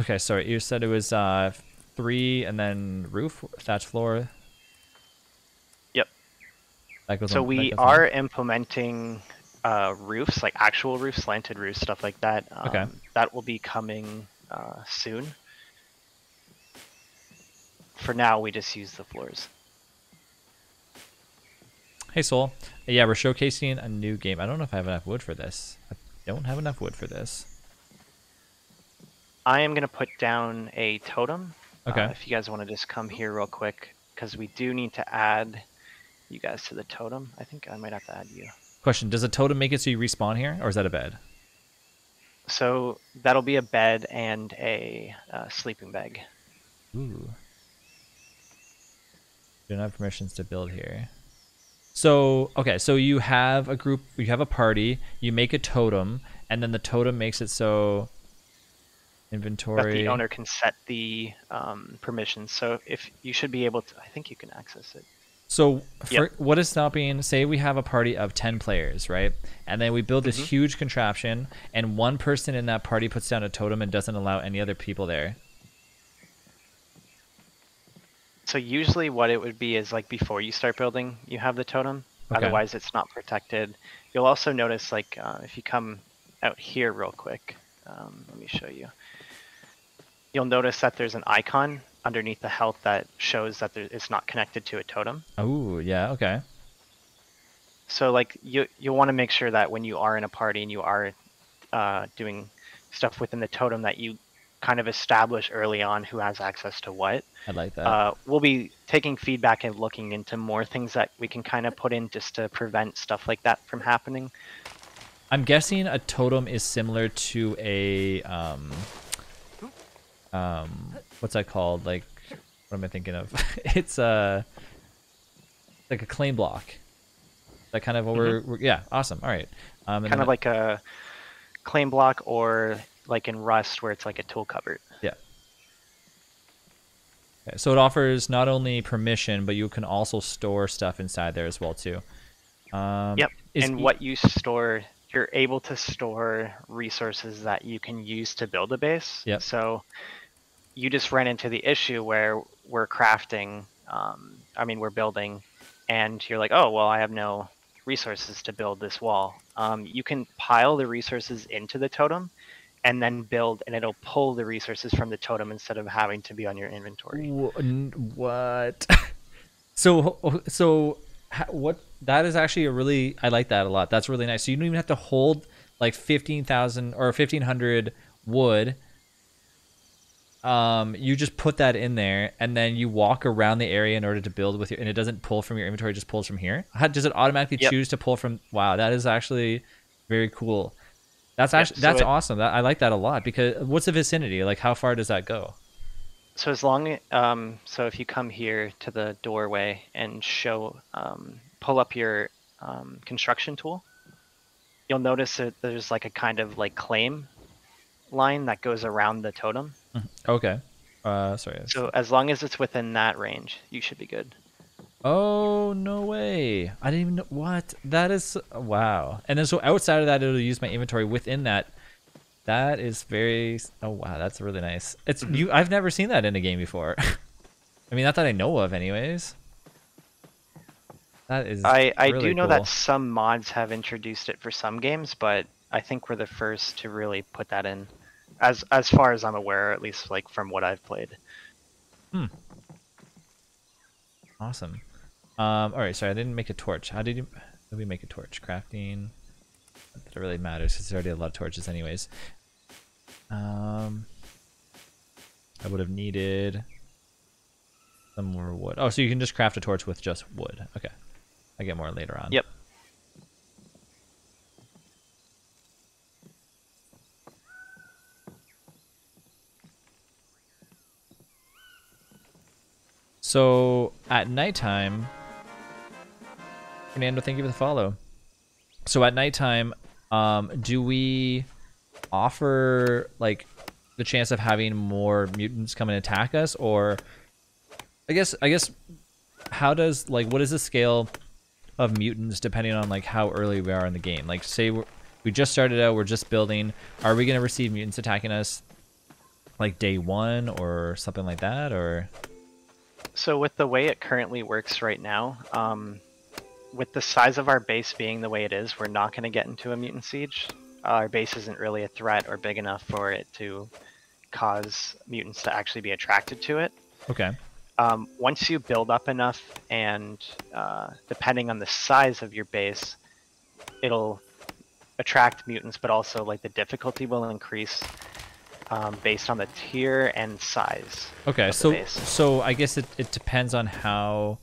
Okay, so you said it was uh, three and then roof, thatch floor. Yep. So on, we are on. implementing uh, roofs, like actual roofs, slanted roofs, stuff like that. Um, okay. That will be coming uh, soon for now, we just use the floors. Hey, Soul. Yeah, we're showcasing a new game. I don't know if I have enough wood for this. I don't have enough wood for this. I am going to put down a totem. Uh, okay. Uh, if you guys want to just come here real quick, because we do need to add you guys to the totem. I think I might have to add you. Question, does a totem make it so you respawn here, or is that a bed? So that'll be a bed and a uh, sleeping bag. Ooh. You don't have permissions to build here. So, okay, so you have a group, you have a party, you make a totem, and then the totem makes it so inventory. But the owner can set the um, permissions. So if you should be able to, I think you can access it. So yep. what is stopping? Say we have a party of ten players, right? And then we build this mm -hmm. huge contraption, and one person in that party puts down a totem and doesn't allow any other people there. So usually, what it would be is like before you start building, you have the totem. Okay. Otherwise, it's not protected. You'll also notice, like, uh, if you come out here real quick, um, let me show you. You'll notice that there's an icon underneath the health that shows that there, it's not connected to a totem. Oh, yeah, okay. So, like, you you'll want to make sure that when you are in a party and you are uh, doing stuff within the totem, that you kind of establish early on who has access to what. I like that. Uh, we'll be taking feedback and looking into more things that we can kind of put in just to prevent stuff like that from happening. I'm guessing a totem is similar to a um, um, what's that called? Like, what am I thinking of? it's a like a claim block. That kind of what mm -hmm. we're, we're, yeah, awesome. All right. Um, kind of like a claim block or like in Rust, where it's like a tool cupboard. Yeah. Okay, so it offers not only permission, but you can also store stuff inside there as well too. Um, yep. And e what you store, you're able to store resources that you can use to build a base. Yep. So you just ran into the issue where we're crafting. Um, I mean, we're building, and you're like, oh well, I have no resources to build this wall. Um, you can pile the resources into the totem, and then build and it'll pull the resources from the totem instead of having to be on your inventory what so so what that is actually a really i like that a lot that's really nice so you don't even have to hold like 15000 or 1500 wood um, you just put that in there and then you walk around the area in order to build with your and it doesn't pull from your inventory just pulls from here How, does it automatically yep. choose to pull from wow that is actually very cool that's actually yeah, so that's it, awesome. That, I like that a lot because what's the vicinity? Like, how far does that go? So as long, um, so if you come here to the doorway and show, um, pull up your um, construction tool, you'll notice that there's like a kind of like claim line that goes around the totem. Mm-hmm. Okay. Uh, sorry. So as long as it's within that range, you should be good. Oh, no way. I didn't even know. What? That is. Wow. And then so outside of that, it'll use my inventory within that. That is very. Oh, wow. That's really nice. It's mm-hmm. you. I've never seen that in a game before. I mean, not that I know of, anyways. That is. I, I really do know cool. that some mods have introduced it for some games, but I think we're the first to really put that in. As, as far as I'm aware, at least like from what I've played. Hmm. Awesome. Um, all right, sorry, I didn't make a torch. How did, you, how did we make a torch? Crafting. That really matters because there's already a lot of torches, anyways. Um, I would have needed some more wood. Oh, so you can just craft a torch with just wood. Okay, I get more later on. Yep. So at nighttime, Fernando, thank you for the follow. So at nighttime, um, do we offer like the chance of having more mutants come and attack us, or I guess I guess how does like what is the scale of mutants depending on like how early we are in the game? Like say we're, we just started out, we're just building. Are we gonna receive mutants attacking us like day one or something like that, or? So with the way it currently works right now, um, with the size of our base being the way it is, we're not going to get into a mutant siege. Our base isn't really a threat or big enough for it to cause mutants to actually be attracted to it. Okay. Um, once you build up enough, and uh, depending on the size of your base, it'll attract mutants, but also like the difficulty will increase um, based on the tier and size. Okay, so so I guess it, it depends on how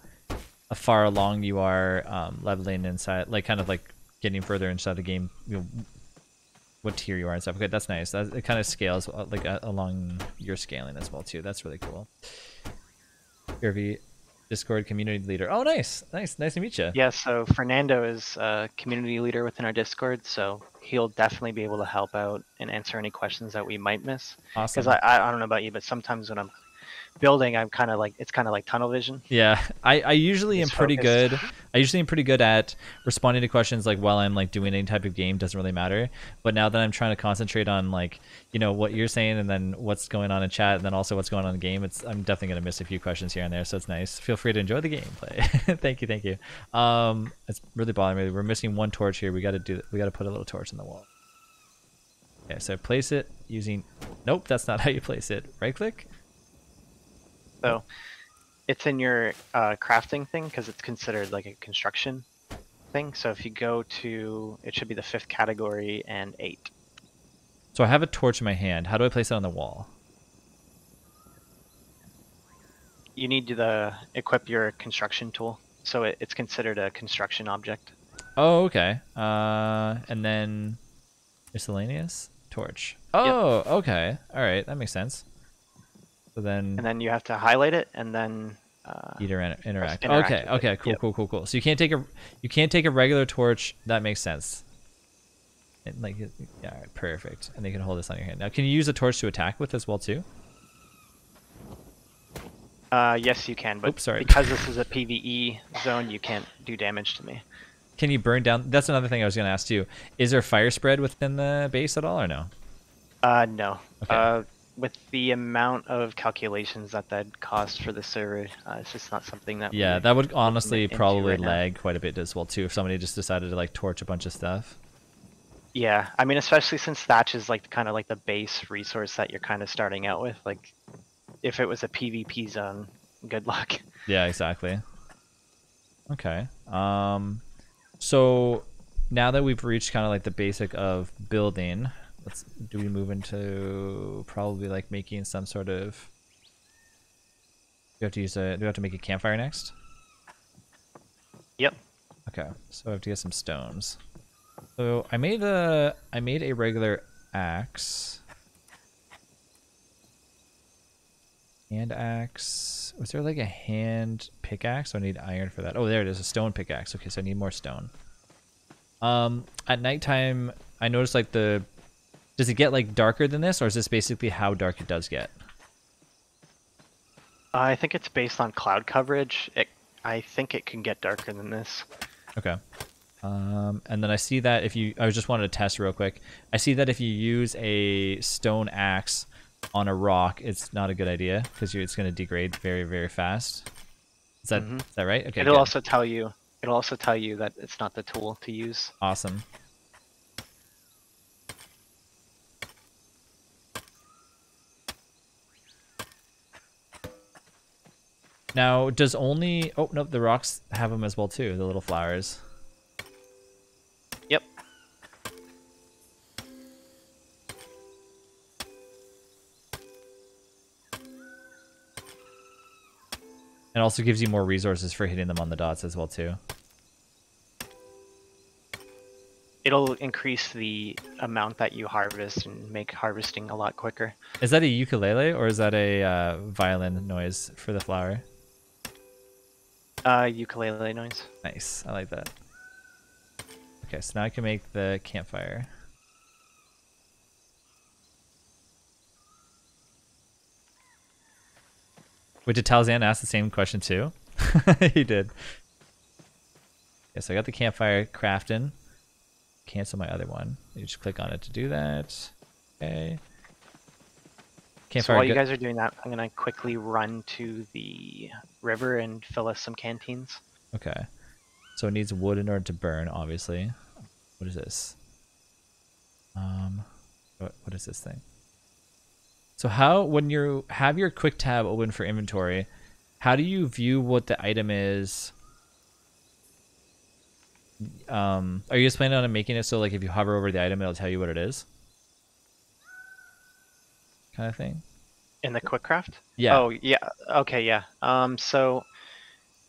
far along you are um, leveling inside, like kind of like getting further inside the game, you know, what tier you are and stuff. Okay, that's nice. That, it kind of scales uh, like uh, along your scaling as well too. That's really cool. Irvi, Discord community leader. Oh, nice, nice, nice to meet you. Yeah, so Fernando is a community leader within our Discord, so he'll definitely be able to help out and answer any questions that we might miss. Awesome. Because I, I don't know about you, but sometimes when I'm building, I'm kind of like it's kind of like tunnel vision. Yeah, I, I usually it's am pretty focused. good. I usually am pretty good at responding to questions like while I'm like doing any type of game doesn't really matter. But now that I'm trying to concentrate on like you know what you're saying and then what's going on in chat and then also what's going on in the game, it's I'm definitely gonna miss a few questions here and there. So it's nice. Feel free to enjoy the gameplay. thank you, thank you. Um, it's really bothering me. We're missing one torch here. We got to do. We got to put a little torch in the wall. Okay, so place it using, nope, that's not how you place it. Right click, so it's in your uh, crafting thing because it's considered like a construction thing. So if you go to, it should be the fifth category and eight. So I have a torch in my hand. How do I place it on the wall? You need to the, uh, equip your construction tool. So it, it's considered a construction object. Oh, okay. Uh, and then miscellaneous torch. Oh, yep. okay. All right, that makes sense. So then, and then you have to highlight it, and then uh, inter- interact. interact. Okay, okay, cool, yep. cool, cool, cool. So you can't take a you can't take a regular torch. That makes sense. And like, yeah, perfect. And you can hold this on your hand. Now, can you use a torch to attack with as well too? Uh, yes, you can, but Oops, sorry. because this is a PVE zone, you can't do damage to me. Can you burn down? That's another thing I was going to ask you. Is there fire spread within the base at all, or no? Uh, no. Okay. Uh, with the amount of calculations that that costs for the server, uh, it's just not something that. Yeah, that would honestly probably right lag now. quite a bit as well too if somebody just decided to like torch a bunch of stuff. Yeah, I mean, especially since thatch is like kind of like the base resource that you're kind of starting out with. Like, if it was a PvP zone, good luck. Yeah, exactly. Okay. Um, so now that we've reached kind of like the basic of building, Let's, do we move into probably like making some sort of... Do we have to use a... Do we have to make a campfire next? Yep. Okay, so I have to get some stones. So I made a I made a regular axe. Hand axe. Was there like a hand pickaxe? So I need iron for that. Oh, there it is, a stone pickaxe. Okay, so I need more stone. Um, at nighttime, I noticed like the does it get like darker than this, or is this basically how dark it does get? I think it's based on cloud coverage. It, I think it can get darker than this. Okay. Um, and then I see that if you, I just wanted to test real quick. I see that if you use a stone axe on a rock, it's not a good idea because it's going to degrade very, very fast. Is that mm -hmm. is that right? Okay. It'll also tell you. It'll also tell you that it's not the tool to use. Awesome. Now, does only... Oh, no, the rocks have them as well, too, the little flowers. Yep. It also gives you more resources for hitting them on the dots as well, too. It'll increase the amount that you harvest and make harvesting a lot quicker. Is that a ukulele or is that a uh, violin noise for the flower? Uh, ukulele noise. Nice. I like that. Okay, so now I can make the campfire. Wait, did Talzan ask the same question too? he did. Yeah, so I got the campfire crafting. Cancel my other one. You just click on it to do that. Okay so while you guys are doing that, I'm gonna quickly run to the river and fill us some canteens. Okay. So it needs wood in order to burn, obviously. What is this? Um, what, what is this thing? So how, when you have your quick tab open for inventory, how do you view what the item is? Um, are you just planning on making it so like if you hover over the item, it'll tell you what it is? kind of thing. In the quick craft? Yeah. Oh yeah. Okay, yeah. Um, so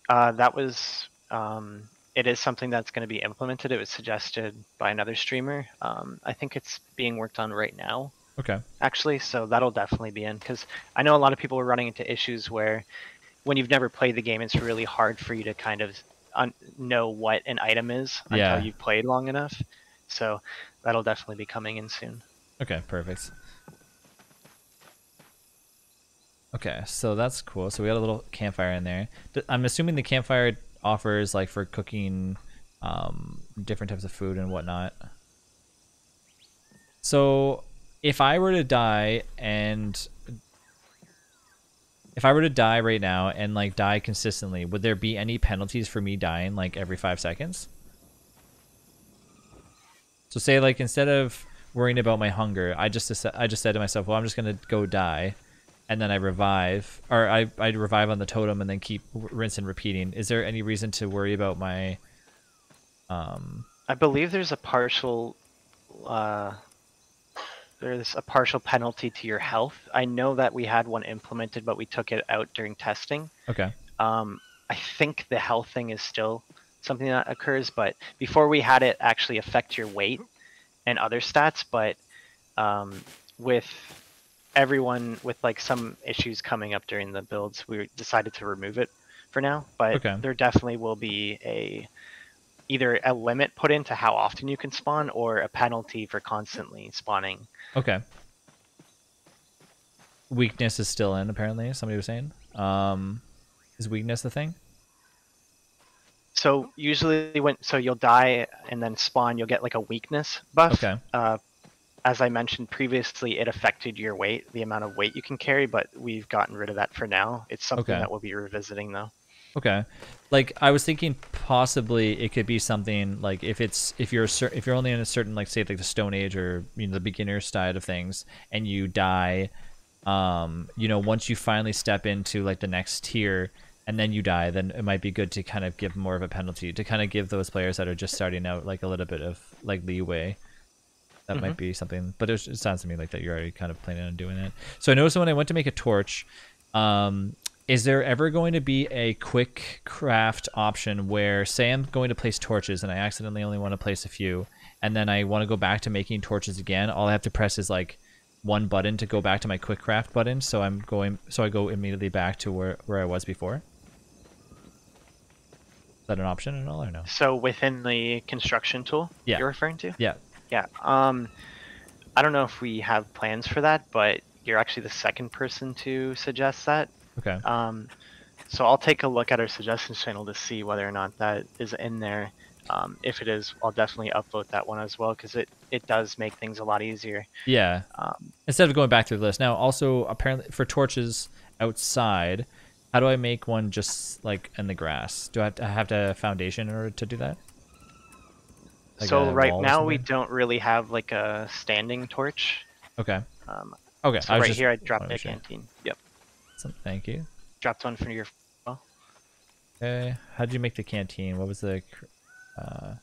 uh, that was um, it is something that's going to be implemented. It was suggested by another streamer. Um, I think it's being worked on right now. Okay. Actually, so that'll definitely be in because I know a lot of people are running into issues where, when you've never played the game, it's really hard for you to kind of know what an item is until you've played long enough. So that'll definitely be coming in soon. Okay, perfect. Okay, so that's cool. So we got a little campfire in there. I'm assuming the campfire offers like for cooking um, different types of food and whatnot. So if I were to die and if I were to die right now and like die consistently, would there be any penalties for me dying like every five seconds? So say like instead of worrying about my hunger, I just I just said to myself, well, I'm just gonna go die and then I revive, or I I revive on the totem and then keep rinse and repeating. Is there any reason to worry about my? Um. I believe there's a partial. Uh, there's a partial penalty to your health. I know that we had one implemented, but we took it out during testing. Okay. Um, I think the health thing is still something that occurs, but before we had it actually affect your weight and other stats, but um, with everyone with like some issues coming up during the builds, we decided to remove it for now. But okay. there definitely will be a either a limit put into how often you can spawn or a penalty for constantly spawning. Okay. Weakness is still in apparently. Somebody was saying, um, is weakness the thing? So usually when so you'll die and then spawn, you'll get like a weakness buff. Okay. Uh, as I mentioned previously, it affected your weight, the amount of weight you can carry, but we've gotten rid of that for now. It's something okay. that we'll be revisiting though. Okay. Like I was thinking possibly it could be something like if it's if you're a cer- if you're only in a certain like say like the stone age or you know the beginner side of things and you die um you know once you finally step into like the next tier and then you die then it might be good to kind of give more of a penalty to kind of give those players that are just starting out like a little bit of like leeway that mm-hmm. might be something. But it, sounds to me like that you're already kind of planning on doing it. So I noticed when I went to make a torch, um, is there ever going to be a quick craft option where, say, I'm going to place torches and I accidentally only want to place a few, and then I want to go back to making torches again? All I have to press is like one button to go back to my quick craft button. So I'm going, so I go immediately back to where where I was before. Is that an option at all or no? So within the construction tool yeah. you're referring to? Yeah. Yeah. Um, I don't know if we have plans for that, but you're actually the second person to suggest that. Okay. Um, so I'll take a look at our suggestions channel to see whether or not that is in there. Um, if it is, I'll definitely upvote that one as well because it it does make things a lot easier. Yeah. Um, Instead of going back through the list now, also apparently for torches outside, how do I make one just like in the grass? Do I have to, I have to foundation in order to do that? Like so right now we don't really have like a standing torch. Okay. Um, okay. So right just... here I dropped the sure. canteen. Yep. So, thank you. Dropped one for your. Oh. Okay. How did you make the canteen? What was the uh,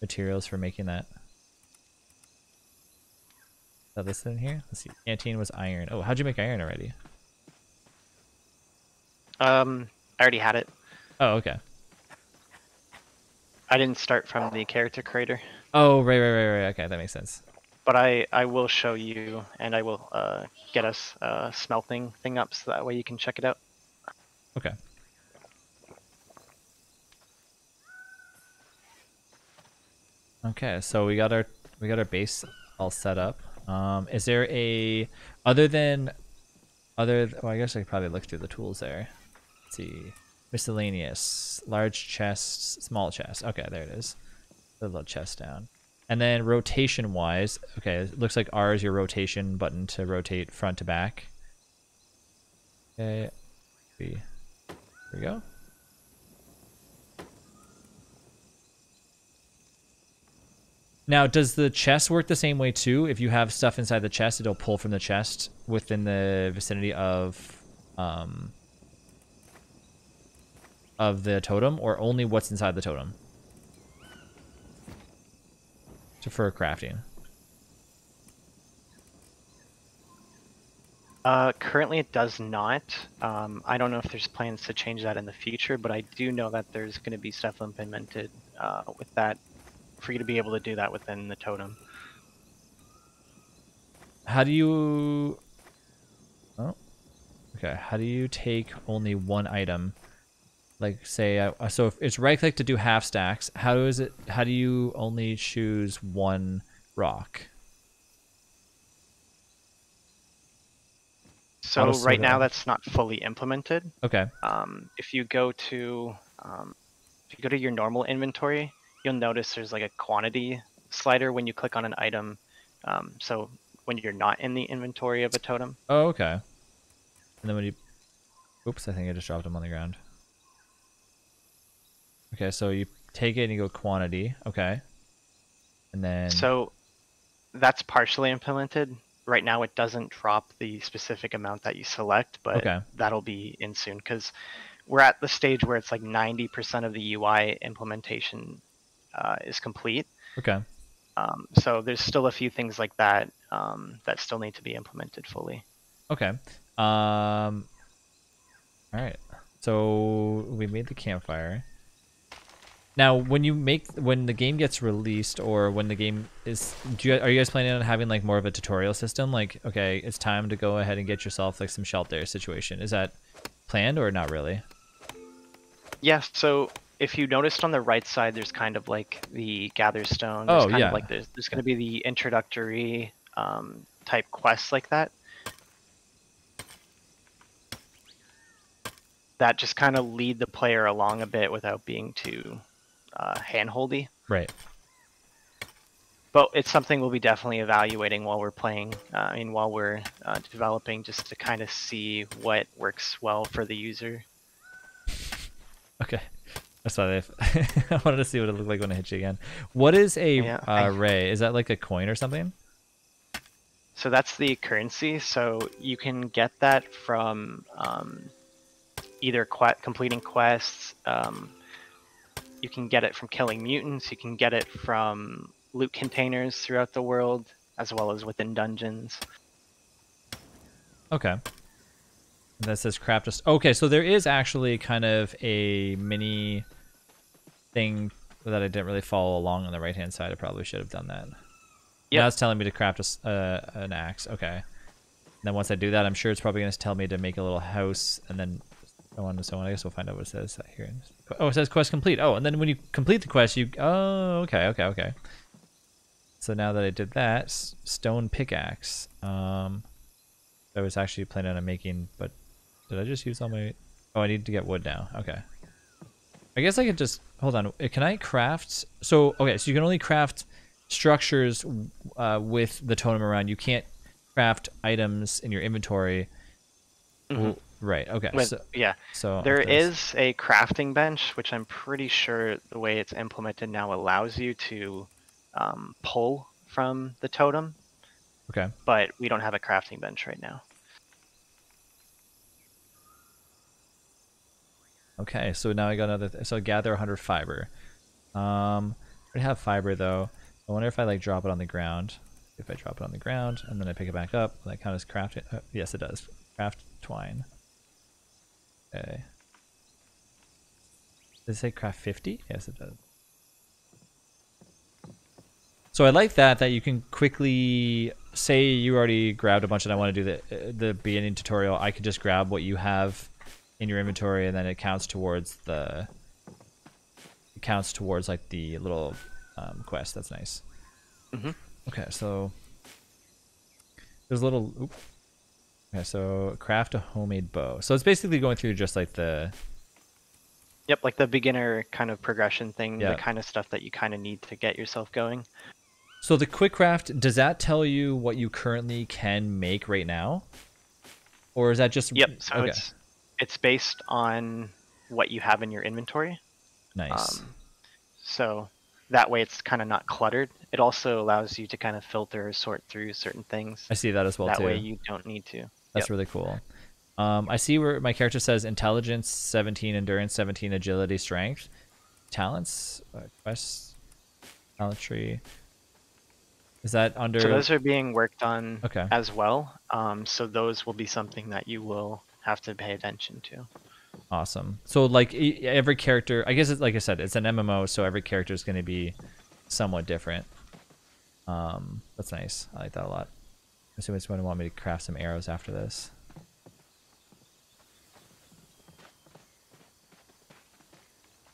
materials for making that? Is that this in here? Let's see. Canteen was iron. Oh, how'd you make iron already? Um, I already had it. Oh, okay. I didn't start from the character creator. Oh, right, right, right, right. Okay, that makes sense. But I, I will show you, and I will uh, get us uh, smelting thing up, so that way you can check it out. Okay. Okay, so we got our we got our base all set up. Um, is there a other than other? Well, I guess I could probably look through the tools there. Let's see. Miscellaneous. Large chests, small chest. Okay, there it is. The little chest down. And then rotation wise, okay, it looks like R is your rotation button to rotate front to back. Okay, B. There we go. Now, does the chest work the same way too? If you have stuff inside the chest, it'll pull from the chest within the vicinity of um, of the totem or only what's inside the totem? To fur crafting. Uh, currently, it does not. Um, I don't know if there's plans to change that in the future, but I do know that there's going to be stuff implemented uh, with that for you to be able to do that within the totem. How do you? Oh, okay. How do you take only one item like say so if it's right click to do half stacks how is it how do you only choose one rock so right now that's not fully implemented okay um, if you go to um, if you go to your normal inventory you'll notice there's like a quantity slider when you click on an item um, so when you're not in the inventory of a totem oh okay and then when you oops i think i just dropped them on the ground Okay, so you take it and you go quantity. Okay. And then. So that's partially implemented. Right now, it doesn't drop the specific amount that you select, but okay. that'll be in soon because we're at the stage where it's like 90% of the UI implementation uh, is complete. Okay. Um, so there's still a few things like that um, that still need to be implemented fully. Okay. Um, all right. So we made the campfire. Now, when you make when the game gets released or when the game is, do you, are you guys planning on having like more of a tutorial system? Like, okay, it's time to go ahead and get yourself like some shelter situation. Is that planned or not really? Yeah. So if you noticed on the right side, there's kind of like the gather stone. There's oh kind yeah. Of like there's there's going to be the introductory um, type quests like that. That just kind of lead the player along a bit without being too uh, handholdy. Right. But it's something we'll be definitely evaluating while we're playing uh, I mean, while we're uh, developing, just to kind of see what works well for the user. Okay, I saw that. I wanted to see what it looked like when I hit you again. What is a yeah, uh, I... ray? Is that like a coin or something? So that's the currency. So you can get that from um, either que completing quests, um, you can get it from killing mutants. You can get it from loot containers throughout the world, as well as within dungeons. Okay. That says craft just okay. So there is actually kind of a mini thing that I didn't really follow along on the right hand side. I probably should have done that. Yeah, it's telling me to craft a, uh, an axe. Okay. And then once I do that, I'm sure it's probably going to tell me to make a little house and then so on and so on. I guess we'll find out what it says here. Oh, it says quest complete. Oh, and then when you complete the quest, you... Oh, okay, okay, okay. So now that I did that, stone pickaxe. Um, I was actually planning on making, but did I just use all my... Oh, I need to get wood now. Okay. I guess I could just... Hold on. Uh, can I craft... So, okay, so you can only craft structures uh, with the totem around. You can't craft items in your inventory. Mm -hmm. Right. Okay. With, so, yeah. So there is a crafting bench, which I'm pretty sure the way it's implemented now allows you to um, pull from the totem. Okay. But we don't have a crafting bench right now. Okay, so now I got another. so gather 100 fiber. Um, I have fiber though. I wonder if I like drop it on the ground. If I drop it on the ground and then I pick it back up, will that count craft? Uh, yes, it does. Craft twine. Okay. Does it say craft 50? Yes, it does. So I like that, that you can quickly, say you already grabbed a bunch and I want to do the, the beginning tutorial, I could just grab what you have in your inventory and then it counts towards the, counts towards like the little um, quest. That's nice. Mm -hmm. Okay, so there's a little, oops, Okay, so craft a homemade bow. So it's basically going through just like the. Yep, like the beginner kind of progression thing, yep. the kind of stuff that you kind of need to get yourself going. So the quick craft does that tell you what you currently can make right now, or is that just? Yep. So okay. it's it's based on what you have in your inventory. Nice. Um, so that way it's kind of not cluttered. It also allows you to kind of filter, sort through certain things. I see that as well. That too. way you don't need to. That's yep. really cool. Um, I see where my character says intelligence 17, endurance 17, agility, strength, talents, uh, quest, quests, talent tree. Is that under? So those are being worked on okay. as well. Um, so those will be something that you will have to pay attention to. Awesome. So like every character, I guess it's like I said, it's an MMO, so every character is going to be somewhat different. Um, that's nice. I like that a lot i it's going to want me to craft some arrows after this.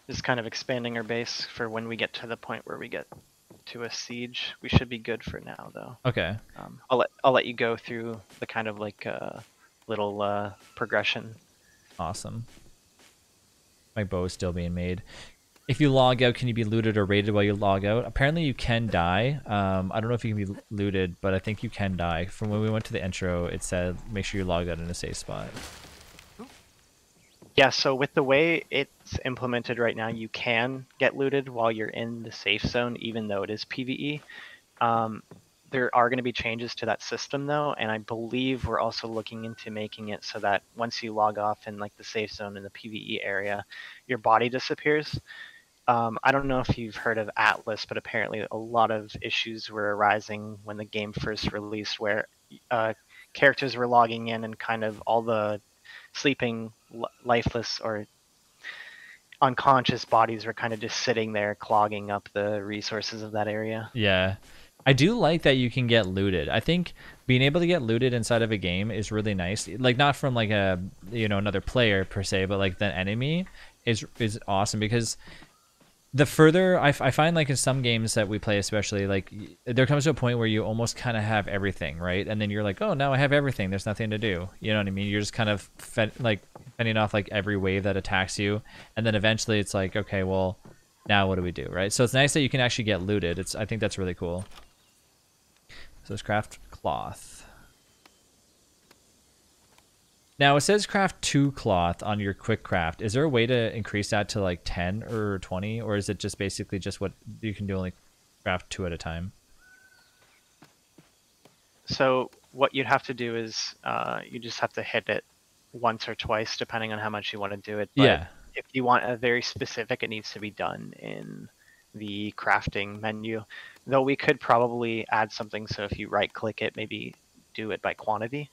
Just kind of expanding our base for when we get to the point where we get to a siege. We should be good for now, though. Okay. Um, I'll let I'll let you go through the kind of like uh, little uh, progression. Awesome. My bow is still being made if you log out, can you be looted or raided while you log out? Apparently you can die. Um, I don't know if you can be looted, but I think you can die. From when we went to the intro, it said make sure you log out in a safe spot. Yeah, so with the way it's implemented right now, you can get looted while you're in the safe zone, even though it is PvE. Um, there are going to be changes to that system though and i believe we're also looking into making it so that once you log off in like the safe zone in the pve area your body disappears um, I don't know if you've heard of Atlas, but apparently a lot of issues were arising when the game first released, where uh, characters were logging in and kind of all the sleeping, lifeless, or unconscious bodies were kind of just sitting there clogging up the resources of that area. Yeah. I do like that you can get looted. I think being able to get looted inside of a game is really nice. Like not from like a you know another player per se, but like the enemy is is awesome because the further I, find like in some games that we play especially like there comes to a point where you almost kind of have everything right and then you're like oh now i have everything there's nothing to do you know what i mean you're just kind of fed, like fending off like every wave that attacks you and then eventually it's like okay well now what do we do right so it's nice that you can actually get looted it's i think that's really cool so let's craft cloth now it says craft two cloth on your quick craft. Is there a way to increase that to like ten or twenty, or is it just basically just what you can do only craft two at a time? So what you'd have to do is uh, you just have to hit it once or twice, depending on how much you want to do it. But yeah. If you want a very specific, it needs to be done in the crafting menu. Though we could probably add something so if you right click it, maybe do it by quantity.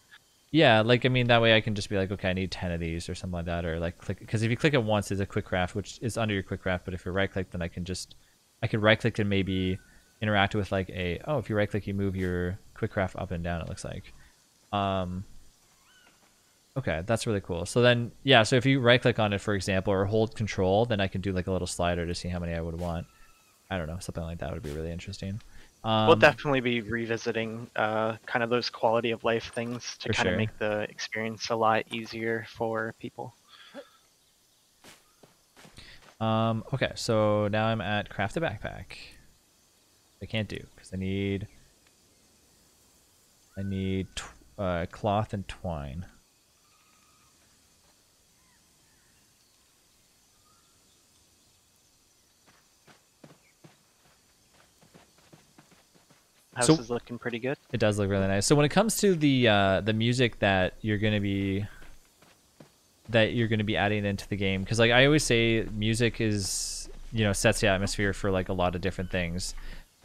Yeah, like I mean that way I can just be like, okay, I need ten of these or something like that, or like click because if you click it once, it's a quick craft, which is under your quick craft. But if you right click, then I can just I can right click and maybe interact with like a oh if you right click you move your quick craft up and down. It looks like, um, okay, that's really cool. So then yeah, so if you right click on it for example or hold control, then I can do like a little slider to see how many I would want. I don't know, something like that would be really interesting. Um, we'll definitely be revisiting uh, kind of those quality of life things to kind sure. of make the experience a lot easier for people. Um, okay, so now I'm at craft a backpack. I can't do because I need I need uh, cloth and twine. House so, is looking pretty good. It does look really nice. So when it comes to the uh, the music that you're gonna be that you're gonna be adding into the game, because like I always say, music is you know sets the atmosphere for like a lot of different things.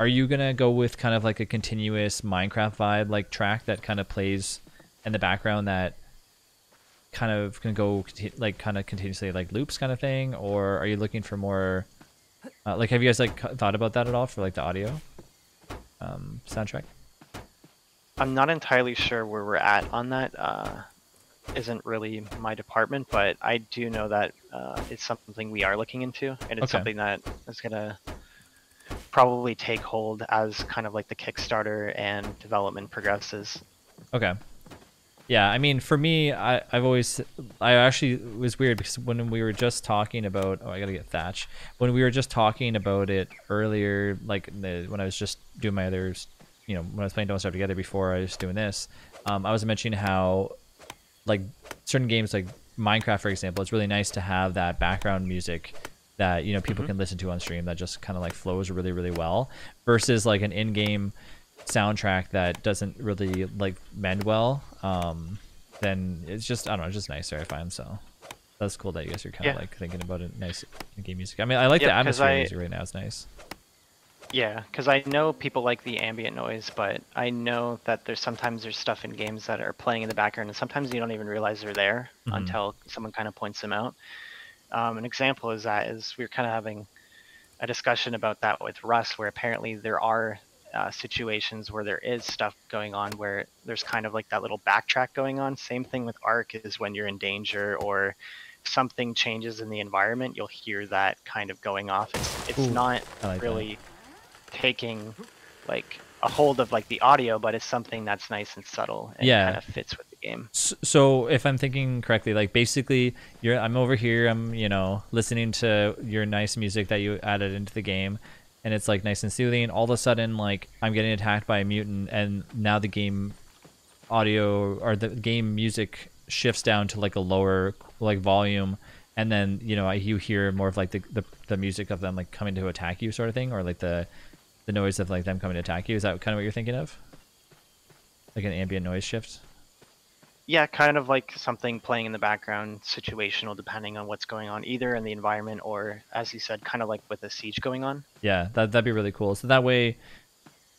Are you gonna go with kind of like a continuous Minecraft vibe like track that kind of plays in the background that kind of can go like kind of continuously like loops kind of thing, or are you looking for more? Uh, like, have you guys like thought about that at all for like the audio? um, soundtrack? I'm not entirely sure where we're at on that. Uh, isn't really my department, but I do know that uh, it's something we are looking into, and it's okay. something that is gonna probably take hold as kind of like the Kickstarter and development progresses. Okay. Yeah, I mean, for me, I, I've always, I actually it was weird because when we were just talking about, oh, I gotta get Thatch. When we were just talking about it earlier, like the, when I was just doing my other, you know, when I was playing Don't Starve Together before I was doing this, um, I was mentioning how, like, certain games like Minecraft, for example, it's really nice to have that background music that you know people mm -hmm. can listen to on stream that just kind of like flows really really well versus like an in-game soundtrack that doesn't really like mend well, um, then it's just I don't know, it's just nicer. I find so. That's cool that you guys are kind of yeah. like thinking about it. Nice game music. I mean, I like the atmosphere I, music right now. It's nice. Yeah, because I know people like the ambient noise, but I know that there's sometimes there's stuff in games that are playing in the background, and sometimes you don't even realize they're there mm -hmm. until someone kind of points them out. Um, an example is that is we we're kind of having a discussion about that with Rust, where apparently there are uh, situations where there is stuff going on where there's kind of like that little backtrack going on. Same thing with arc is when you're in danger or something changes in the environment, you'll hear that kind of going off. It's, it's Ooh, not like really that. taking like a hold of like the audio, but it's something that's nice and subtle and yeah. kind of fits with the game. So if I'm thinking correctly, like basically you're I'm over here, I'm, you know, listening to your nice music that you added into the game and it's like nice and soothing. All of a sudden, like I'm getting attacked by a mutant, and now the game audio or the game music shifts down to like a lower like volume, and then you know you hear more of like the the, the music of them like coming to attack you, sort of thing, or like the the noise of like them coming to attack you. Is that kind of what you're thinking of? Like an ambient noise shift yeah, kind of like something playing in the background, situational, depending on what's going on, either in the environment or, as you said, kind of like with a siege going on. Yeah, that that'd be really cool. So that way,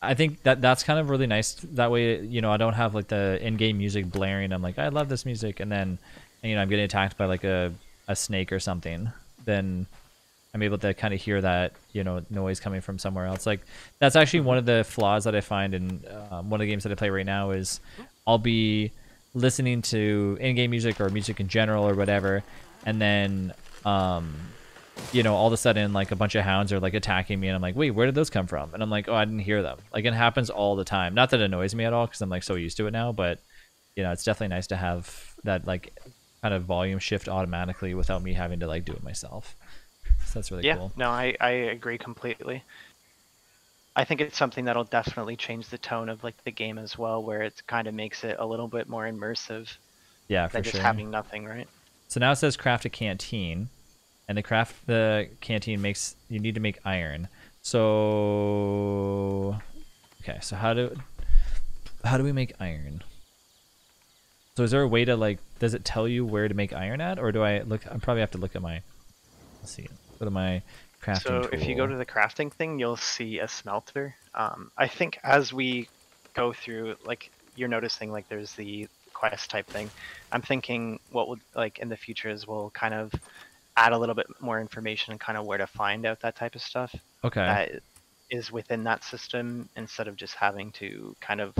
I think that that's kind of really nice. That way, you know, I don't have like the in-game music blaring. I'm like, I love this music, and then, you know, I'm getting attacked by like a a snake or something. Then I'm able to kind of hear that you know noise coming from somewhere else. Like that's actually one of the flaws that I find in um, one of the games that I play right now is I'll be listening to in-game music or music in general or whatever, and then um, you know, all of a sudden like a bunch of hounds are like attacking me, and I'm like, wait, where did those come from? And I'm like, oh, I didn't hear them. Like it happens all the time. Not that it annoys me at all because I'm like so used to it now, but you know, it's definitely nice to have that like kind of volume shift automatically without me having to like do it myself. So that's really yeah, cool. Yeah, no, I I agree completely. I think it's something that'll definitely change the tone of like the game as well, where it kind of makes it a little bit more immersive. Yeah, for just sure. having nothing, right? So now it says craft a canteen, and the craft the canteen makes you need to make iron. So okay, so how do how do we make iron? So is there a way to like does it tell you where to make iron at or do I look I probably have to look at my let's see. Go to my Crafting so tool. if you go to the crafting thing, you'll see a smelter. Um, I think as we go through, like you're noticing, like there's the quest type thing. I'm thinking what would like in the future is we'll kind of add a little bit more information and kind of where to find out that type of stuff. Okay. That is within that system instead of just having to kind of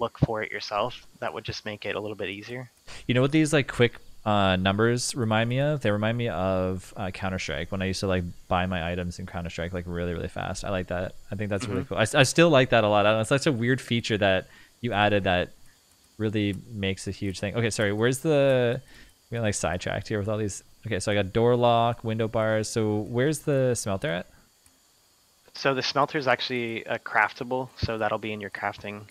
look for it yourself. That would just make it a little bit easier. You know what these like quick uh, numbers remind me of? They remind me of uh, Counter Strike when I used to like buy my items in Counter Strike like really really fast. I like that. I think that's mm-hmm. really cool. I, I still like that a lot. It's such a weird feature that you added that really makes a huge thing. Okay, sorry. Where's the? I'm getting like sidetracked here with all these. Okay, so I got door lock, window bars. So where's the smelter at? So the smelter is actually a uh, craftable, so that'll be in your crafting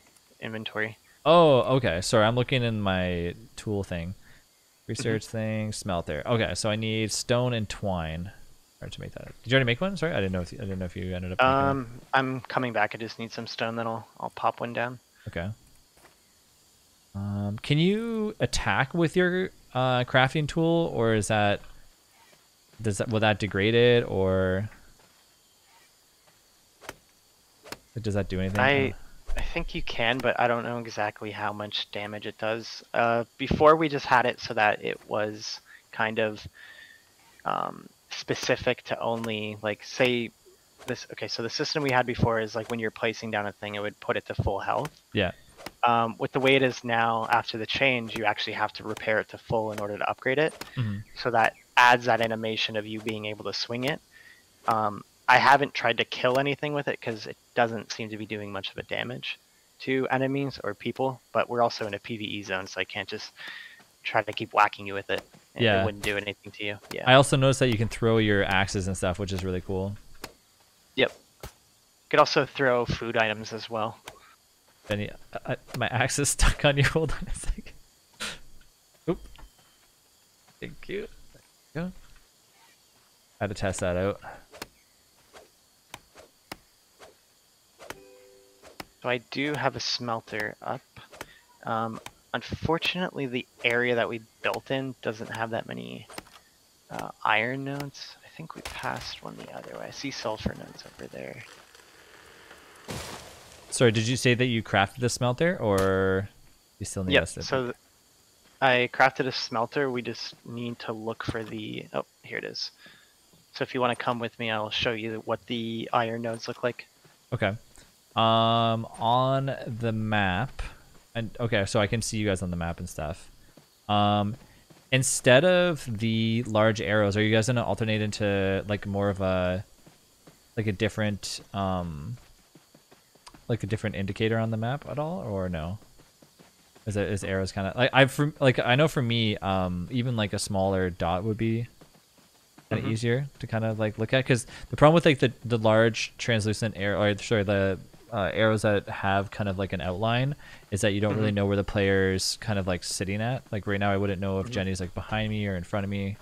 inventory. Oh, okay. Sorry, I'm looking in my tool thing. Research mm-hmm. thing, smelter. Okay, so I need stone and twine or to make that. Did you already make one? Sorry, I didn't know. If you, I didn't know if you ended up. Um, I'm coming back. I just need some stone. Then I'll I'll pop one down. Okay. Um, can you attack with your uh, crafting tool, or is that does that will that degrade it, or does that do anything? I uh, I think you can, but I don't know exactly how much damage it does. Uh, before we just had it so that it was kind of um, specific to only like say this. Okay, so the system we had before is like when you're placing down a thing, it would put it to full health. Yeah. Um, with the way it is now, after the change, you actually have to repair it to full in order to upgrade it. Mm -hmm. So that adds that animation of you being able to swing it. Um, I haven't tried to kill anything with it because it doesn't seem to be doing much of a damage to enemies or people. But we're also in a PVE zone, so I can't just try to keep whacking you with it. yeah, it wouldn't do anything to you. Yeah. I also noticed that you can throw your axes and stuff, which is really cool. Yep. You could also throw food items as well. Any, I, uh, uh, my axe is stuck on you. Hold on a second. Oop. Thank you. There you go. Had to test that out. So I do have a smelter up. Um, unfortunately, the area that we built in doesn't have that many uh, iron nodes. I think we passed one the other way. I see sulfur nodes over there. Sorry, did you say that you crafted the smelter, or you still need yep, us? Yeah, so I crafted a smelter. We just need to look for the... Oh, here it is. So if you want to come with me, I'll show you what the iron nodes look like. Okay. Um, on the map, and okay, so I can see you guys on the map and stuff. Um, instead of the large arrows, are you guys gonna alternate into like more of a, like a different um, like a different indicator on the map at all, or no? Is it is arrows kind of like I've like I know for me, um, even like a smaller dot would be kind of mm -hmm. easier to kind of like look at because the problem with like the the large translucent arrow or sorry the uh, arrows that have kind of like an outline is that you don't mm-hmm. really know where the player's kind of like sitting at. Like right now, I wouldn't know if mm-hmm. Jenny's like behind me or in front of me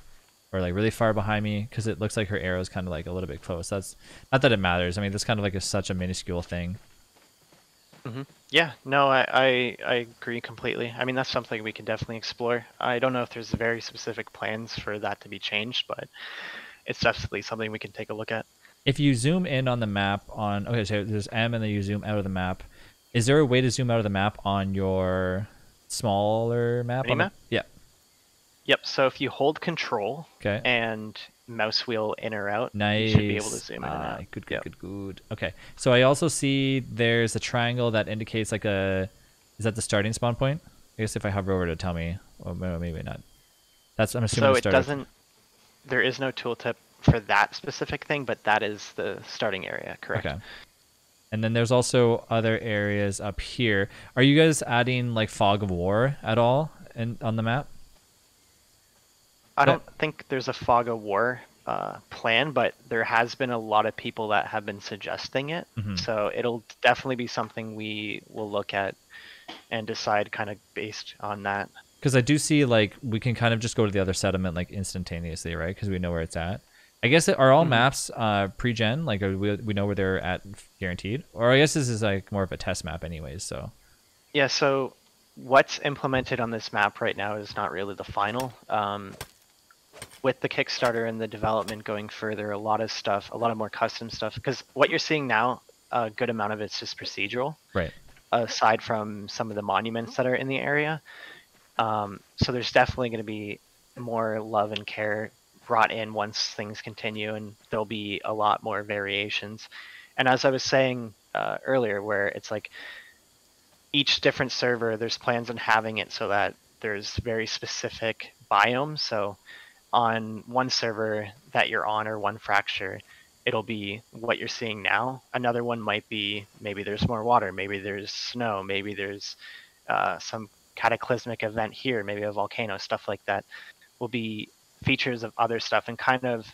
or like really far behind me because it looks like her arrow's kind of like a little bit close. That's not that it matters. I mean, this kind of like is such a minuscule thing. Mm-hmm. Yeah, no, I, I, I agree completely. I mean, that's something we can definitely explore. I don't know if there's very specific plans for that to be changed, but it's definitely something we can take a look at if you zoom in on the map on okay, so there's M and then you zoom out of the map. Is there a way to zoom out of the map on your smaller map? Mini map? The, yeah. Yep. So if you hold Control okay. and mouse wheel in or out, nice. you should be able to zoom in ah, and out. Good, good, yep. good, good. Okay. So I also see there's a triangle that indicates like a. Is that the starting spawn point? I guess if I hover over to tell me, or maybe not. That's I'm assuming. So it doesn't. There is no tooltip for that specific thing, but that is the starting area, correct? Okay. And then there's also other areas up here. Are you guys adding like fog of war at all in, on the map? I don't think there's a fog of war uh, plan, but there has been a lot of people that have been suggesting it. Mm-hmm. So it'll definitely be something we will look at and decide kind of based on that. Because I do see like we can kind of just go to the other sediment like instantaneously, right? Because we know where it's at. I guess are all mm-hmm. maps uh, pre-gen? Like we we know where they're at guaranteed, or I guess this is like more of a test map, anyways. So yeah, so what's implemented on this map right now is not really the final. Um, with the Kickstarter and the development going further, a lot of stuff, a lot of more custom stuff, because what you're seeing now, a good amount of it's just procedural. Right. Aside from some of the monuments that are in the area, um, so there's definitely going to be more love and care brought in once things continue, and there'll be a lot more variations. And as I was saying uh, earlier, where it's like each different server, there's plans on having it so that there's very specific biomes. So on one server that you're on or one fracture, it'll be what you're seeing now. Another one might be maybe there's more water, maybe there's snow, maybe there's uh, some cataclysmic event here, maybe a volcano, stuff like that will be features of other stuff and kind of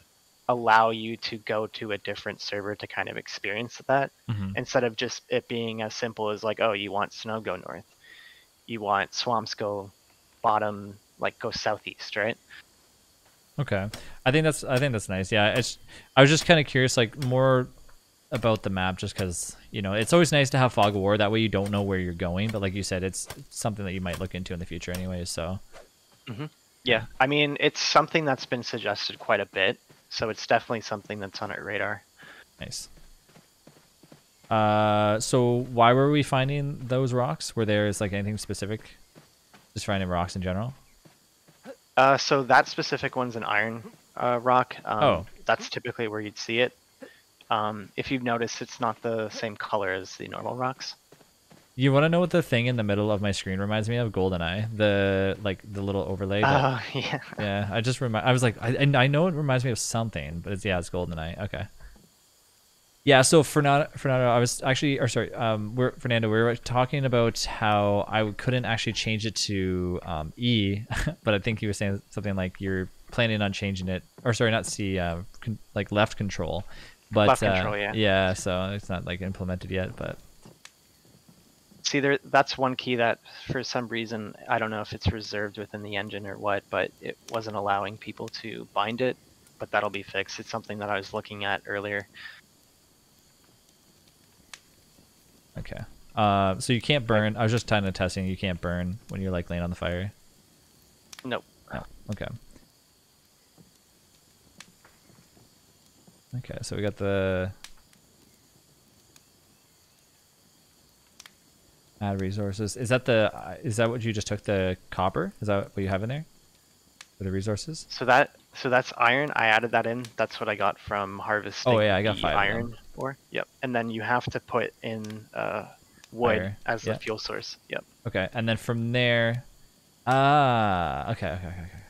allow you to go to a different server to kind of experience that mm-hmm. instead of just it being as simple as like oh you want snow go north you want swamps go bottom like go southeast right okay i think that's i think that's nice yeah it's, i was just kind of curious like more about the map just because you know it's always nice to have fog of war that way you don't know where you're going but like you said it's something that you might look into in the future anyway so mm-hmm. Yeah, I mean it's something that's been suggested quite a bit, so it's definitely something that's on our radar. Nice. Uh, so why were we finding those rocks? Were there is like anything specific? Just finding rocks in general. Uh, so that specific one's an iron uh, rock. Um, oh. That's typically where you'd see it. Um, if you've noticed, it's not the same color as the normal rocks. You want to know what the thing in the middle of my screen reminds me of? GoldenEye, the like the little overlay. That, oh yeah. Yeah, I just remind. I was like, I, I know it reminds me of something, but it's yeah, it's GoldenEye. Okay. Yeah, so Fernando, Fernando, I was actually, or sorry, um, we're Fernando, we were talking about how I couldn't actually change it to um, E, but I think he was saying something like you're planning on changing it, or sorry, not C, uh, con- like left control, but left uh, control, yeah. yeah, so it's not like implemented yet, but see there that's one key that for some reason I don't know if it's reserved within the engine or what, but it wasn't allowing people to bind it, but that'll be fixed. It's something that I was looking at earlier. Okay. Uh, so you can't burn. I was just kind of testing. You can't burn when you're like laying on the fire. Nope. No. Oh, okay. Okay. So we got the Add uh, resources. Is that the? Uh, is that what you just took the copper? Is that what you have in there? For the resources. So that so that's iron. I added that in. That's what I got from harvesting. Oh yeah, I got five iron ore. Yep. And then you have to put in uh, wood Fire. as yep. the fuel source. Yep. Okay. And then from there, ah, okay, okay, okay, okay.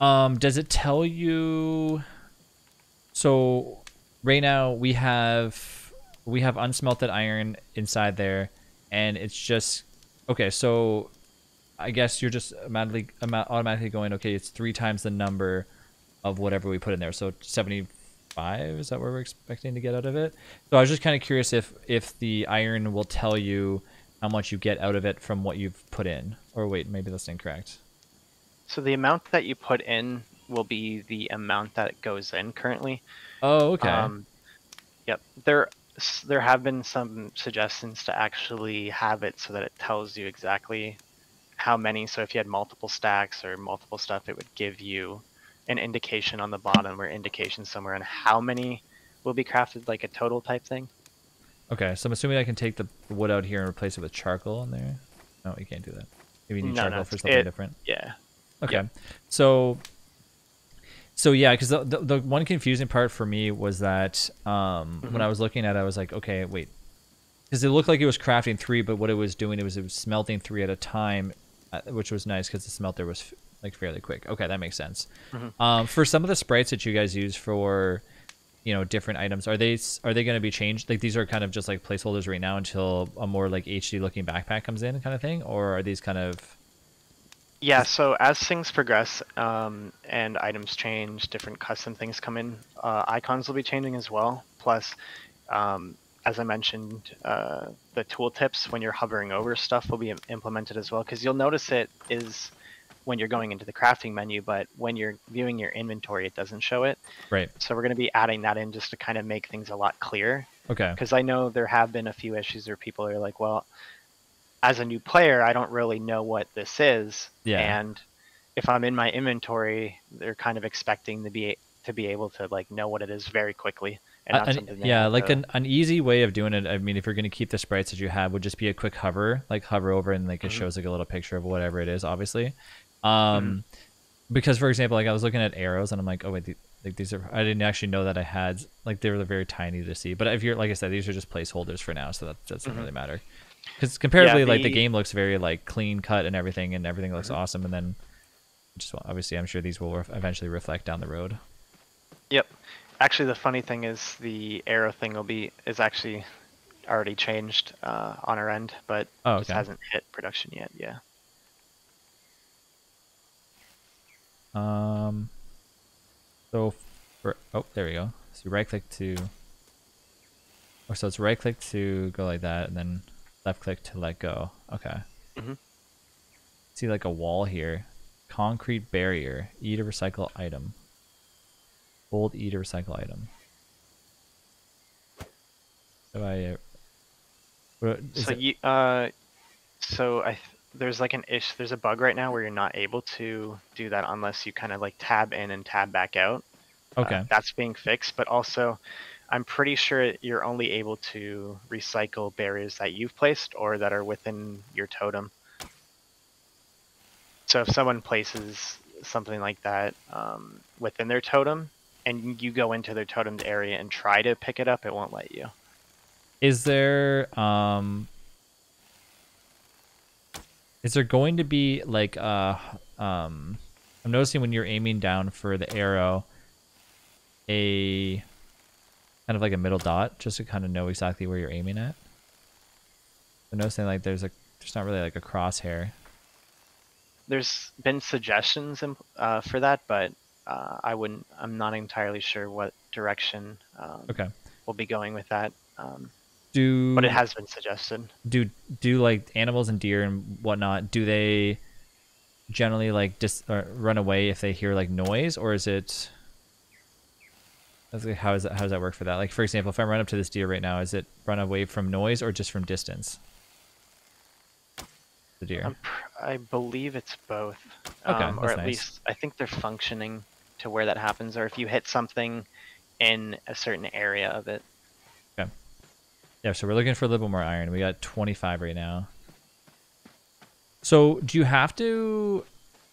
Um, does it tell you? So, right now we have we have unsmelted iron inside there, and it's just okay. So I guess you're just automatically automatically going okay. It's three times the number of whatever we put in there. So seventy five is that what we're expecting to get out of it? So I was just kind of curious if if the iron will tell you how much you get out of it from what you've put in. Or wait, maybe that's incorrect. So the amount that you put in will be the amount that goes in currently. Oh, okay. Um, yep. There there have been some suggestions to actually have it so that it tells you exactly how many. So if you had multiple stacks or multiple stuff, it would give you an indication on the bottom or indication somewhere on how many will be crafted, like a total type thing. Okay, so I'm assuming I can take the wood out here and replace it with charcoal in there. No, you can't do that. Maybe you need no, charcoal no, for something it, different. Yeah. Okay. Yeah. So so yeah, because the, the, the one confusing part for me was that um, mm-hmm. when I was looking at, it, I was like, okay, wait, because it looked like it was crafting three, but what it was doing, it was it was smelting three at a time, uh, which was nice because the smelter was f- like fairly quick. Okay, that makes sense. Mm-hmm. Um, for some of the sprites that you guys use for, you know, different items, are they are they going to be changed? Like these are kind of just like placeholders right now until a more like HD looking backpack comes in, kind of thing, or are these kind of yeah, so as things progress um, and items change, different custom things come in, uh, icons will be changing as well. Plus, um, as I mentioned, uh, the tooltips when you're hovering over stuff will be implemented as well, because you'll notice it is when you're going into the crafting menu, but when you're viewing your inventory, it doesn't show it. Right. So we're going to be adding that in just to kind of make things a lot clearer. Okay. Because I know there have been a few issues where people are like, well, as a new player, I don't really know what this is. Yeah. And if I'm in my inventory, they're kind of expecting to be to be able to like know what it is very quickly. An, yeah, like an, an easy way of doing it. I mean, if you're going to keep the sprites that you have, would just be a quick hover, like hover over and like mm-hmm. it shows like a little picture of whatever it is, obviously. Um, mm-hmm. Because for example, like I was looking at arrows and I'm like, oh wait, the, like these are I didn't actually know that I had like they were very tiny to see. But if you're like I said, these are just placeholders for now, so that, that doesn't mm-hmm. really matter. Because comparatively, yeah, the, like the game looks very like clean cut and everything, and everything looks mm-hmm. awesome. And then, just obviously, I'm sure these will ref- eventually reflect down the road. Yep. Actually, the funny thing is the arrow thing will be is actually already changed uh, on our end, but oh, okay. just hasn't hit production yet. Yeah. Um. So, for, oh, there we go. So you right click to, or so it's right click to go like that, and then Left click to let go. Okay. Mm-hmm. See like a wall here. Concrete barrier. Eat a recycle item. Bold eat a recycle item. So I. Uh, so it... you, uh, so I th- there's like an ish there's a bug right now where you're not able to do that unless you kind of like tab in and tab back out. Uh, okay. Uh, that's being fixed, but also I'm pretty sure you're only able to recycle barriers that you've placed or that are within your totem. So if someone places something like that um, within their totem, and you go into their totemed area and try to pick it up, it won't let you. Is there um, is there going to be like uh um, I'm noticing when you're aiming down for the arrow, a kind of like a middle dot just to kind of know exactly where you're aiming at. So noticing like there's a there's not really like a crosshair. There's been suggestions uh, for that, but uh, I wouldn't. I'm not entirely sure what direction. Um, okay. We'll be going with that. Um, do but it has been suggested. Do do like animals and deer and whatnot? Do they generally like just uh, run away if they hear like noise, or is it that, how does that work for that? Like, for example, if I run up to this deer right now, is it run away from noise or just from distance? The deer. I believe it's both. Okay, um, or at nice. least, I think they're functioning to where that happens, or if you hit something in a certain area of it. Okay. Yeah, so we're looking for a little bit more iron. We got 25 right now. So do you have to,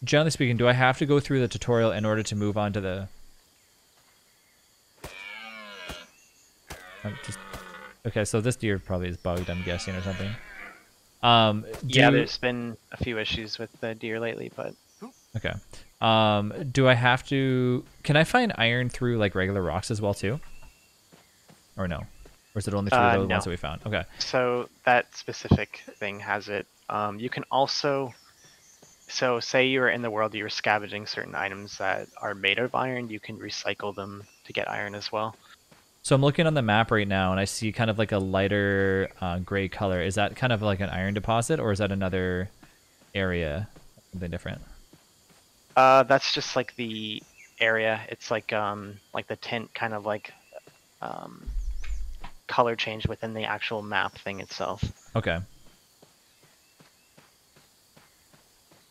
generally speaking, do I have to go through the tutorial in order to move on to the I'm just okay. So this deer probably is bugged, I'm guessing, or something. Um, yeah, you... there's been a few issues with the deer lately, but okay. Um, do I have to? Can I find iron through like regular rocks as well too? Or no? Or is it only through uh, those no. ones that we found? Okay. So that specific thing has it. Um, you can also, so say you are in the world, you were scavenging certain items that are made of iron. You can recycle them to get iron as well. So I'm looking on the map right now, and I see kind of like a lighter uh, gray color. Is that kind of like an iron deposit, or is that another area, something different? Uh, that's just like the area. It's like um, like the tint kind of like um, color change within the actual map thing itself. Okay.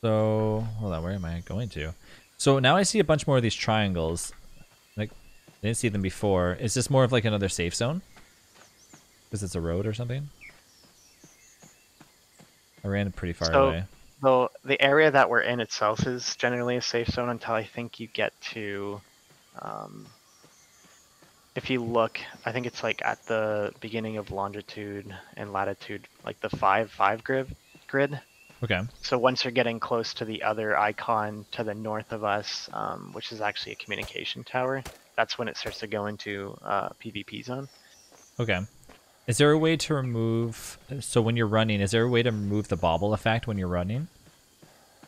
So hold on, where am I going to? So now I see a bunch more of these triangles. I didn't see them before. Is this more of like another safe zone? Because it's a road or something? I ran pretty far so, away. So the area that we're in itself is generally a safe zone until I think you get to... Um, if you look, I think it's like at the beginning of longitude and latitude, like the 5-5 grid. grid. Okay. So once you're getting close to the other icon to the north of us, um, which is actually a communication tower, that's when it starts to go into uh, PvP zone. Okay. Is there a way to remove? So when you're running, is there a way to remove the bobble effect when you're running?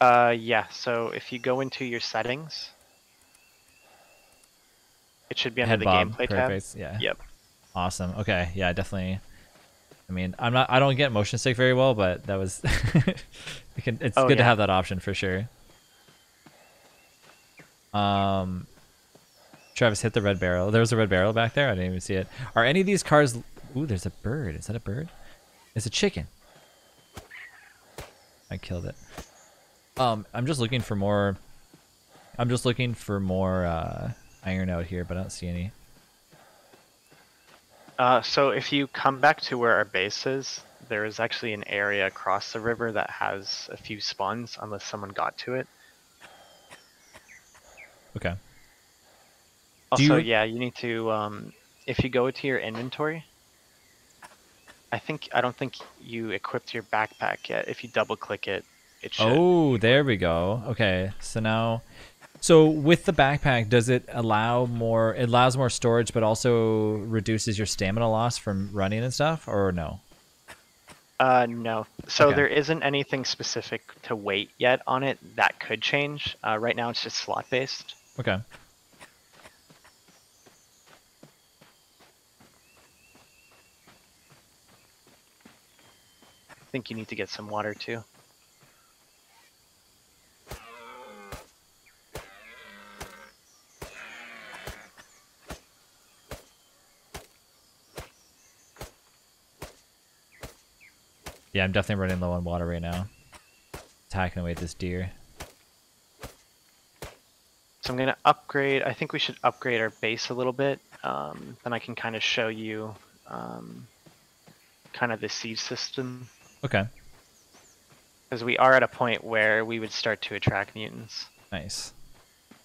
Uh, yeah. So if you go into your settings, it should be under Head the bob, gameplay perfect. tab. Yeah. Yep. Awesome. Okay. Yeah. Definitely. I mean, I'm not. I don't get motion sick very well, but that was. it can, it's oh, good yeah. to have that option for sure. Um, Travis hit the red barrel. There was a red barrel back there. I didn't even see it. Are any of these cars... Ooh, there's a bird. Is that a bird? It's a chicken. I killed it. Um, I'm just looking for more... I'm just looking for more uh, iron out here, but I don't see any. Uh, so if you come back to where our base is, there is actually an area across the river that has a few spawns, unless someone got to it. Okay. Also, you... yeah, you need to um, if you go to your inventory. I think I don't think you equipped your backpack yet. If you double click it, it should. Oh, there we go. Okay, so now, so with the backpack, does it allow more? It allows more storage, but also reduces your stamina loss from running and stuff, or no? Uh, no. So okay. there isn't anything specific to weight yet on it. That could change. Uh, right now, it's just slot based. Okay. think you need to get some water too. Yeah, I'm definitely running low on water right now. Attacking away at this deer. So I'm going to upgrade. I think we should upgrade our base a little bit. Um, then I can kind of show you um, kind of the siege system. Okay. Because we are at a point where we would start to attract mutants. Nice.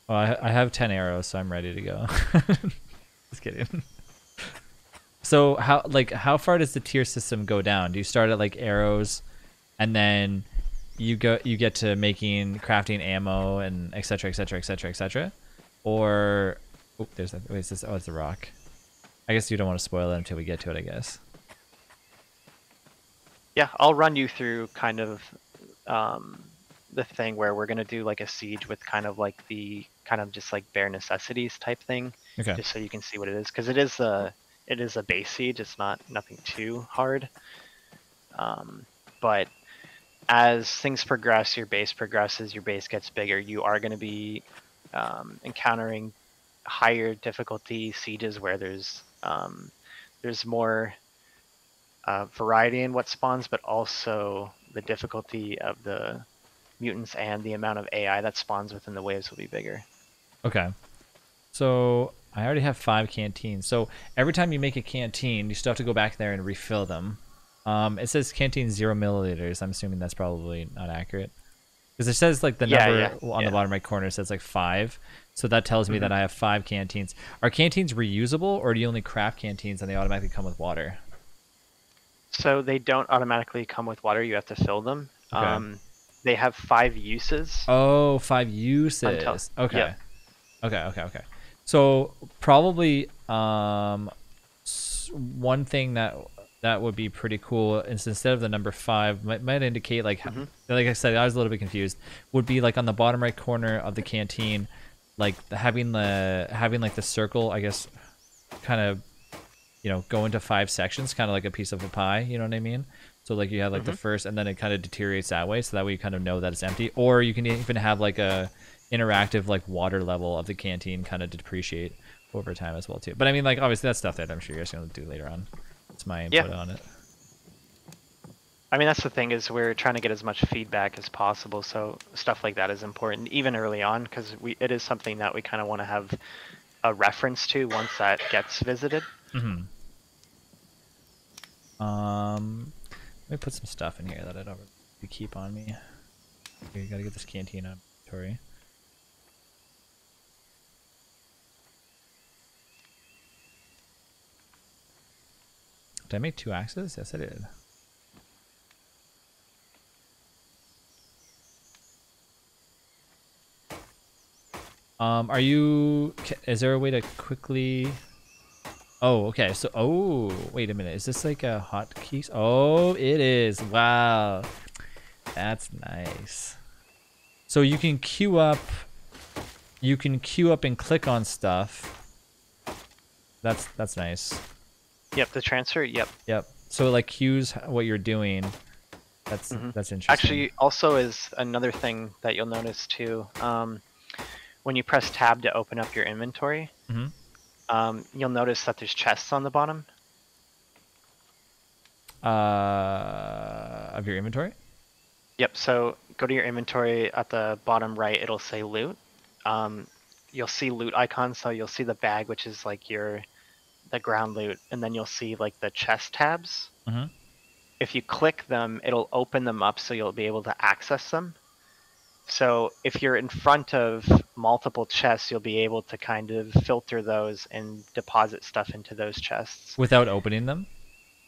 Well, I, I have 10 arrows, so I'm ready to go. Just kidding. So how like how far does the tier system go down? Do you start at like arrows, and then you go you get to making crafting ammo and etc etc etc etc, or oh there's that wait is this oh it's a rock. I guess you don't want to spoil it until we get to it. I guess yeah, I'll run you through kind of um, the thing where we're gonna do like a siege with kind of like the kind of just like bare necessities type thing, okay. just so you can see what it is because it is a it is a base siege. It's not nothing too hard, um, but as things progress, your base progresses, your base gets bigger. You are going to be um, encountering higher difficulty sieges where there's um, there's more uh, variety in what spawns, but also the difficulty of the mutants and the amount of AI that spawns within the waves will be bigger. Okay. So I already have five canteens. So every time you make a canteen, you still have to go back there and refill them. Um, it says canteen zero milliliters. I'm assuming that's probably not accurate. Because it says like the yeah, number yeah, on yeah. the bottom right corner says like five. So that tells mm-hmm. me that I have five canteens. Are canteens reusable or do you only craft canteens and they automatically come with water? So they don't automatically come with water. You have to fill them. Okay. Um, they have five uses. Oh, five uses. Until, okay. Yep. Okay. Okay. Okay. So probably um, one thing that that would be pretty cool. And instead of the number five, might, might indicate like mm-hmm. like I said, I was a little bit confused. Would be like on the bottom right corner of the canteen, like having the having like the circle. I guess kind of you know, go into five sections, kind of like a piece of a pie. You know what I mean? So like you have like mm-hmm. the first, and then it kind of deteriorates that way. So that way you kind of know that it's empty. Or you can even have like a interactive like water level of the canteen kind of depreciate over time as well too. But I mean, like obviously that's stuff that I'm sure you are gonna do later on. That's my input yeah. on it. I mean, that's the thing is we're trying to get as much feedback as possible. So stuff like that is important even early on because we it is something that we kind of want to have a reference to once that gets visited. Mm-hmm. Um, let me put some stuff in here that I don't really keep on me. Okay, you gotta get this canteen up, Tori. inventory. Did I make two axes? Yes, I did. Um, are you? Is there a way to quickly Oh, okay. So, oh, wait a minute. Is this like a hotkey? Oh, it is. Wow. That's nice. So you can queue up, you can queue up and click on stuff. That's, that's nice. Yep, the transfer, yep. Yep. So it like cues what you're doing. That's, mm -hmm. that's interesting. Actually, also is another thing that you'll notice too. Um, when you press tab to open up your inventory, mm -hmm um, you'll notice that there's chests on the bottom. Uh, of your inventory? Yep, so go to your inventory at the bottom right, it'll say loot. Um, you'll see loot icons, so you'll see the bag, which is like your the ground loot, and then you'll see like the chest tabs. Mm-hmm. If you click them, it'll open them up so you'll be able to access them. So if you're in front of multiple chests, you'll be able to kind of filter those and deposit stuff into those chests without opening them.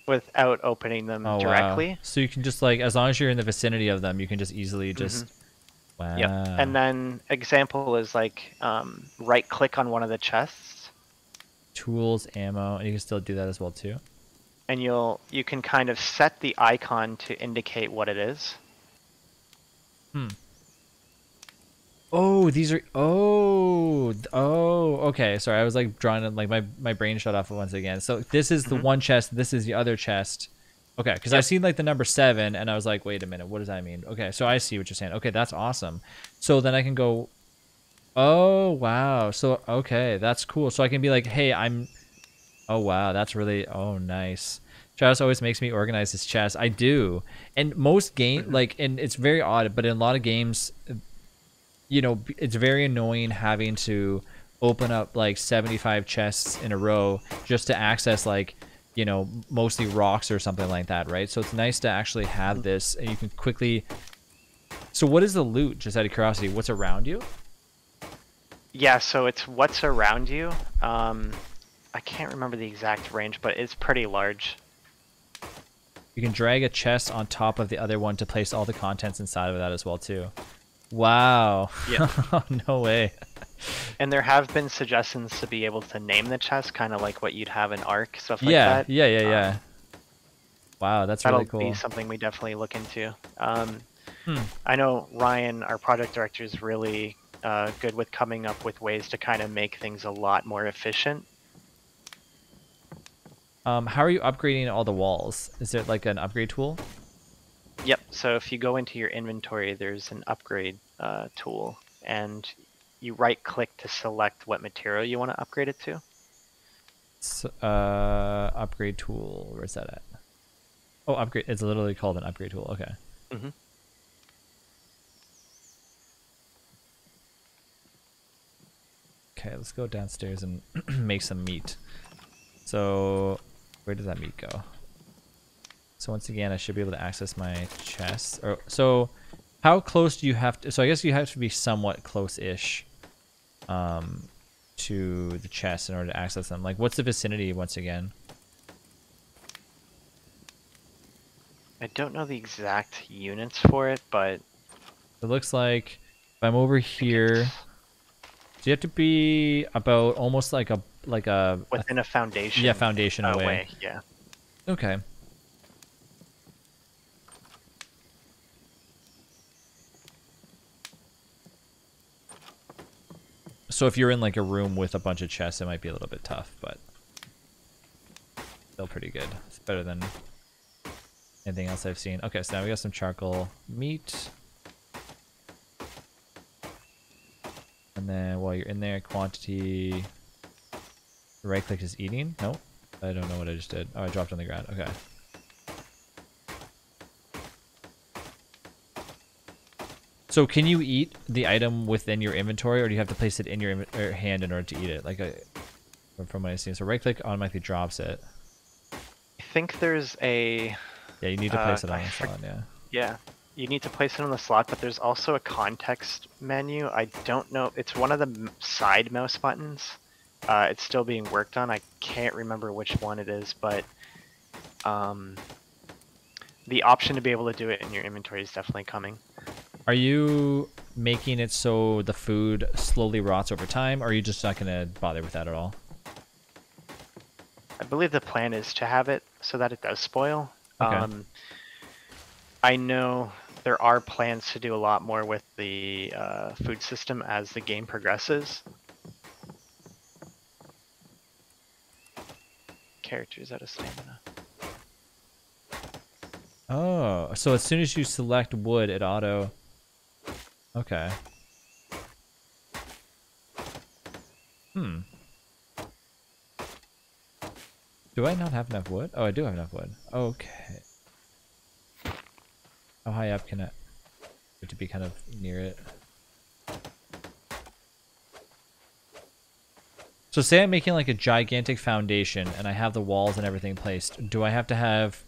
Without opening them oh, directly. Wow. So you can just like, as long as you're in the vicinity of them, you can just easily mm-hmm. just. Mm-hmm. Wow. Yep. And then example is like um, right click on one of the chests. Tools, ammo, and you can still do that as well too. And you'll you can kind of set the icon to indicate what it is. Hmm. Oh, these are oh oh okay. Sorry, I was like drawing in, like my my brain shut off once again. So this is the mm-hmm. one chest. This is the other chest. Okay, because yep. I've seen like the number seven, and I was like, wait a minute, what does that mean? Okay, so I see what you're saying. Okay, that's awesome. So then I can go. Oh wow. So okay, that's cool. So I can be like, hey, I'm. Oh wow, that's really oh nice. Travis always makes me organize his chest. I do, and most game mm-hmm. like, and it's very odd, but in a lot of games, you know, it's very annoying having to open up like 75 chests in a row just to access like, you know, mostly rocks or something like that, right? So it's nice to actually have mm. this and you can quickly. So what is the loot, just out of curiosity? What's around you? Yeah, so it's what's around you. Um, I can't remember the exact range, but it's pretty large. You can drag a chest on top of the other one to place all the contents inside of that as well too. Wow. Yeah. Oh, no way. And there have been suggestions to be able to name the chest, kind of like what you'd have in Arc stuff like yeah, that. Yeah, yeah, yeah, yeah. Um, wow, that's really cool. That'll be something we definitely look into. Um, hmm. I know Ryan, our project director, is really uh, good with coming up with ways to kind of make things a lot more efficient. Um, how are you upgrading all the walls? Is there like an upgrade tool? Yep. So if you go into your inventory, there's an upgrade uh, tool, and you right click to select what material you want to upgrade it to. So, uh, upgrade tool. Where's that at? Oh, upgrade. It's literally called an upgrade tool. Okay. Mm-hmm. Okay, let's go downstairs and make some meat. So, where does that meat go? So once again, I should be able to access my chest. Or oh, So how close do you have to... So I guess you have to be somewhat close-ish um, to the chest in order to access them. Like, what's the vicinity once again? I don't know the exact units for it, but... It looks like if I'm over here... So you have to be about almost like a... like a Within a, a foundation. Yeah, foundation oh, away. away. Yeah. Okay. So if you're in like a room with a bunch of chests, it might be a little bit tough, but still pretty good. It's better than anything else I've seen. Okay, so now we got some charcoal meat. And then while you're in there, quantity, right click is eating. Nope. I don't know what I just did. Oh, I dropped on the ground. Okay. So can you eat the item within your inventory, or do you have to place it in your, er, hand in order to eat it? Like, from what I've seen, so right click automatically drops it. I think there's a. Yeah, you need to uh, place it on the slot. Yeah. Yeah, you need to place it on the slot, but there's also a context menu. I don't know. It's one of the side mouse buttons. Uh, it's still being worked on. I can't remember which one it is, but um, the option to be able to do it in your inventory is definitely coming. Are you making it so the food slowly rots over time, or are you just not going to bother with that at all? I believe the plan is to have it so that it does spoil. Okay. Um, I know there are plans to do a lot more with the uh, food system as the game progresses. Characters out of stamina. Oh, so as soon as you select wood, it auto Okay. Hmm. Do I not have enough wood? Oh, I do have enough wood. Okay. How high up can I... to be kind of near it. So say I'm making like a gigantic foundation and I have the walls and everything placed. Do I have to have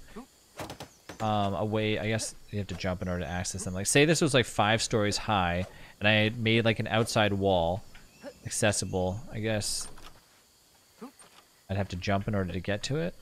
um, a way, I guess you have to jump in order to access them. Like, say this was like five stories high, and I had made like an outside wall accessible, I guess I'd have to jump in order to get to it.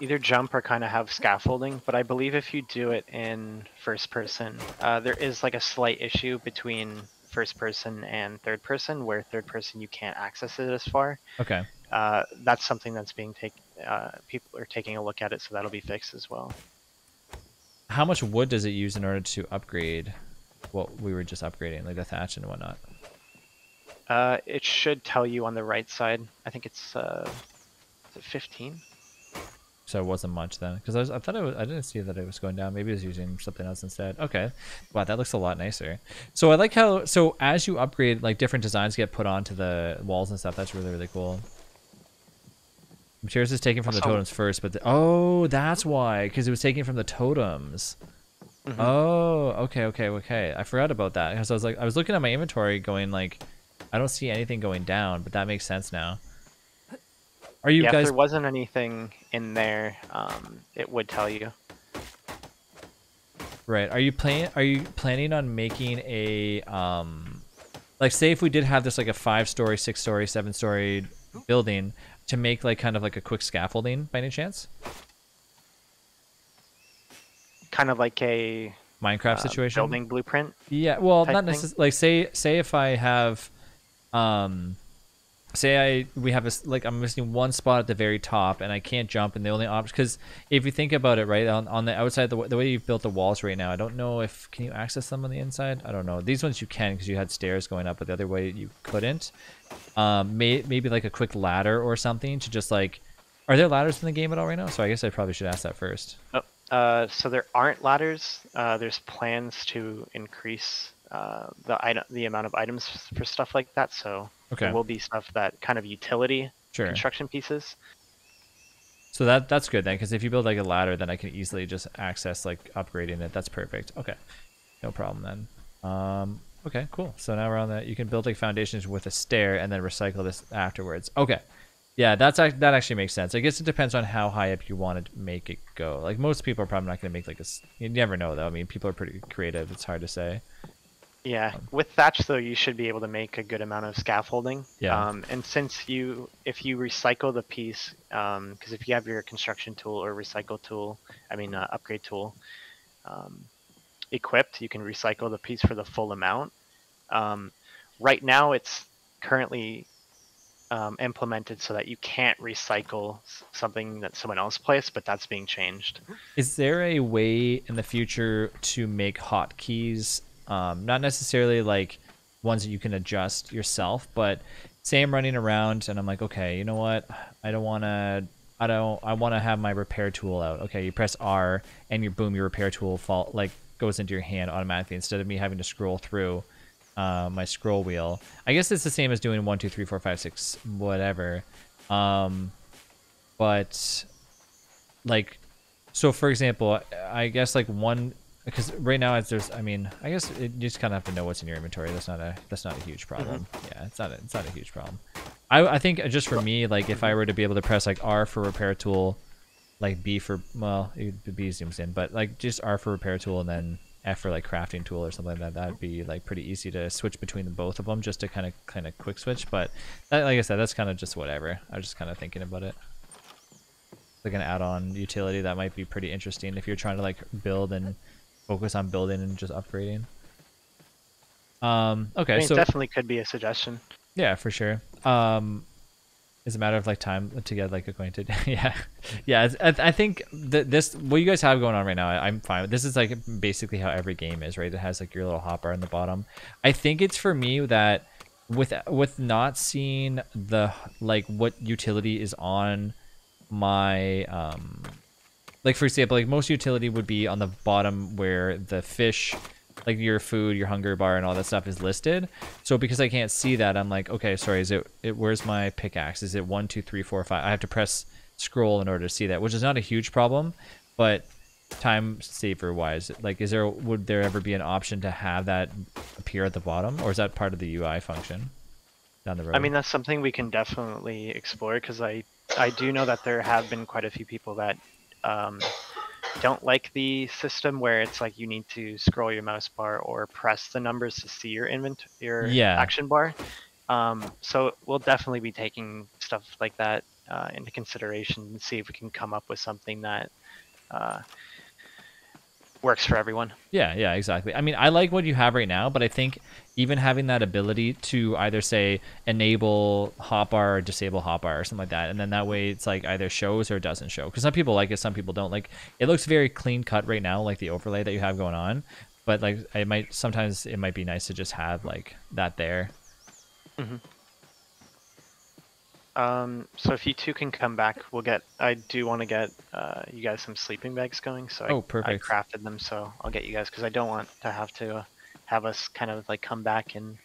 Either jump or kind of have scaffolding, but I believe if you do it in first person, uh, there is like a slight issue between first person and third person, where third person you can't access it as far. Okay. Uh, that's something that's being taken uh, people are taking a look at it, so that'll be fixed as well. How much wood does it use in order to upgrade what we were just upgrading, like the thatch and whatnot? Uh, it should tell you on the right side. I think it's uh, it 15. So it wasn't much then, because I, I thought was, I didn't see that it was going down. Maybe it was using something else instead. Okay, wow, that looks a lot nicer. So I like how so as you upgrade, like different designs get put onto the walls and stuff. That's really really cool. Materials is taken from the totems first, but the, oh, that's why, because it was taken from the totems. Mm -hmm. Oh, okay, okay, okay. I forgot about that because I was like, I was looking at my inventory, going like, I don't see anything going down, but that makes sense now. Are you yeah, guys? If there wasn't anything in there, um, it would tell you. Right. Are you plan? Are you planning on making a um, like say if we did have this like a five story, six story, seven story building, to make like kind of like a quick scaffolding by any chance? Kind of like a Minecraft uh, situation. Building blueprint. Yeah, well, not necessarily. Like, say, say if I have, um, say I we have a like I'm missing one spot at the very top and I can't jump, and the only option because if you think about it, right on, on the outside, the, the way you've built the walls right now, I don't know if can you access them on the inside. I don't know. These ones you can because you had stairs going up, but the other way you couldn't. Um, may, maybe like a quick ladder or something to just like, are there ladders in the game at all right now? So I guess I probably should ask that first. Oh, uh, so there aren't ladders. Uh, there's plans to increase uh, the item, the amount of items for stuff like that. So okay. there will be stuff that kind of utility sure. construction pieces. So that that's good then, because if you build like a ladder, then I can easily just access like upgrading it. That's perfect. Okay, no problem then. Um, Okay, cool. So now we're on that. You can build like foundations with a stair and then recycle this afterwards. Okay. Yeah, that's that actually makes sense. I guess it depends on how high up you want to make it go. Like most people are probably not going to make like this. You never know though. I mean, people are pretty creative. It's hard to say. Yeah, um, with thatch though, you should be able to make a good amount of scaffolding. Yeah. Um, and since you, if you recycle the piece, because um, if you have your construction tool or recycle tool, I mean uh, upgrade tool, um, equipped, you can recycle the piece for the full amount. Um, right now, it's currently um, implemented so that you can't recycle something that someone else placed, but that's being changed. Is there a way in the future to make hotkeys, um, not necessarily like ones that you can adjust yourself, but say I'm running around and I'm like, okay, you know what? I don't want to I don't I want to have my repair tool out. Okay, you press R and your boom your repair tool fall like goes into your hand automatically instead of me having to scroll through uh, my scroll wheel. I guess it's the same as doing one, two, three, four, five, six, whatever. Um, but like, so for example, I guess like one, because right now it's there's, I mean, I guess it, you just kind of have to know what's in your inventory. That's not a, that's not a huge mm-hmm. problem. Yeah, it's not, a, it's not a huge problem. I, I think just for me, like if I were to be able to press like R for repair tool, like B for, well, it, B zooms in, but like just R for repair tool and then for like crafting tool or something like that, that'd be like pretty easy to switch between the both of them just to kind of kind of quick switch. But that, like I said, that's kind of just whatever. I was just kind of thinking about it. Like an add-on utility that might be pretty interesting if you're trying to like build and focus on building and just upgrading. Um, okay, I mean, so it definitely could be a suggestion. Yeah, for sure. Um, it's a matter of like time to get like acquainted. yeah, yeah. I, I think that this what you guys have going on right now, I, am fine. This is like basically how every game is, right? It has like your little hopper in the bottom. I think it's for me that with with not seeing the like what utility is on my um like for example like most utility would be on the bottom where the fish like your food, your hunger bar, and all that stuff is listed. So because I can't see that, I'm like, okay, sorry, is it, it where's my pickaxe? Is it one, two, three, four, five? I have to press scroll in order to see that, which is not a huge problem, but time saver wise, like is there would there ever be an option to have that appear at the bottom, or is that part of the UI function? Down the road. I mean, that's something we can definitely explore because I I do know that there have been quite a few people that um, don't like the system where it's like you need to scroll your mouse bar or press the numbers to see your inventory, your yeah. action bar. Um, so we'll definitely be taking stuff like that uh, into consideration and see if we can come up with something that uh, works for everyone. Yeah, yeah, exactly. I mean, I like what you have right now, but I think even having that ability to either say enable hotbar or disable hotbar or something like that, and then that way it's like either shows or doesn't show. Because some people like it, some people don't. Like it looks very clean cut right now, like the overlay that you have going on. But like I might sometimes it might be nice to just have like that there. Mm-hmm. Um, so if you two can come back, we'll get. I do want to get uh, you guys some sleeping bags going. So oh, I, perfect. I crafted them, so I'll get you guys because I don't want to have to uh, have us kind of like come back and.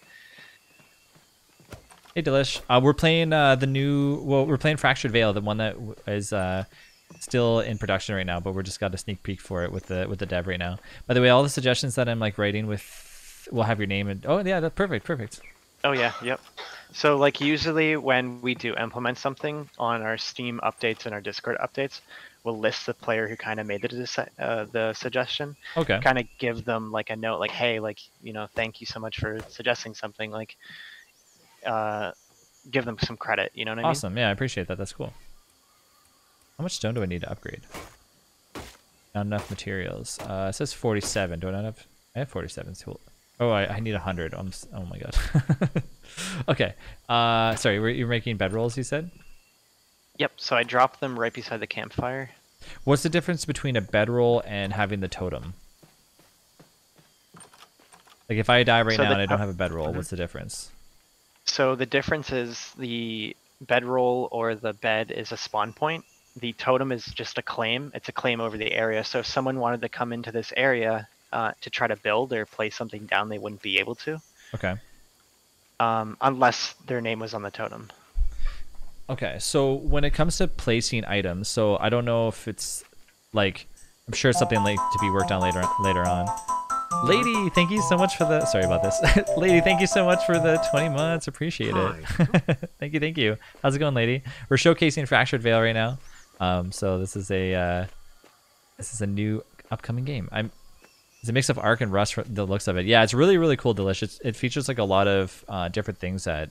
Hey Delish, uh, we're playing uh, the new. Well, we're playing Fractured Veil, the one that is uh, still in production right now, but we're just got a sneak peek for it with the with the dev right now. By the way, all the suggestions that I'm like writing with, will have your name and. Oh yeah, that's perfect, perfect. Oh yeah, yep. So, like, usually when we do implement something on our Steam updates and our Discord updates, we'll list the player who kind of made the uh, the suggestion. Okay. Kind of give them like a note, like, hey, like, you know, thank you so much for suggesting something. Like, uh, give them some credit. You know what I awesome. mean? Awesome. Yeah, I appreciate that. That's cool. How much stone do I need to upgrade? Not enough materials. Uh, it says 47. Do I not have? I have 47 tools. Oh, I, I need a hundred. I'm. Oh my god. okay. Uh, sorry. Were you making bedrolls? You said. Yep. So I dropped them right beside the campfire. What's the difference between a bedroll and having the totem? Like if I die right so now the, and I don't have a bedroll, mm-hmm. what's the difference? So the difference is the bedroll or the bed is a spawn point. The totem is just a claim. It's a claim over the area. So if someone wanted to come into this area, uh, to try to build or place something down they wouldn't be able to. Okay. Um, unless their name was on the totem. Okay, so when it comes to placing items, so I don't know if it's like I'm sure it's something like to be worked on later later on. Lady, thank you so much for the sorry about this. lady, thank you so much for the 20 months. Appreciate it. thank you, thank you. How's it going, lady? We're showcasing Fractured Veil right now. Um, so this is a uh, this is a new upcoming game. I'm it's a mix of arc and rust. The looks of it, yeah, it's really really cool, delicious. It features like a lot of uh, different things that,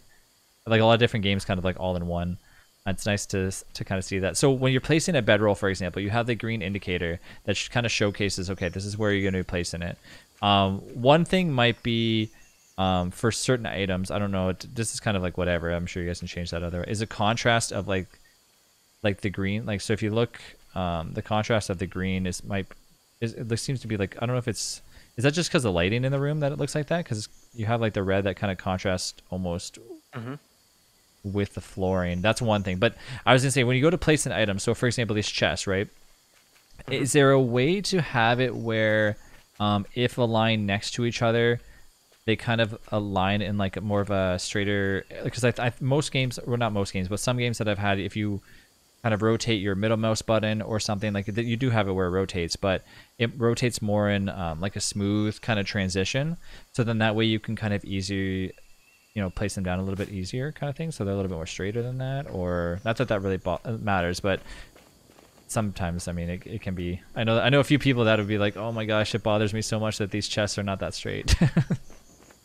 like a lot of different games, kind of like all in one. And it's nice to to kind of see that. So when you're placing a bedroll, for example, you have the green indicator that kind of showcases, okay, this is where you're going to be placing it. Um, one thing might be um, for certain items. I don't know. This is kind of like whatever. I'm sure you guys can change that other Is a contrast of like like the green. Like so, if you look, um, the contrast of the green is might is, it seems to be like I don't know if it's is that just because the lighting in the room that it looks like that? Because you have like the red that kind of contrasts almost mm-hmm. with the flooring. That's one thing. But I was gonna say when you go to place an item, so for example, this chest, right? Mm-hmm. Is there a way to have it where um, if aligned next to each other, they kind of align in like more of a straighter? Because I, I most games, well not most games, but some games that I've had, if you kind of rotate your middle mouse button or something like that. You do have it where it rotates, but it rotates more in um, like a smooth kind of transition. So then that way you can kind of easy, you know, place them down a little bit easier kind of thing. So they're a little bit more straighter than that, or not that that really uh, matters, but sometimes, I mean, it, it can be, I know, I know a few people that would be like, oh my gosh, it bothers me so much that these chests are not that straight.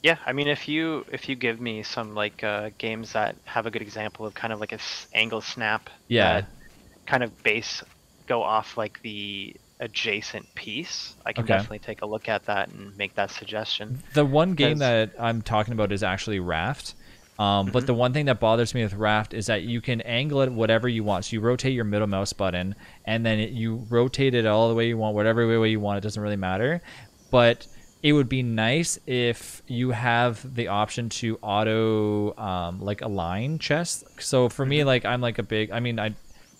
Yeah, I mean, if you if you give me some like uh, games that have a good example of kind of like a s- angle snap, yeah, kind of base go off like the adjacent piece, I can Okay. definitely take a look at that and make that suggestion. The one game that I'm talking about is actually Raft. Um, But mm-hmm. the one thing that bothers me with Raft is that you can angle it whatever you want. So you rotate your middle mouse button, and then it, you rotate it all the way you want, whatever way you want. It doesn't really matter. But it would be nice if you have the option to auto um, like align chests. So for me, mm-hmm. like I'm like a big. I mean, I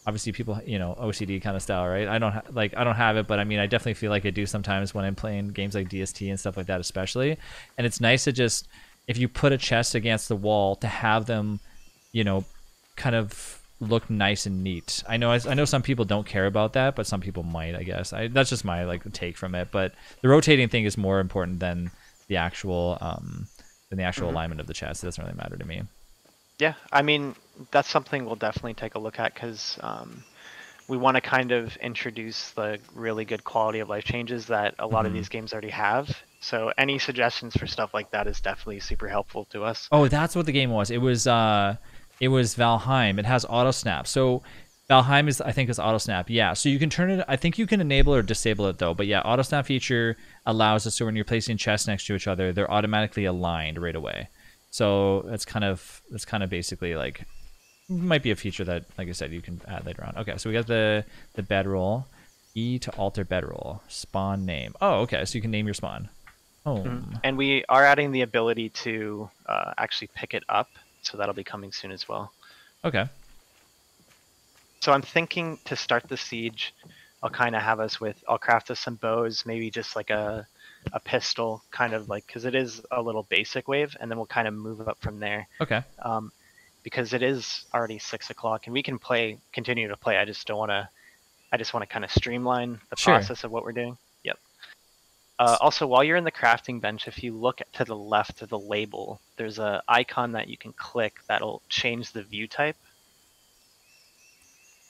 obviously people you know OCD kind of style, right? I don't ha- like I don't have it, but I mean I definitely feel like I do sometimes when I'm playing games like DST and stuff like that, especially. And it's nice to just if you put a chest against the wall to have them, you know, kind of look nice and neat. I know I know some people don't care about that, but some people might. I guess I, that's just my like take from it. But the rotating thing is more important than the actual um, than the actual mm-hmm. alignment of the chest. It doesn't really matter to me. Yeah, I mean that's something we'll definitely take a look at because um, we want to kind of introduce the really good quality of life changes that a lot mm-hmm. of these games already have. So any suggestions for stuff like that is definitely super helpful to us. Oh, that's what the game was. It was. Uh, it was Valheim. It has auto snap. So Valheim is, I think, is auto snap. Yeah. So you can turn it. I think you can enable or disable it though. But yeah, auto snap feature allows us so when you're placing chests next to each other, they're automatically aligned right away. So that's kind of that's kind of basically like might be a feature that, like I said, you can add later on. Okay. So we got the the bedroll. E to alter bedroll. Spawn name. Oh, okay. So you can name your spawn. Oh. And we are adding the ability to uh, actually pick it up so that'll be coming soon as well. Okay. So I'm thinking to start the siege, I'll kind of have us with I'll craft us some bows, maybe just like a a pistol, kind of like because it is a little basic wave, and then we'll kind of move up from there. Okay. Um, because it is already six o'clock, and we can play continue to play. I just don't want to. I just want to kind of streamline the sure. process of what we're doing. Uh, also, while you're in the crafting bench, if you look to the left of the label, there's an icon that you can click that'll change the view type.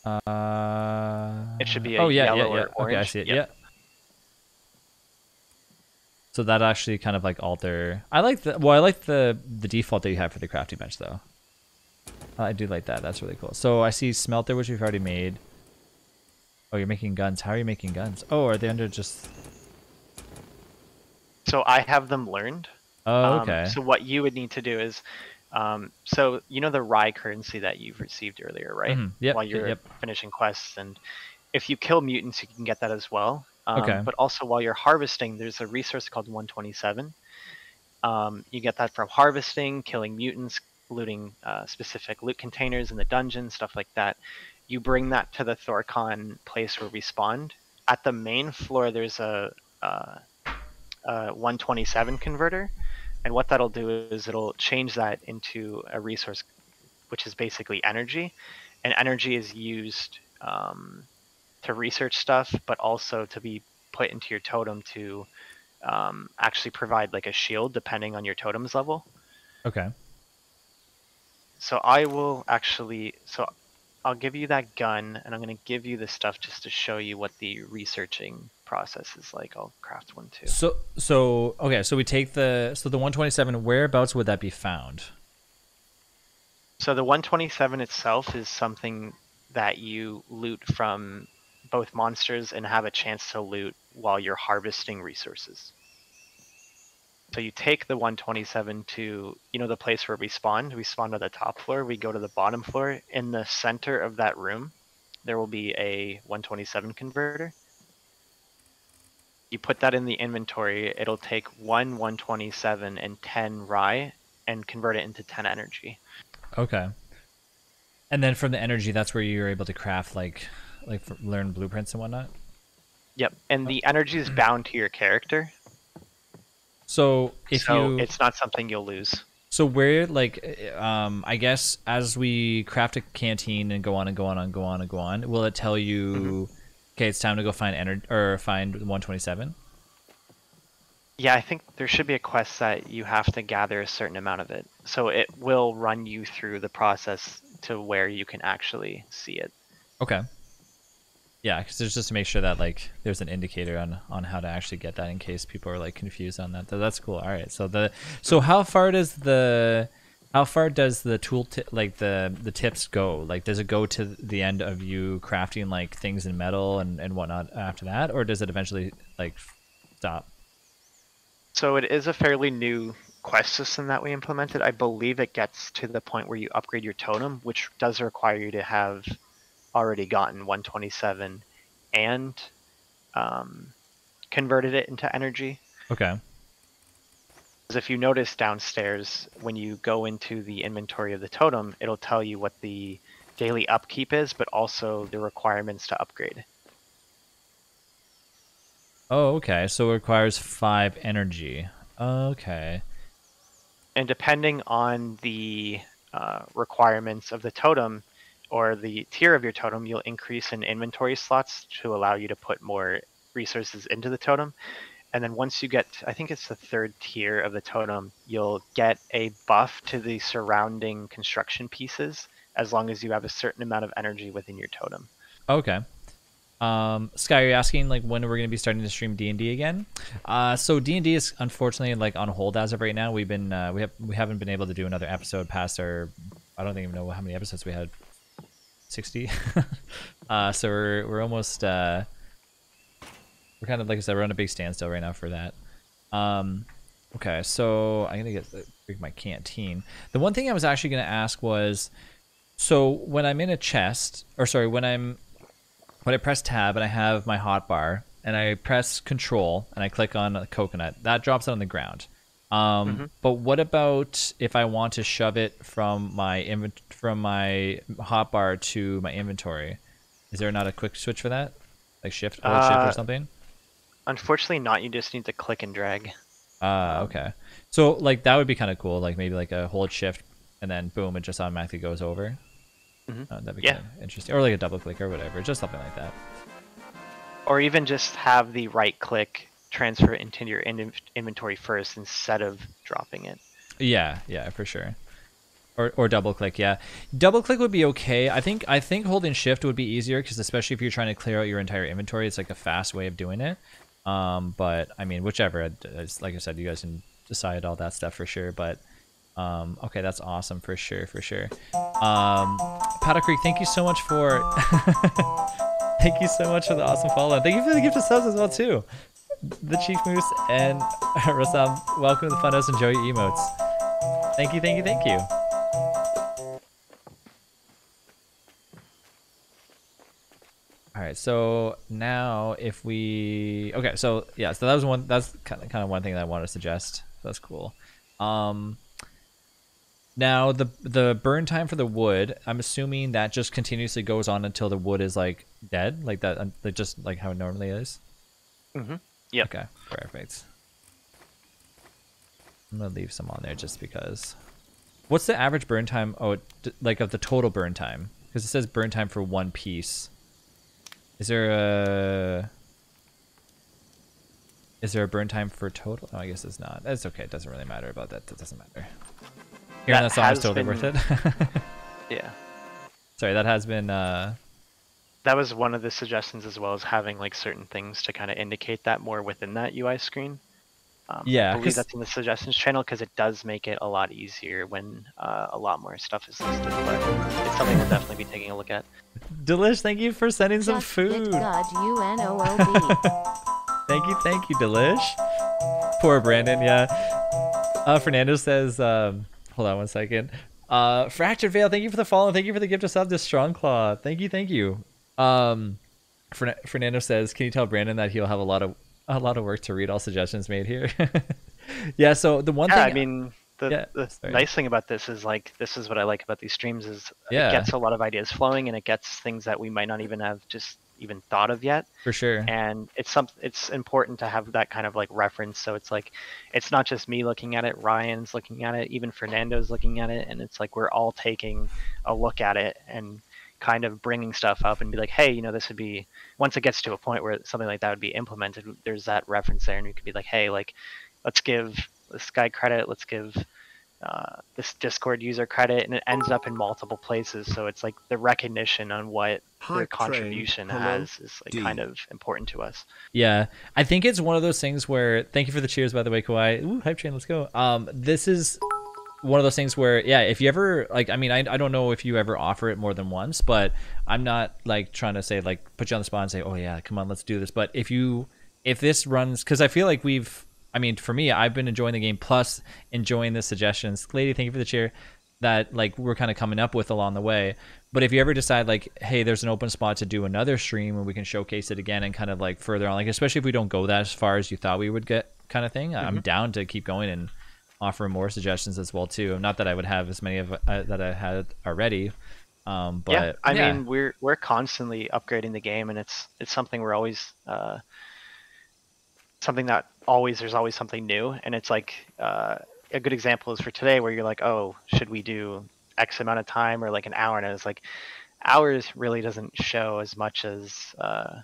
Uh, it should be oh, yeah, yeah, yeah. Okay, I see it. Yep. Yeah. So that actually kind of like alter. I like the well, I like the the default that you have for the crafting bench though. I do like that. That's really cool. So I see smelter, which we've already made. Oh, you're making guns. How are you making guns? Oh, are they under just so I have them learned. Oh, um, okay. Um, so what you would need to do is, um, so you know the Rye currency that you've received earlier, right? Mm-hmm. Yep, While you're yep. finishing quests, and if you kill mutants, you can get that as well. Um, okay. But also while you're harvesting, there's a resource called 127. Um, you get that from harvesting, killing mutants, looting uh, specific loot containers in the dungeon, stuff like that. You bring that to the Thorcon place where we spawned. At the main floor, there's a uh, uh, 127 converter. And what that'll do is it'll change that into a resource, which is basically energy. And energy is used um, to research stuff, but also to be put into your totem to um, actually provide like a shield depending on your totem's level. Okay. So I will actually, so I'll give you that gun and I'm going to give you the stuff just to show you what the researching process is like I'll craft one too. So so okay, so we take the so the 127 whereabouts would that be found? So the 127 itself is something that you loot from both monsters and have a chance to loot while you're harvesting resources. So you take the 127 to, you know, the place where we spawned. We spawned on the top floor. We go to the bottom floor. In the center of that room, there will be a 127 converter you put that in the inventory, it'll take one 127 and 10 rye and convert it into 10 energy. Okay. And then from the energy, that's where you're able to craft like like learn blueprints and whatnot. Yep, and oh. the energy is bound to your character. So if so you, it's not something you'll lose. So where like, um, I guess as we craft a canteen and go on and go on and go on and go on, will it tell you? Mm-hmm Okay, it's time to go find energy or find 127. Yeah, I think there should be a quest that you have to gather a certain amount of it. So it will run you through the process to where you can actually see it. Okay. Yeah, because there's just to make sure that like there's an indicator on on how to actually get that in case people are like confused on that. that's cool. All right. So the so how far does the how far does the tool tip, like the the tips go? Like, does it go to the end of you crafting like things in metal and and whatnot after that, or does it eventually like stop? So it is a fairly new quest system that we implemented. I believe it gets to the point where you upgrade your totem, which does require you to have already gotten 127 and um, converted it into energy. Okay if you notice downstairs, when you go into the inventory of the totem, it'll tell you what the daily upkeep is, but also the requirements to upgrade. Oh, okay. So it requires five energy. Okay. And depending on the uh, requirements of the totem or the tier of your totem, you'll increase in inventory slots to allow you to put more resources into the totem and then once you get i think it's the third tier of the totem you'll get a buff to the surrounding construction pieces as long as you have a certain amount of energy within your totem okay um, sky you're asking like when we're we going to be starting to stream d&d again uh, so d&d is unfortunately like on hold as of right now we've been uh, we have we haven't been able to do another episode past our i don't even know how many episodes we had 60 uh, so we're, we're almost uh, we're kind of like I said, we're on a big standstill right now for that. Um, okay, so I'm gonna get uh, my canteen. The one thing I was actually gonna ask was, so when I'm in a chest, or sorry, when I'm when I press tab and I have my hotbar and I press control and I click on a coconut, that drops it on the ground. Um, mm-hmm. But what about if I want to shove it from my from my hotbar to my inventory? Is there not a quick switch for that, like shift or uh, shift or uh, something? Unfortunately, not. You just need to click and drag. Ah, uh, okay. So like that would be kind of cool. Like maybe like a hold shift and then boom, it just automatically goes over. Mm -hmm. uh, that'd be yeah. interesting, or like a double click or whatever, just something like that. Or even just have the right click transfer it into your in inventory first instead of dropping it. Yeah, yeah, for sure. Or, or double click, yeah. Double click would be okay. I think I think holding shift would be easier because especially if you're trying to clear out your entire inventory, it's like a fast way of doing it. Um, but I mean, whichever. Like I said, you guys can decide all that stuff for sure. But um, okay, that's awesome for sure, for sure. Um, Paddle Creek, thank you so much for. thank you so much for the awesome follow. Thank you for the gift of subs as well too. The Chief Moose and Rasam, welcome to the Funhouse. Enjoy your emotes. Thank you, thank you, thank you. All right, so now if we okay, so yeah, so that was one. That's kind of, kind of one thing that I want to suggest. That's cool. Um, now the the burn time for the wood, I'm assuming that just continuously goes on until the wood is like dead, like that, like just like how it normally is. Mm-hmm. Yeah. Okay. Perfect. I'm gonna leave some on there just because. What's the average burn time? Oh, like of the total burn time, because it says burn time for one piece. Is there a... Is there a burn time for total? Oh, I guess it's not. That's okay. It doesn't really matter about that. That doesn't matter. Hearing that on the song is totally been... worth it. yeah. Sorry, that has been... Uh... That was one of the suggestions as well as having like certain things to kind of indicate that more within that UI screen. Um, yeah, I believe that's in the suggestions channel because it does make it a lot easier when uh, a lot more stuff is listed. But it's something we'll definitely be taking a look at. Delish, thank you for sending some food. God, thank you, thank you, Delish. Poor Brandon, yeah. Uh, Fernando says, um, hold on one second. Uh, Fractured Veil, thank you for the follow. Thank you for the gift of sub to Strong Claw. Thank you, thank you. Um, Fern- Fernando says, can you tell Brandon that he'll have a lot of a lot of work to read all suggestions made here. yeah, so the one yeah, thing I mean the, yeah, the nice thing about this is like this is what I like about these streams is yeah. it gets a lot of ideas flowing and it gets things that we might not even have just even thought of yet. For sure. And it's some it's important to have that kind of like reference. So it's like it's not just me looking at it, Ryan's looking at it, even Fernando's looking at it, and it's like we're all taking a look at it and kind of bringing stuff up and be like, hey, you know, this would be once it gets to a point where something like that would be implemented, there's that reference there, and you could be like, hey, like, let's give this guy credit, let's give uh, this Discord user credit, and it ends up in multiple places. So it's like the recognition on what High their contribution train, has is like D. kind of important to us. Yeah, I think it's one of those things where thank you for the cheers, by the way, Kawhi. Ooh, hype train, let's go. Um, this is one of those things where yeah if you ever like i mean I, I don't know if you ever offer it more than once but i'm not like trying to say like put you on the spot and say oh yeah come on let's do this but if you if this runs because i feel like we've i mean for me i've been enjoying the game plus enjoying the suggestions lady thank you for the chair that like we're kind of coming up with along the way but if you ever decide like hey there's an open spot to do another stream and we can showcase it again and kind of like further on like especially if we don't go that as far as you thought we would get kind of thing mm-hmm. i'm down to keep going and offer more suggestions as well too. Not that I would have as many of uh, that I had already, um, but yeah, I yeah. mean we're we're constantly upgrading the game, and it's it's something we're always uh, something that always there's always something new, and it's like uh, a good example is for today where you're like, oh, should we do X amount of time or like an hour, and it's like hours really doesn't show as much as uh,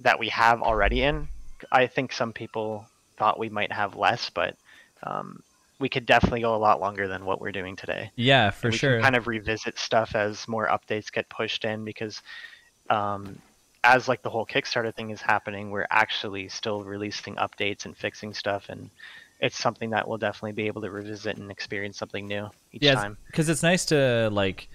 that we have already in. I think some people thought we might have less, but um, we could definitely go a lot longer than what we're doing today. Yeah, for sure. kind of revisit stuff as more updates get pushed in because um, as like the whole Kickstarter thing is happening, we're actually still releasing updates and fixing stuff and it's something that we'll definitely be able to revisit and experience something new each yeah, time. Because it's nice to like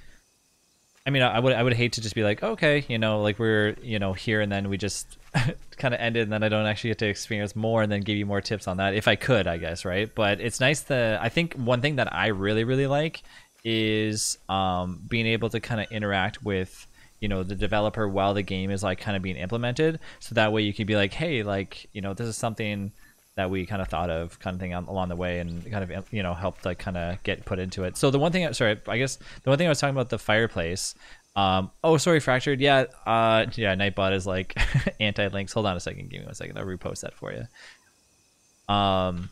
I mean, I would I would hate to just be like, okay, you know, like we're you know here and then we just kind of ended and then I don't actually get to experience more and then give you more tips on that if I could, I guess, right? But it's nice to I think one thing that I really, really like is um, being able to kind of interact with you know the developer while the game is like kind of being implemented so that way you could be like hey like you know this is something that we kind of thought of kind of thing along the way and kind of you know helped like kind of get put into it so the one thing sorry i guess the one thing i was talking about the fireplace um, oh, sorry, fractured. Yeah, uh, yeah. Nightbot is like anti-links. Hold on a second. Give me one second. I'll repost that for you. Um,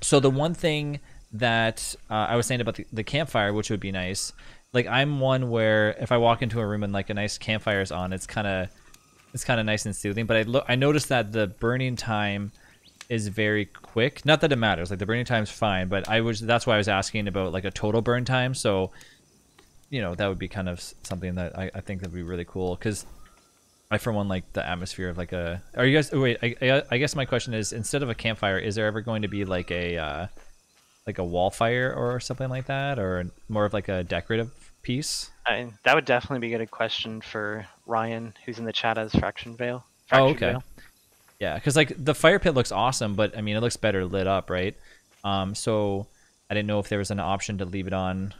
so the one thing that uh, I was saying about the, the, campfire, which would be nice. Like I'm one where if I walk into a room and like a nice campfire is on, it's kind of it's kind of nice and soothing. But I look, I noticed that the burning time is very quick. Not that it matters. Like the burning time is fine, but I was that's why I was asking about like a total burn time. So you know that would be kind of something that I, I think that'd be really cool because I for one like the atmosphere of like a. Are you guys? Oh, wait, I, I, I guess my question is instead of a campfire, is there ever going to be like a uh, like a wall fire or something like that, or more of like a decorative piece? I mean, that would definitely be a good question for Ryan, who's in the chat as Fraction Veil. Oh, Fraction oh, okay. Veil. Yeah, because like the fire pit looks awesome, but I mean it looks better lit up, right? Um, so I didn't know if there was an option to leave it on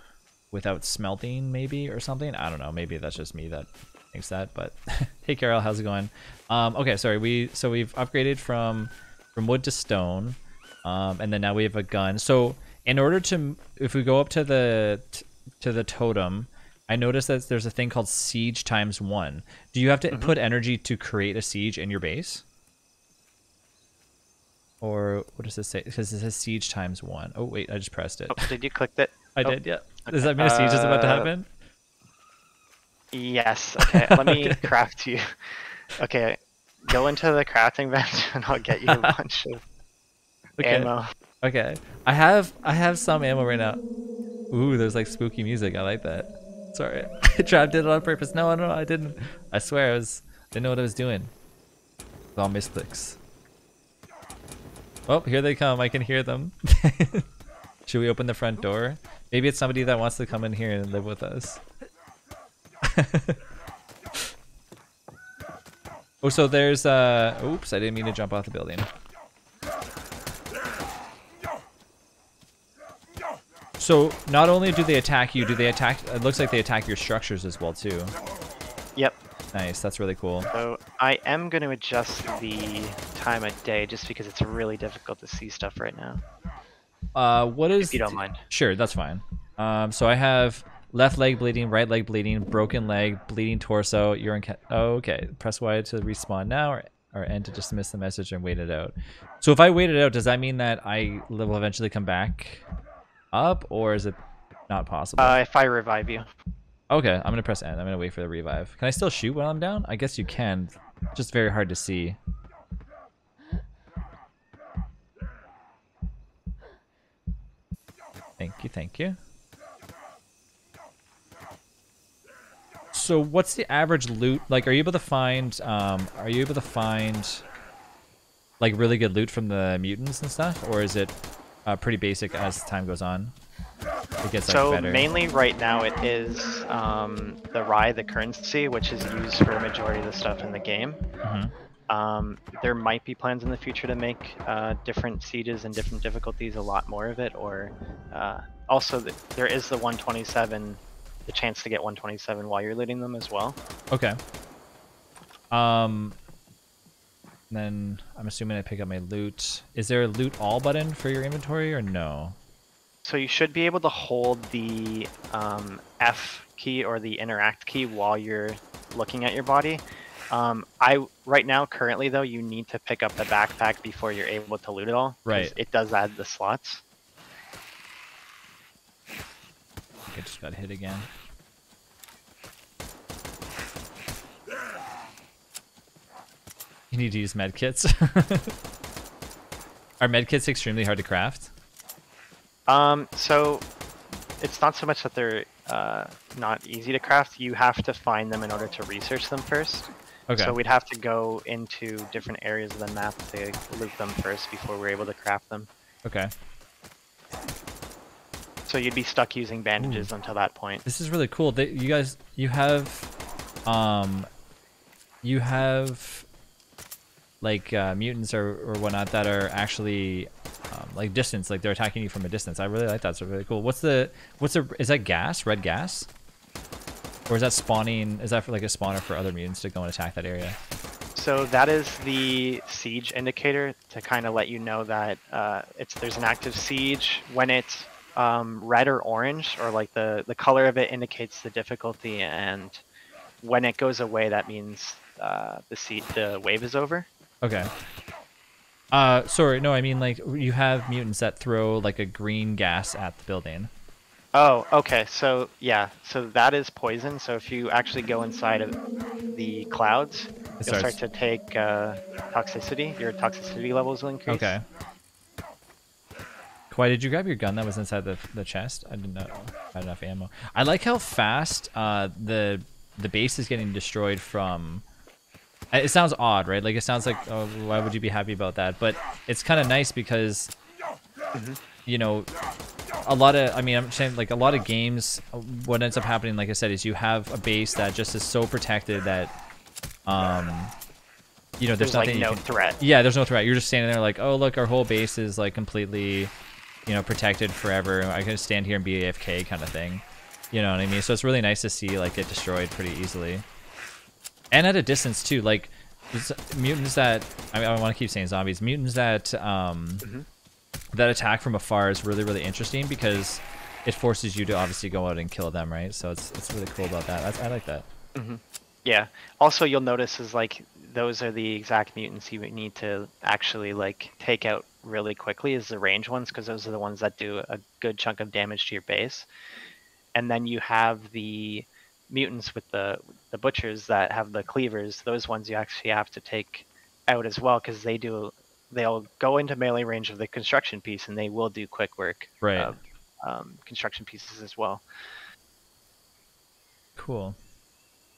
without smelting maybe or something. I don't know. Maybe that's just me that thinks that, but hey Carol, how's it going? Um, okay, sorry. We so we've upgraded from from wood to stone. Um, and then now we have a gun. So in order to if we go up to the to the totem, I noticed that there's a thing called siege times 1. Do you have to mm -hmm. put energy to create a siege in your base? Or what does this say? Because it says siege times one. Oh wait, I just pressed it. Oh, did you click that? I oh. did, yeah. Does that mean a siege is about to uh, happen? Yes. Okay, let me okay. craft you. Okay, go into the crafting bench and I'll get you a bunch of okay. ammo. Okay. I have I have some ammo right now. Ooh, there's like spooky music. I like that. Sorry, I tried did it on purpose. No, no, I didn't. I swear, I was didn't know what I was doing. It's all misclicks. Oh, here they come. I can hear them. Should we open the front door? Maybe it's somebody that wants to come in here and live with us. oh, so there's, uh, oops, I didn't mean to jump off the building. So not only do they attack you, do they attack, it looks like they attack your structures as well too. Yep. Nice, that's really cool. So I am going to adjust the time of day just because it's really difficult to see stuff right now. Uh, what is? If you don't mind. Sure, that's fine. Um, so I have left leg bleeding, right leg bleeding, broken leg, bleeding torso. You're in. Oh, okay, press Y to respawn now, or or N to dismiss the message and wait it out. So if I wait it out, does that mean that I will eventually come back up, or is it not possible? Uh, if I revive you. Okay, I'm gonna press N. I'm gonna wait for the revive. Can I still shoot while I'm down? I guess you can. Just very hard to see. Thank you, thank you. So what's the average loot? Like, are you able to find, um, are you able to find, like, really good loot from the mutants and stuff? Or is it uh, pretty basic as time goes on? it Gets, so like, mainly right now it is um, the Rye, the currency, which is used for a majority of the stuff in the game. Mm -hmm. Um, there might be plans in the future to make uh, different sieges and different difficulties a lot more of it, or uh, also there is the 127, the chance to get 127 while you're looting them as well. Okay. Um, then I'm assuming I pick up my loot. Is there a loot all button for your inventory or no? So you should be able to hold the um, F key or the interact key while you're looking at your body. Um, I right now currently though you need to pick up the backpack before you're able to loot it all. Right. It does add the slots. I, just got hit again. You need to use medkits. Are medkits extremely hard to craft? Um, so it's not so much that they're uh, not easy to craft. You have to find them in order to research them first. Okay. So we'd have to go into different areas of the map to loop them first before we are able to craft them. Okay. So you'd be stuck using bandages Ooh. until that point. This is really cool. They, you guys, you have, um, you have, like uh, mutants or, or whatnot that are actually um, like distance, like they're attacking you from a distance. I really like that. So really cool. What's the what's the is that gas? Red gas? Or is that spawning, is that for like a spawner for other mutants to go and attack that area? So that is the siege indicator to kind of let you know that uh, it's there's an active siege. When it's um, red or orange, or like the, the color of it indicates the difficulty, and when it goes away, that means uh, the, siege, the wave is over. Okay. Uh, sorry, no, I mean like you have mutants that throw like a green gas at the building. Oh, okay. So yeah, so that is poison. So if you actually go inside of the clouds, it you'll starts. start to take uh, toxicity. Your toxicity levels will increase. Okay. Why did you grab your gun that was inside the, the chest? I didn't know I had enough ammo. I like how fast uh, the the base is getting destroyed from. It sounds odd, right? Like it sounds like, oh, why would you be happy about that? But it's kind of nice because mm -hmm you know, a lot of, I mean, I'm saying like a lot of games, what ends up happening, like I said, is you have a base that just is so protected that, um, you know, there's, there's nothing. Like no can, threat. Yeah, there's no threat. You're just standing there like, oh, look, our whole base is like completely, you know, protected forever. I can stand here and be AFK kind of thing. You know what I mean? So it's really nice to see like get destroyed pretty easily. And at a distance too, like mutants that I, mean, I want to keep saying zombies, mutants that um, mm -hmm that attack from afar is really, really interesting because it forces you to obviously go out and kill them, right? So it's, it's really cool about that. That's, I like that. Mm -hmm. Yeah. Also, you'll notice is like those are the exact mutants you need to actually like take out really quickly is the range ones because those are the ones that do a good chunk of damage to your base. And then you have the mutants with the the butchers that have the cleavers. Those ones you actually have to take out as well because they do they'll go into melee range of the construction piece and they will do quick work right. of um, construction pieces as well. Cool.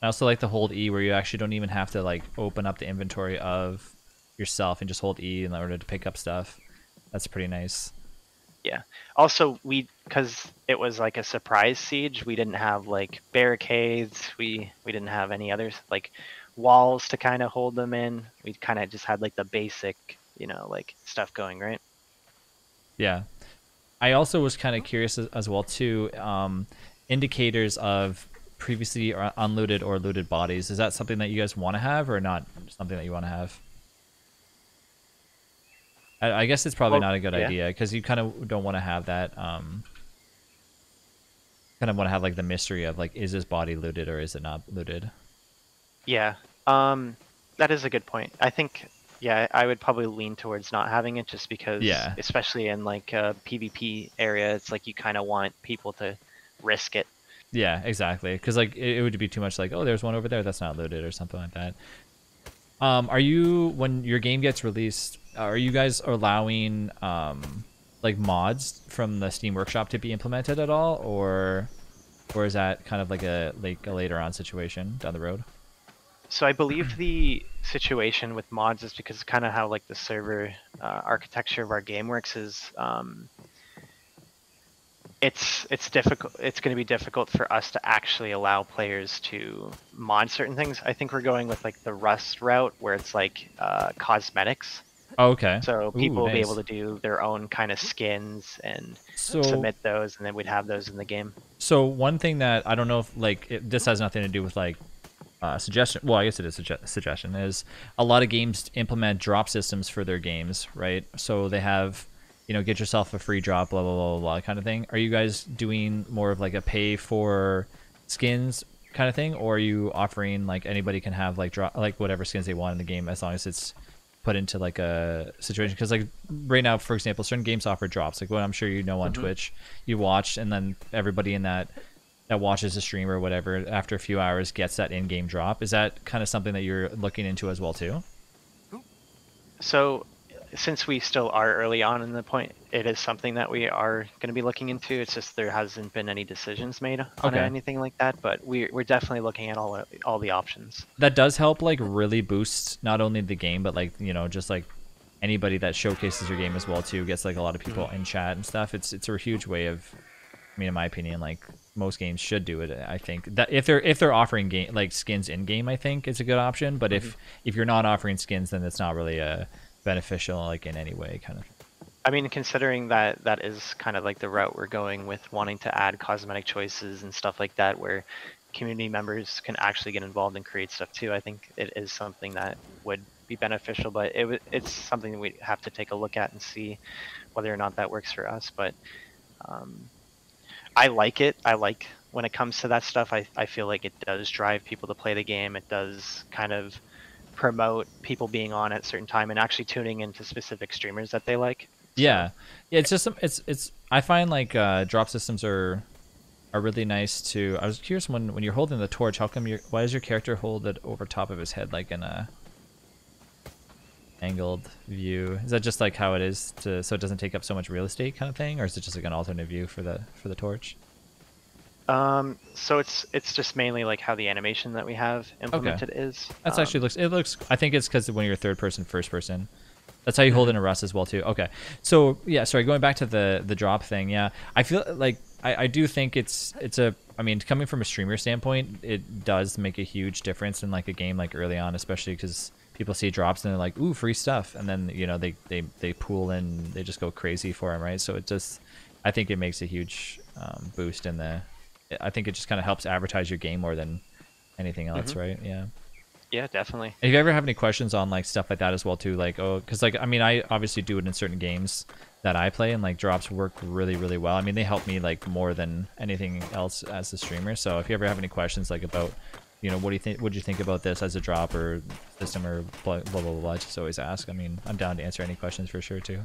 I also like the hold E where you actually don't even have to like open up the inventory of yourself and just hold E in order to pick up stuff. That's pretty nice. Yeah. Also, we because it was like a surprise siege, we didn't have like barricades. We we didn't have any others like walls to kind of hold them in. We kind of just had like the basic you know, like stuff going, right? Yeah. I also was kind of curious as, as, well too. Um, indicators of previously unlooted or looted bodies. Is that something that you guys want to have or not? Something that you want to have? I, I, guess it's probably well, not a good yeah. idea because you kind of don't want to have that. Um, kind of want to have like the mystery of like, is this body looted or is it not looted? Yeah. Um, that is a good point. I think yeah, I would probably lean towards not having it just because, yeah. especially in like a uh, PvP area, it's like you kind of want people to risk it. Yeah, exactly. Because like it, it, would be too much. Like, oh, there's one over there that's not loaded or something like that. Um, are you when your game gets released? Are you guys allowing um, like mods from the Steam Workshop to be implemented at all, or or is that kind of like a like a later on situation down the road? So I believe the situation with mods is because kind of how like the server uh, architecture of our game works is um, it's it's difficult. It's going to be difficult for us to actually allow players to mod certain things. I think we're going with like the Rust route where it's like uh, cosmetics. Oh, okay. So people Ooh, will be able to do their own kind of skins and so, submit those, and then we'd have those in the game. So one thing that I don't know if like it, this has nothing to do with like uh, suggestion. Well, I guess it is a suge- suggestion. Is a lot of games implement drop systems for their games, right? So they have, you know, get yourself a free drop, blah blah blah blah, kind of thing. Are you guys doing more of like a pay for skins kind of thing, or are you offering like anybody can have like drop like whatever skins they want in the game as long as it's put into like a situation because like right now for example certain games offer drops like what i'm sure you know on mm-hmm. twitch you watch and then everybody in that that watches the stream or whatever after a few hours gets that in-game drop. Is that kind of something that you're looking into as well too? So, since we still are early on in the point, it is something that we are going to be looking into. It's just there hasn't been any decisions made on okay. anything like that, but we we're definitely looking at all all the options. That does help, like really boost not only the game, but like you know just like anybody that showcases your game as well too gets like a lot of people mm -hmm. in chat and stuff. It's it's a huge way of, I mean, in my opinion, like most games should do it. I think that if they're if they're offering game like skins in game, I think it's a good option. But mm-hmm. if if you're not offering skins, then it's not really a uh, beneficial like in any way kind of. I mean, considering that that is kind of like the route we're going with wanting to add cosmetic choices and stuff like that, where community members can actually get involved and create stuff too. I think it is something that would be beneficial, but it, it's something we have to take a look at and see whether or not that works for us. But um, I like it. I like when it comes to that stuff. I, I feel like it does drive people to play the game. It does kind of promote people being on at certain time and actually tuning into specific streamers that they like. Yeah, yeah. It's just it's it's. I find like uh, drop systems are are really nice to. I was curious when when you're holding the torch, how come your why does your character hold it over top of his head like in a angled view. Is that just like how it is to so it doesn't take up so much real estate kind of thing, or is it just like an alternate view for the for the torch? Um, so it's it's just mainly like how the animation that we have implemented okay. is. That's um, actually looks it looks. I think it's because when you're third person, first person. That's how you hold mm-hmm. in a rust as well too. Okay, so yeah, sorry. Going back to the the drop thing, yeah, I feel like I, I do think it's it's a I mean, coming from a streamer standpoint, it does make a huge difference in like a game like early on, especially because people see drops and they're like, "Ooh, free stuff!" And then you know they they they pool in, they just go crazy for them, right? So it just, I think it makes a huge um, boost in the. I think it just kind of helps advertise your game more than anything else, mm-hmm. right? Yeah. Yeah, definitely. If you ever have any questions on like stuff like that as well too, like oh, because like I mean, I obviously do it in certain games that I play, and like drops work really, really well. I mean, they help me like more than anything else as a streamer. So if you ever have any questions like about you know, what do you think? What do you think about this as a drop or system or blah blah blah? blah. Just always ask. I mean, I'm down to answer any questions for sure too.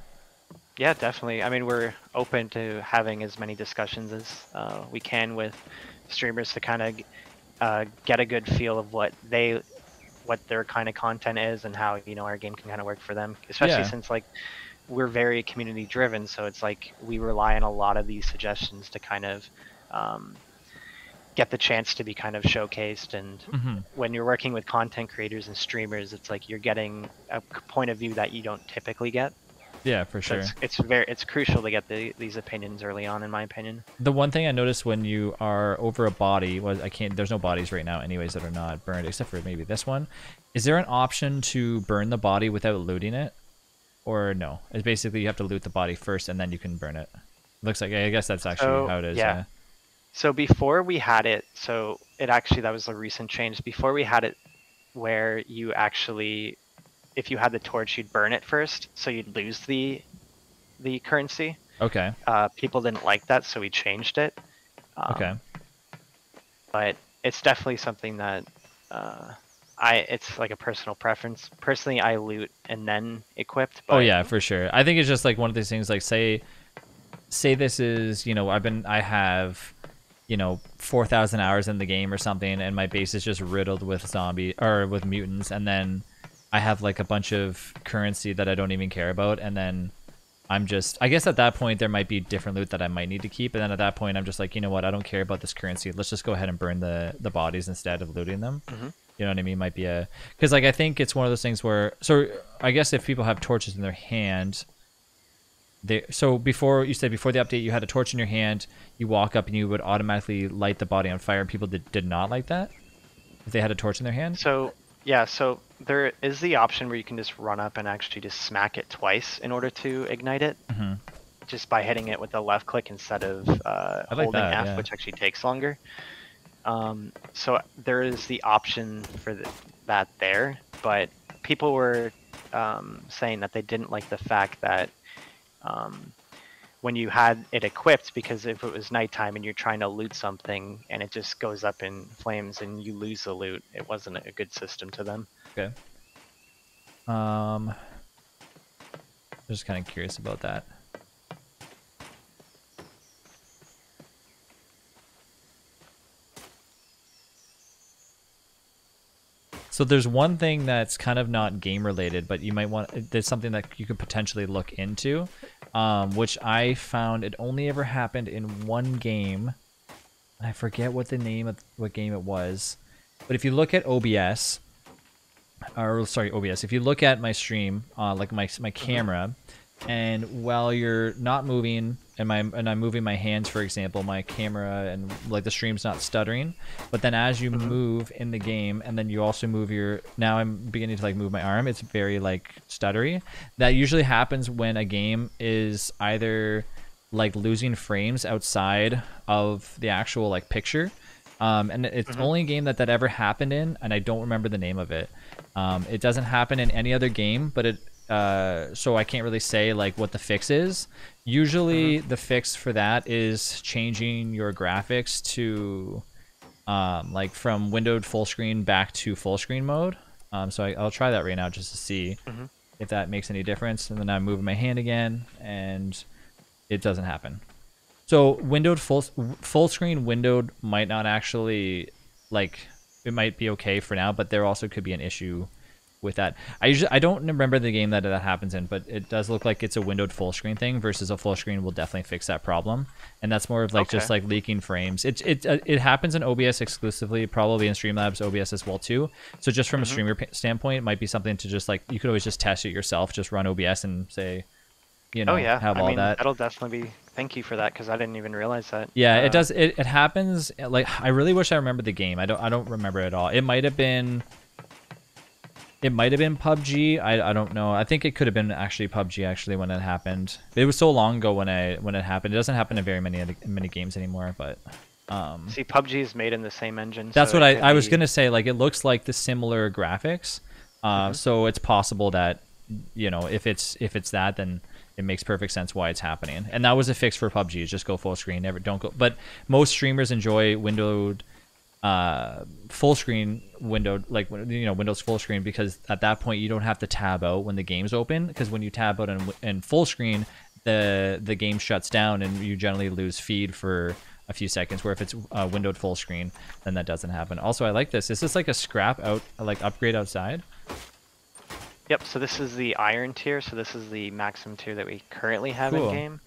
Yeah, definitely. I mean, we're open to having as many discussions as uh, we can with streamers to kind of uh, get a good feel of what they, what their kind of content is, and how you know our game can kind of work for them. Especially yeah. since like we're very community driven, so it's like we rely on a lot of these suggestions to kind of um, get the chance to be kind of showcased and mm-hmm. when you're working with content creators and streamers it's like you're getting a point of view that you don't typically get yeah for so sure it's, it's, very it's crucial to get the, these opinions early on in my opinion the one thing i noticed when you are over a body was i can't there's no bodies right now anyways that are not burned except for maybe this one is there an option to burn the body without looting it or no it's basically you have to loot the body first and then you can burn it looks like i guess that's actually so, how it is yeah. yeah so before we had it, so it actually that was a recent change. Before we had it where you actually if you had the torch you'd burn it first, so you'd lose the the currency. Okay. Uh, people didn't like that, so we changed it. Um, okay. But it's definitely something that uh, I it's like a personal preference. Personally, I loot and then equipped. Oh, but... Oh yeah, for sure. I think it's just like one of these things. Like say, say this is you know I've been I have you know 4000 hours in the game or something and my base is just riddled with zombie or with mutants and then i have like a bunch of currency that i don't even care about and then i'm just i guess at that point there might be different loot that i might need to keep and then at that point i'm just like you know what i don't care about this currency let's just go ahead and burn the the bodies instead of looting them mm-hmm. you know what i mean might be a because like i think it's one of those things where so i guess if people have torches in their hand there, so before you said before the update, you had a torch in your hand. You walk up and you would automatically light the body on fire. People did, did not like that if they had a torch in their hand. So yeah, so there is the option where you can just run up and actually just smack it twice in order to ignite it, mm -hmm. just by hitting it with the left click instead of uh, like holding that, F, yeah. which actually takes longer. Um, so there is the option for the, that there, but people were um, saying that they didn't like the fact that um, when you had it equipped because if it was nighttime and you're trying to loot something and it just goes up in flames and you lose the loot, it wasn't a good system to them. Okay. Um, I'm just kind of curious about that. So there's one thing that's kind of not game related, but you might want there's something that you could potentially look into, um, which I found it only ever happened in one game. I forget what the name of what game it was, but if you look at OBS, or sorry, OBS, if you look at my stream, uh, like my my mm-hmm. camera, and while you're not moving and my and I'm moving my hands, for example, my camera and like the stream's not stuttering. But then as you mm-hmm. move in the game, and then you also move your now I'm beginning to like move my arm. It's very like stuttery. That usually happens when a game is either like losing frames outside of the actual like picture. Um, and it's mm-hmm. only game that that ever happened in, and I don't remember the name of it. Um, it doesn't happen in any other game, but it uh, so I can't really say like what the fix is. Usually, mm-hmm. the fix for that is changing your graphics to um, like from windowed full screen back to full screen mode. Um, so I, will try that right now just to see mm-hmm. if that makes any difference. And then I'm moving my hand again, and it doesn't happen. So windowed full full screen windowed might not actually like it might be okay for now, but there also could be an issue with that. I usually I don't remember the game that that happens in, but it does look like it's a windowed full screen thing versus a full screen will definitely fix that problem. And that's more of like okay. just like leaking frames. It it uh, it happens in OBS exclusively, probably in Streamlabs OBS as well too. So just from mm-hmm. a streamer standpoint, it might be something to just like you could always just test it yourself, just run OBS and say you oh, know, oh, yeah. have I all mean, that. That'll definitely be. Thank you for that because I didn't even realize that. Yeah, uh, it does. It, it happens. Like I really wish I remembered the game. I don't. I don't remember it all. It might have been it might have been PUBG. I, I don't know. I think it could have been actually PUBG actually when it happened. It was so long ago when I when it happened. It doesn't happen in very many many games anymore, but um See, PUBG is made in the same engine. That's so what I I was going to say like it looks like the similar graphics. Uh, mm-hmm. so it's possible that you know, if it's if it's that then it makes perfect sense why it's happening. And that was a fix for PUBG. Just go full screen. Never don't go. But most streamers enjoy windowed uh, full screen window, like you know Windows full screen, because at that point you don't have to tab out when the game's open. Because when you tab out and, and full screen, the the game shuts down and you generally lose feed for a few seconds where if it's uh, windowed full screen then that doesn't happen also i like this is this like a scrap out like upgrade outside yep so this is the iron tier so this is the maximum tier that we currently have cool. in game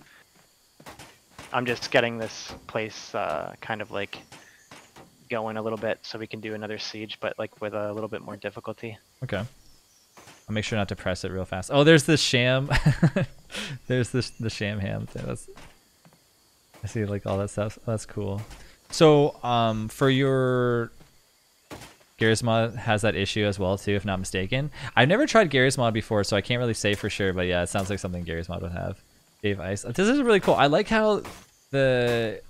i'm just getting this place uh, kind of like going a little bit so we can do another siege, but like with a little bit more difficulty. Okay. I'll make sure not to press it real fast. Oh, there's the sham. there's the, the sham ham. That's, I see like all that stuff. That's cool. So um, for your... mod has that issue as well too, if not mistaken. I've never tried mod before, so I can't really say for sure, but yeah, it sounds like something mod would have. Dave Ice. This is really cool. I like how the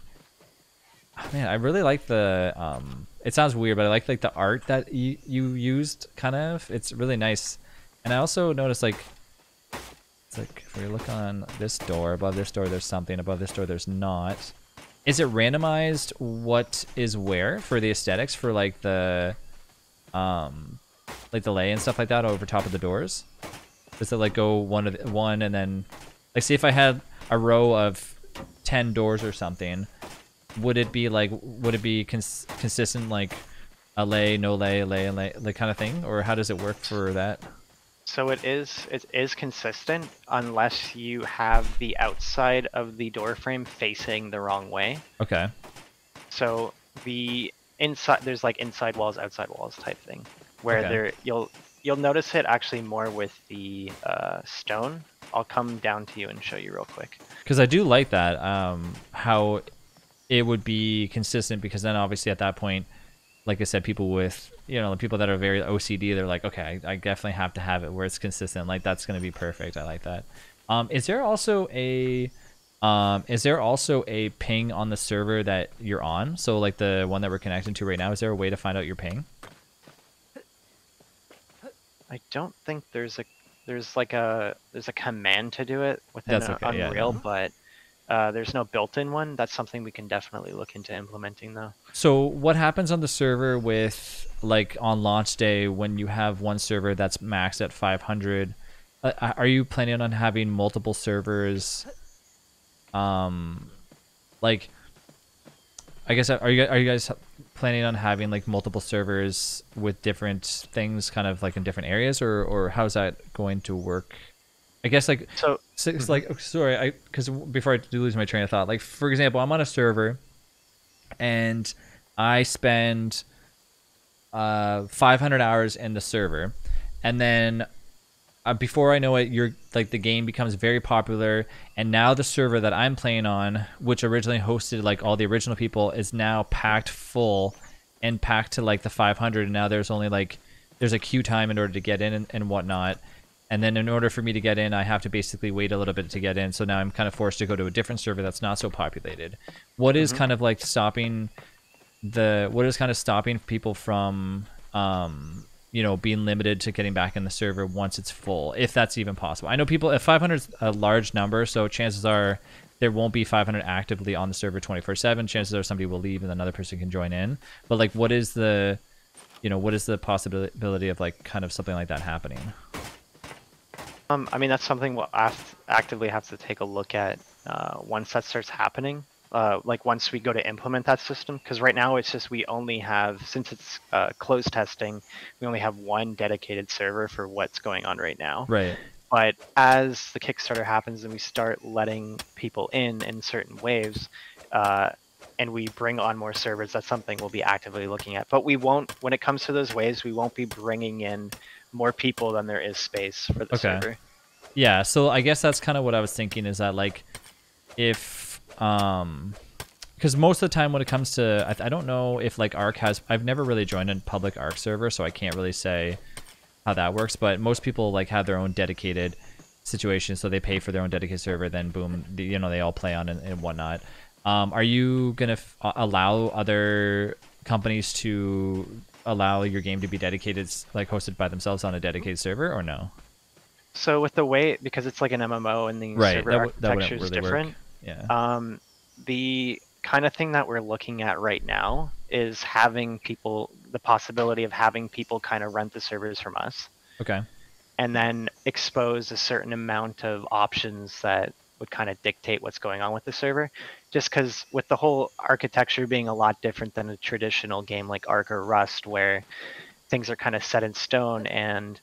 man, I really like the. Um, it sounds weird, but I like like the art that you you used. Kind of, it's really nice. And I also noticed like, it's like if we look on this door, above this door, there's something. Above this door, there's not. Is it randomized what is where for the aesthetics for like the, um, like the lay and stuff like that over top of the doors? Does it like go one of one and then, like, see if I had a row of ten doors or something would it be like would it be cons consistent like a lay no lay lay lay the kind of thing or how does it work for that so it is it is consistent unless you have the outside of the door frame facing the wrong way okay so the inside there's like inside walls outside walls type thing where okay. there you'll you'll notice it actually more with the uh, stone i'll come down to you and show you real quick because i do like that um how it would be consistent because then obviously at that point, like I said, people with you know the people that are very OCD, they're like, okay, I, definitely have to have it where it's consistent. Like that's gonna be perfect. I like that. Um, is there also a um, is there also a ping on the server that you're on? So like the one that we're connecting to right now, is there a way to find out your ping? I don't think there's a there's like a there's a command to do it within okay, Unreal, yeah. but uh, there's no built-in one. That's something we can definitely look into implementing, though. So, what happens on the server with like on launch day when you have one server that's maxed at 500? Uh, are you planning on having multiple servers? Um, like, I guess are you are you guys planning on having like multiple servers with different things, kind of like in different areas, or or how's that going to work? I guess like so six mm-hmm. like oh, sorry I because before I do lose my train of thought like for example I'm on a server and I spend uh 500 hours in the server and then uh, before I know it you're like the game becomes very popular and now the server that I'm playing on which originally hosted like all the original people is now packed full and packed to like the 500 and now there's only like there's a queue time in order to get in and, and whatnot and then in order for me to get in, I have to basically wait a little bit to get in. So now I'm kind of forced to go to a different server that's not so populated. What is mm-hmm. kind of like stopping the what is kind of stopping people from um you know being limited to getting back in the server once it's full if that's even possible i know people if 500 is a large number so chances are there won't be 500 actively on the server 24 7 chances are somebody will leave and another person can join in but like what is the you know what is the possibility of like kind of something like that happening um, I mean, that's something we'll act actively have to take a look at uh, once that starts happening. Uh, like once we go to implement that system, because right now it's just we only have, since it's uh, closed testing, we only have one dedicated server for what's going on right now. Right. But as the Kickstarter happens and we start letting people in in certain waves, uh, and we bring on more servers, that's something we'll be actively looking at. But we won't, when it comes to those waves, we won't be bringing in more people than there is space for the okay. server. Yeah, so I guess that's kind of what I was thinking is that like if um because most of the time when it comes to I, I, don't know if like arc has I've never really joined a public arc server so I can't really say how that works but most people like have their own dedicated situation so they pay for their own dedicated server then boom the, you know they all play on and, and whatnot um, are you gonna allow other companies to allow your game to be dedicated, like hosted by themselves on a dedicated server, or no? So with the way, because it's like an MMO and the right, server that, architecture that is really different. Work. Yeah. Um, the kind of thing that we're looking at right now is having people the possibility of having people kind of rent the servers from us. Okay. And then expose a certain amount of options that would kind of dictate what's going on with the server just because with the whole architecture being a lot different than a traditional game like Ark or Rust, where things are kind of set in stone and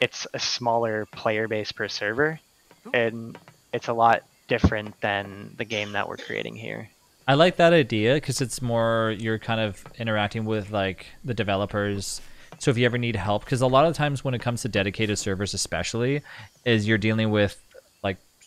it's a smaller player base per server, and it's a lot different than the game that we're creating here. I like that idea because it's more you're kind of interacting with like the developers. So if you ever need help, because a lot of times when it comes to dedicated servers, especially, is you're dealing with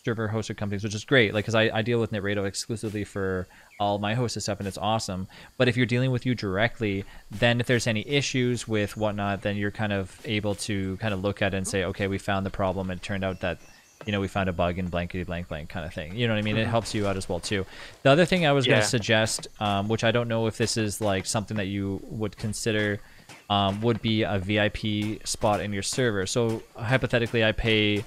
server hosted companies, which is great. Like, because I, I deal with NetRado exclusively for all my hosted stuff, and it's awesome. But if you're dealing with you directly, then if there's any issues with whatnot, then you're kind of able to kind of look at it and say, okay, we found the problem. It turned out that you know, we found a bug in blankety blank blank kind of thing. You know what I mean? Mm-hmm. It helps you out as well too. The other thing I was yeah. going to suggest, um, which I don't know if this is like something that you would consider, um, would be a VIP spot in your server. So hypothetically, I pay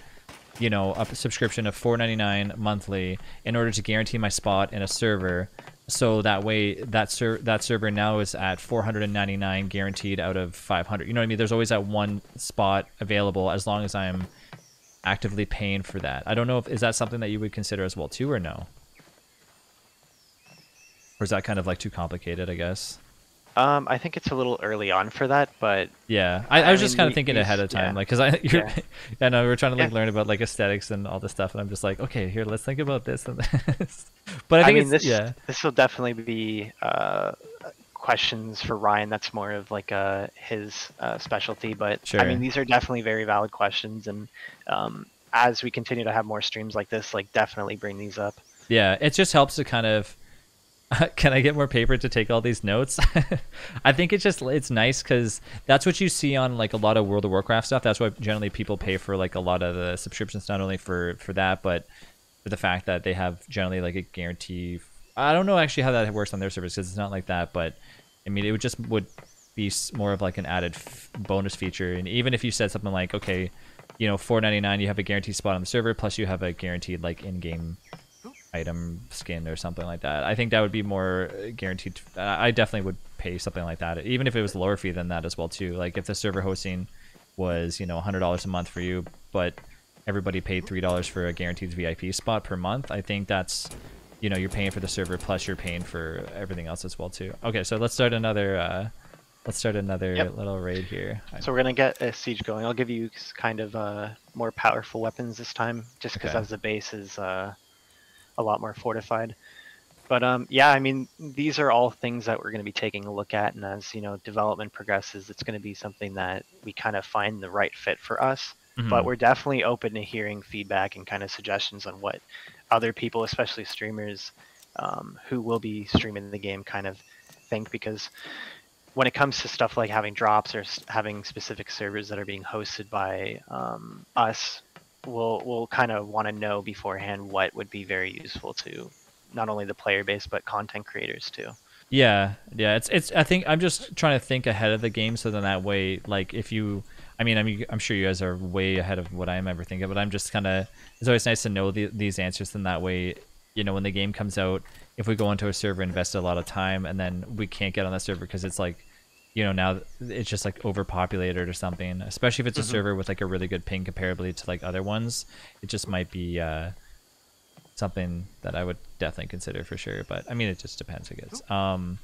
you know, a subscription of 4.99 monthly in order to guarantee my spot in a server. So that way, that ser- that server now is at 499 guaranteed out of 500. You know what I mean? There's always that one spot available as long as I'm actively paying for that. I don't know if is that something that you would consider as well too, or no? Or is that kind of like too complicated? I guess. Um, I think it's a little early on for that, but yeah, I, I was mean, just kind of thinking ahead of time, yeah. like because I, yeah. I know we are trying to like yeah. learn about like aesthetics and all this stuff, and I'm just like, okay, here, let's think about this and this. But I think I mean, this, yeah, this will definitely be uh, questions for Ryan. That's more of like uh, his uh, specialty, but sure. I mean, these are definitely very valid questions, and um, as we continue to have more streams like this, like definitely bring these up. Yeah, it just helps to kind of can I get more paper to take all these notes? I think it's just it's nice because that's what you see on like a lot of World of Warcraft stuff. That's why generally people pay for like a lot of the subscriptions, not only for for that, but for the fact that they have generally like a guarantee. I don't know actually how that works on their service because it's not like that, but I mean it would just would be more of like an added bonus feature. And even if you said something like, okay, you know, four ninety nine, you have a guaranteed spot on the server, plus you have a guaranteed like in game item skin or something like that. I think that would be more guaranteed. To, I definitely would pay something like that, even if it was lower fee than that as well too. Like if the server hosting was you know hundred dollars a month for you, but everybody paid three dollars for a guaranteed VIP spot per month. I think that's you know you're paying for the server plus you're paying for everything else as well too. Okay, so let's start another. Uh, Let's start another yep. little raid here. So we're gonna get a siege going. I'll give you kind of uh, more powerful weapons this time, just because okay. as the base is uh, a lot more fortified. But um, yeah, I mean, these are all things that we're going to be taking a look at, and as you know, development progresses, it's going to be something that we kind of find the right fit for us. Mm-hmm. But we're definitely open to hearing feedback and kind of suggestions on what other people, especially streamers, um, who will be streaming the game, kind of think because when it comes to stuff like having drops or having specific servers that are being hosted by um, us we'll we'll kind of want to know beforehand what would be very useful to not only the player base but content creators too. Yeah, yeah. It's it's. I think I'm just trying to think ahead of the game, so then that way, like, if you, I mean, I am I'm sure you guys are way ahead of what I'm ever thinking, but I'm just kind of. It's always nice to know the, these answers, then that way, you know, when the game comes out, if we go onto a server, invest a lot of time, and then we can't get on that server because it's like you know now it's just like overpopulated or something especially if it's a mm-hmm. server with like a really good ping comparably to like other ones it just might be uh, something that i would definitely consider for sure but i mean it just depends i guess um,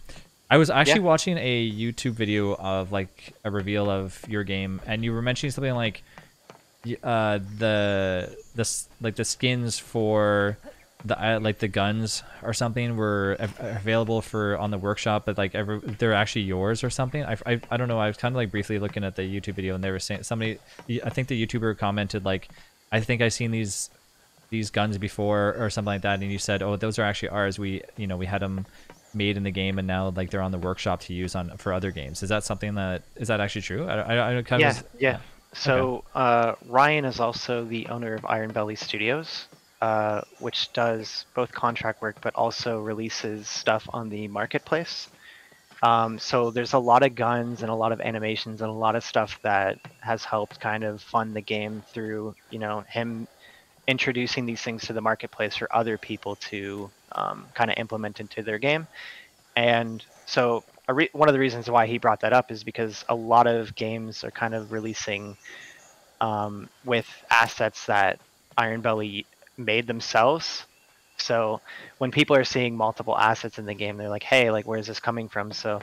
i was actually yeah. watching a youtube video of like a reveal of your game and you were mentioning something like uh, the the like the skins for the like the guns or something were available for on the workshop, but like ever they're actually yours or something. I, I, I don't know. I was kind of like briefly looking at the YouTube video, and they were saying somebody. I think the YouTuber commented like, I think I've seen these these guns before or something like that, and you said, oh, those are actually ours. We you know we had them made in the game and now like they're on the workshop to use on for other games is that something that is that actually true i, I, I kind yeah, of yeah yeah so okay. uh, ryan is also the owner of iron belly studios uh, which does both contract work but also releases stuff on the marketplace. Um, so there's a lot of guns and a lot of animations and a lot of stuff that has helped kind of fund the game through you know him introducing these things to the marketplace for other people to um, kind of implement into their game. And so one of the reasons why he brought that up is because a lot of games are kind of releasing um, with assets that Iron Belly made themselves. So when people are seeing multiple assets in the game, they're like, hey, like, where is this coming from? So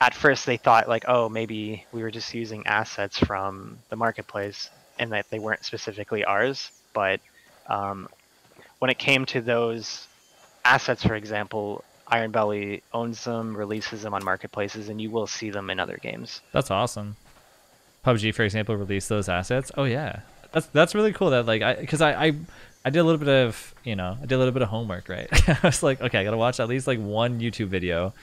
at first they thought like, oh, maybe we were just using assets from the marketplace and that they weren't specifically ours. But um, when it came to those assets, for example, Iron Belly owns them, releases them on marketplaces, and you will see them in other games. That's awesome. PUBG, for example, released those assets. Oh yeah, that's that's really cool. That like, I because I, I I did a little bit of, you know, I did a little bit of homework, right? I was like, okay, I gotta watch at least like one YouTube video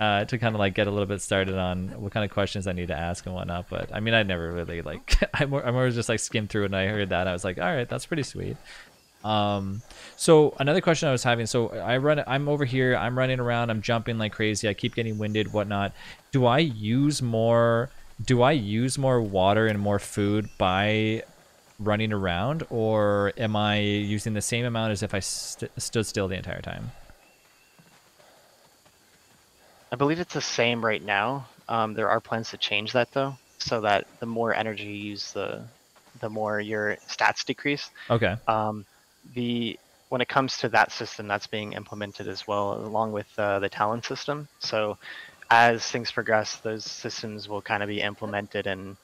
uh, to kind of like get a little bit started on what kind of questions I need to ask and whatnot. But I mean, I never really like, I am I just like skimmed through and I heard that. I was like, all right, that's pretty sweet. Um, so another question I was having, so I run, I'm over here, I'm running around, I'm jumping like crazy. I keep getting winded, whatnot. Do I use more, do I use more water and more food by running around, or am I using the same amount as if I st stood still the entire time? I believe it's the same right now. Um, there are plans to change that though, so that the more energy you use, the the more your stats decrease. Okay. Um, the when it comes to that system, that's being implemented as well, along with uh, the talent system. So, as things progress, those systems will kind of be implemented and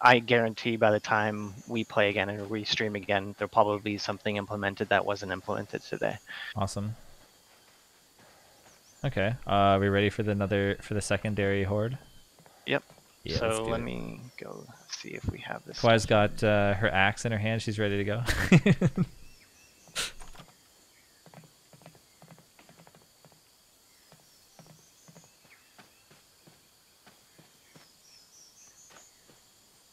I guarantee by the time we play again and stream again, there'll probably be something implemented that wasn't implemented today. Awesome. Okay. Uh, are we ready for the another for the secondary horde? Yep. Yeah, so let me go see if we have this. Kawhi's got uh, her axe in her hand. She's ready to go.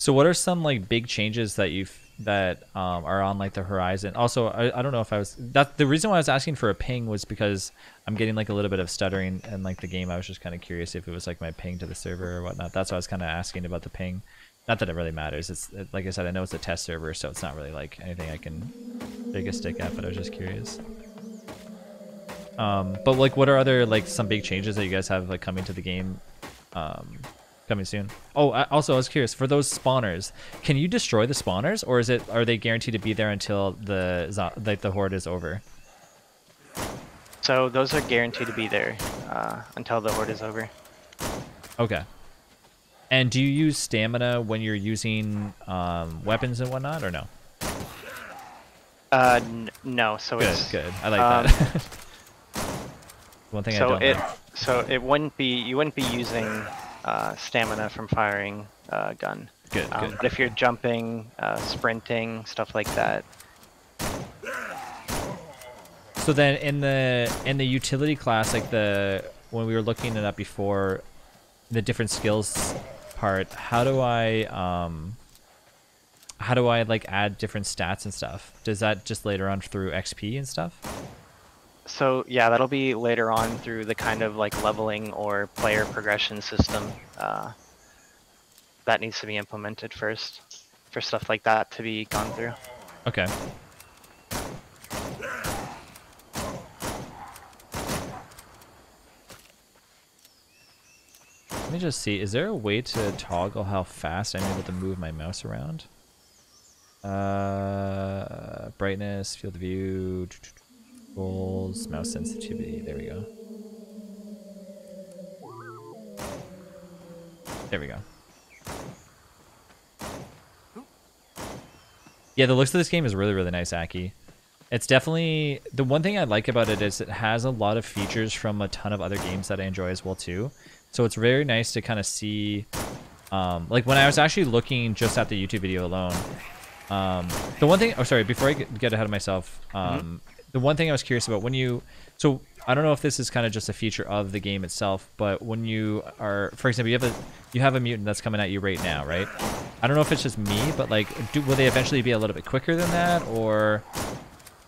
So what are some like big changes that you've that um, are on like the horizon? Also, I, I don't know if I was that the reason why I was asking for a ping was because I'm getting like a little bit of stuttering and like the game. I was just kind of curious if it was like my ping to the server or whatnot. That's why I was kind of asking about the ping. Not that it really matters. It's like I said, I know it's a test server, so it's not really like anything I can take a stick at. But I was just curious. Um, but like, what are other like some big changes that you guys have like coming to the game um, coming soon. Oh, I, also I was curious for those spawners. Can you destroy the spawners, or is it are they guaranteed to be there until the like the horde is over? So those are guaranteed to be there uh, until the horde is over. Okay. And do you use stamina when you're using um, weapons and whatnot, or no? Uh, no. So good, it's good. I like um, that. One thing so I don't. it know. so it wouldn't be you wouldn't be using uh, stamina from firing a uh, gun. Good, um, good. But if you're jumping, uh, sprinting, stuff like that. So then, in the in the utility class, like the when we were looking it up before, the different skills part. How do I um? How do I like add different stats and stuff? Does that just later on through XP and stuff? so yeah, that'll be later on through the kind of like leveling or player progression system uh, that needs to be implemented first for stuff like that to be gone through. Okay. Let me just see, is there a way to toggle how fast I'm able to move my mouse around? Uh, brightness, field of view controls, mouse sensitivity, there we go. There we go. Yeah, the looks of this game is really, really nice, Aki. It's definitely, the one thing I like about it is it has a lot of features from a ton of other games that I enjoy as well too. So it's very nice to kind of see, um, like when I was actually looking just at the YouTube video alone, um, the one thing, oh sorry, before I get, ahead of myself, mm-hmm. um, mm -hmm the one thing I was curious about when you, so I don't know if this is kind of just a feature of the game itself, but when you are, for example, you have a you have a mutant that's coming at you right now, right? I don't know if it's just me, but like, do, will they eventually be a little bit quicker than that, or?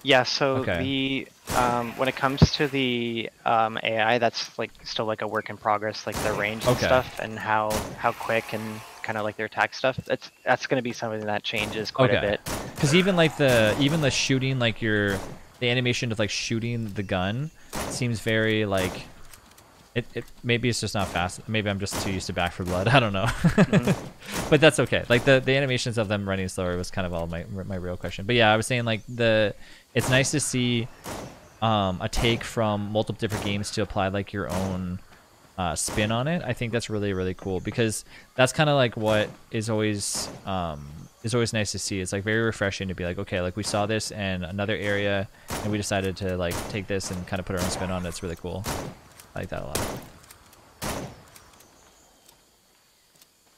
Yeah. So okay. the um, when it comes to the um, AI, that's like still like a work in progress, like their range okay. and stuff, and how how quick and kind of like their attack stuff. That's that's going to be something that changes quite okay. a bit. Because even like the even the shooting, like your the animation of like shooting the gun seems very like it, it maybe it's just not fast. Maybe I'm just too used to Back for Blood. I don't know, mm-hmm. but that's okay. Like the, the animations of them running slower was kind of all my my real question. But yeah, I was saying like the it's nice to see um, a take from multiple different games to apply like your own uh, spin on it. I think that's really really cool because that's kind of like what is always um, is always nice to see. It's like very refreshing to be like, okay, like we saw this in another area and we decided to like take this and kind of put our own spin on it. It's really cool. I like that a lot.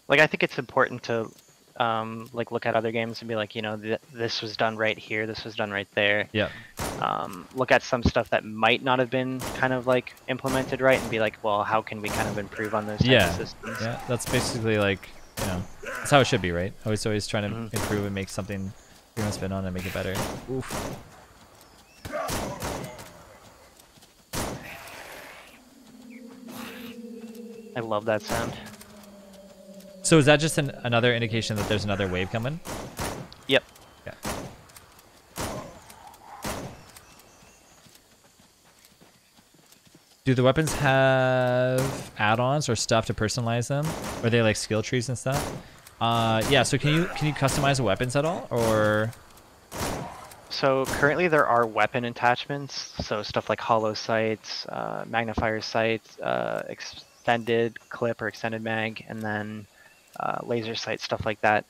Like, I think it's important to um, like look at other games and be like, you know, th this was done right here, this was done right there. Yeah. Um, look at some stuff that might not have been kind of like implemented right, and be like, well, how can we kind of improve on those? yeah. Yeah, that's basically like you know, that's how it should be, right? Always, always trying to mm-hmm. improve and make something you want to spin on and make it better. Oof. I love that sound. So is that just an, another indication that there's another wave coming? Yep. Yeah. Do the weapons have add-ons or stuff to personalize them? Are they like skill trees and stuff? Uh, yeah, so can you can you customize the weapons at all or so currently there are weapon attachments, so stuff like hollow sights, uh, magnifier sights, uh, extended clip or extended mag, and then uh, laser sight, stuff like that.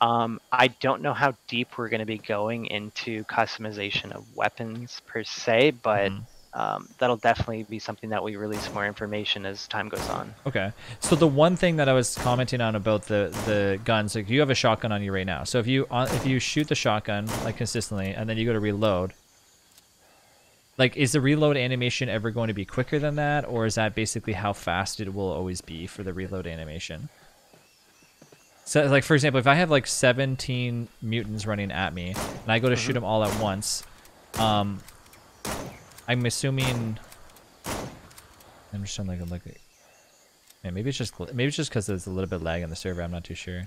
Um, I don't know how deep we're going to be going into customization of weapons per se, but mm -hmm um, that'll definitely be something that we release more information as time goes on. Okay. So the one thing that I was commenting on about the the guns, like you have a shotgun on you right now. So if you uh, if you shoot the shotgun like consistently and then you go to reload, like is the reload animation ever going to be quicker than that, or is that basically how fast it will always be for the reload animation? So like for example, if I have like 17 mutants running at me and I go to mm -hmm. shoot them all at once, um, I'm assuming. I'm just trying to like look at. maybe it's just maybe it's just because there's a little bit lag on the server. I'm not too sure.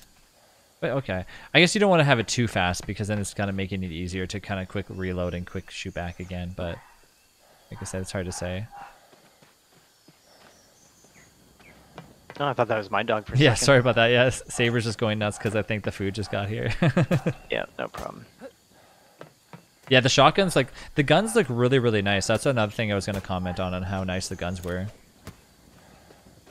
But okay, I guess you don't want to have it too fast because then it's kind of making it easier to kind of quick reload and quick shoot back again. But like I said, it's hard to say. Oh, I thought that was my dog for a yeah, second. sorry about that. Yeah, Saber's just going nuts because I think the food just got here. yeah, no problem. Yeah, the shotguns, like, the guns look really, really nice. That's another thing I was going to comment on, on how nice the guns were.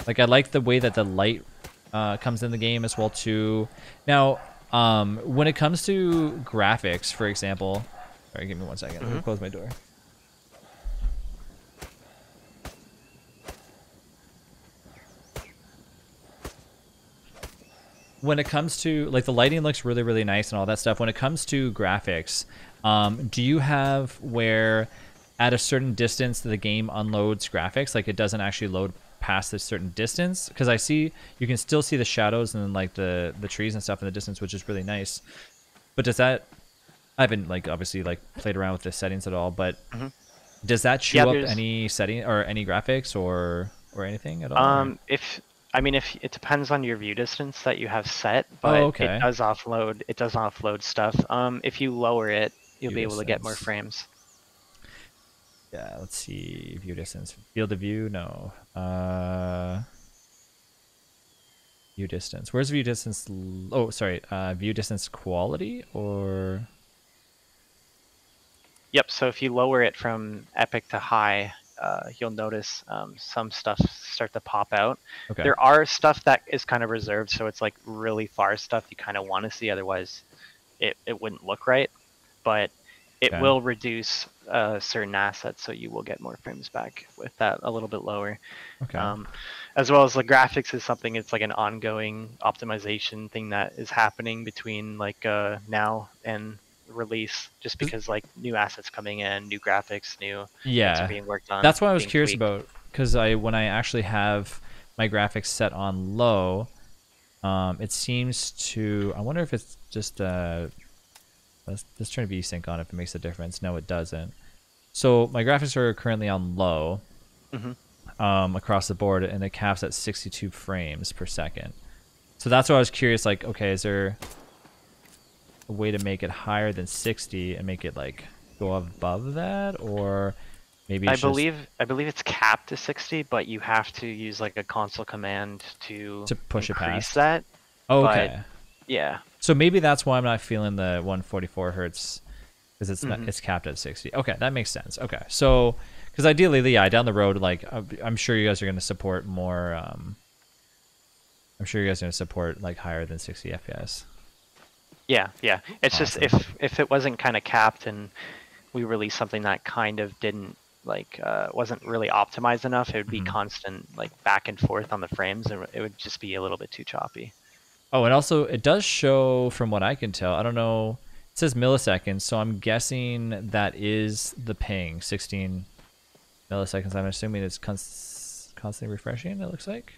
Like, I like the way that the light uh, comes in the game as well, too. Now, um, when it comes to graphics, for example... Sorry, give me one second. Mm -hmm. close my door. when it comes to like the lighting looks really really nice and all that stuff when it comes to graphics um, do you have where at a certain distance the game unloads graphics, like it doesn't actually load past a certain distance? Because I see you can still see the shadows and like the the trees and stuff in the distance, which is really nice. But does that? I haven't like obviously like played around with the settings at all, but mm-hmm. does that show yeah, up any setting or any graphics or or anything at all? Um, if I mean, if it depends on your view distance that you have set, oh, but oh, okay. it does offload. It does offload stuff. Um, if you lower it, you'll be able to get more frames. Yeah, let's see. View distance. Field of view? No. Uh, view distance. Where's view distance? Oh, sorry. Uh, view distance quality or. Yep, so if you lower it from epic to high, uh, you'll notice um, some stuff start to pop out. Okay. There are stuff that is kind of reserved, so it's like really far stuff you kind of want to see, otherwise it, it wouldn't look right but it will reduce uh, certain assets, so you will get more frames back with that a little bit lower. Okay. Um, as well as the graphics is something it's like an ongoing optimization thing that is happening between like uh, now and release, just because like new assets coming in, new graphics, new yeah being worked on. That's what I was curious tweaked. about because I when I actually have my graphics set on low, um, it seems to. I wonder if it's just a uh, Let's, let's turn VSync on if it makes a difference. No, it doesn't. So my graphics are currently on low mm-hmm. um, across the board, and it caps at 62 frames per second. So that's why I was curious, like, okay, is there a way to make it higher than 60 and make it like go above that, or maybe I believe just... I believe it's capped to 60, but you have to use like a console command to to push it past that. Oh, okay. But, yeah, so maybe that's why I'm not feeling the 144 hertz because it's mm-hmm. not, it's capped at 60. Okay, that makes sense. Okay, so because ideally, yeah, down the road, like uh, I'm sure you guys are going to support more. Um, I'm sure you guys are going to support like higher than 60 FPS. Yeah, yeah. It's awesome. just if if it wasn't kind of capped and we released something that kind of didn't like uh, wasn't really optimized enough, it would be mm-hmm. constant like back and forth on the frames, and it would just be a little bit too choppy. Oh, and also it does show from what I can tell. I don't know. It says milliseconds, so I'm guessing that is the ping, 16 milliseconds. I'm assuming it's constantly refreshing. It looks like.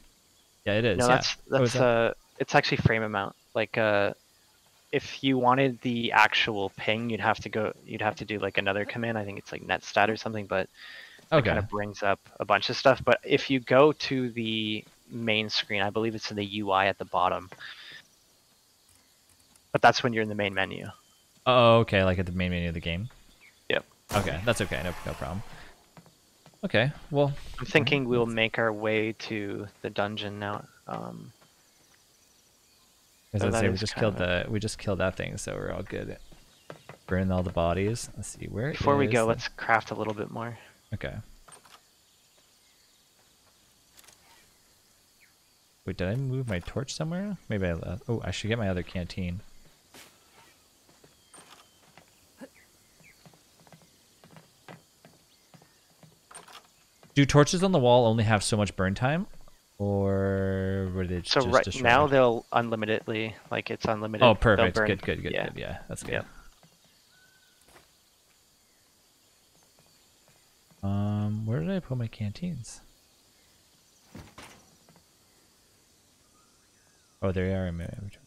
Yeah, it is. No, yeah. that's that's oh, that? uh, it's actually frame amount. Like uh, if you wanted the actual ping, you'd have to go. You'd have to do like another command. I think it's like netstat or something, but okay. kind of brings up a bunch of stuff. But if you go to the main screen, I believe it's in the UI at the bottom. But that's when you're in the main menu. Oh, okay, like at the main menu of the game. Yep. Okay, that's okay. No, no problem. Okay, well. I'm thinking we'll make our way to the dungeon now. Um, As so I say, we just killed of... the we just killed that thing, so we're all good. Burn all the bodies. Let's see where. Before we go, the... let's craft a little bit more. Okay. Wait, did I move my torch somewhere? Maybe I left. Oh, I should get my other canteen. Do torches on the wall only have so much burn time, or would it so right destroy? now they'll unlimitedly like it's unlimited. Oh, perfect. Good, good, good, yeah. good. Yeah, that's good. Um, where did I put my canteens? Oh, there they are in my inventory.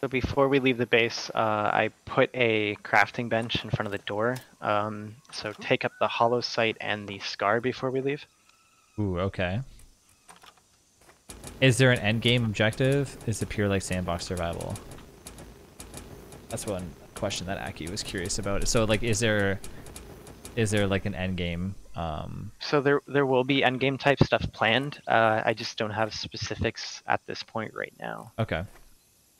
So before we leave the base, uh, I put a crafting bench in front of the door. Um, so take up the hollow sight and the scar before we leave. Ooh, okay. Is there an end game objective? Is it pure like sandbox survival? That's one question that Aki was curious about. So like, is there, is there like an end game? Um... So there, there will be end game type stuff planned. Uh, I just don't have specifics at this point right now. Okay.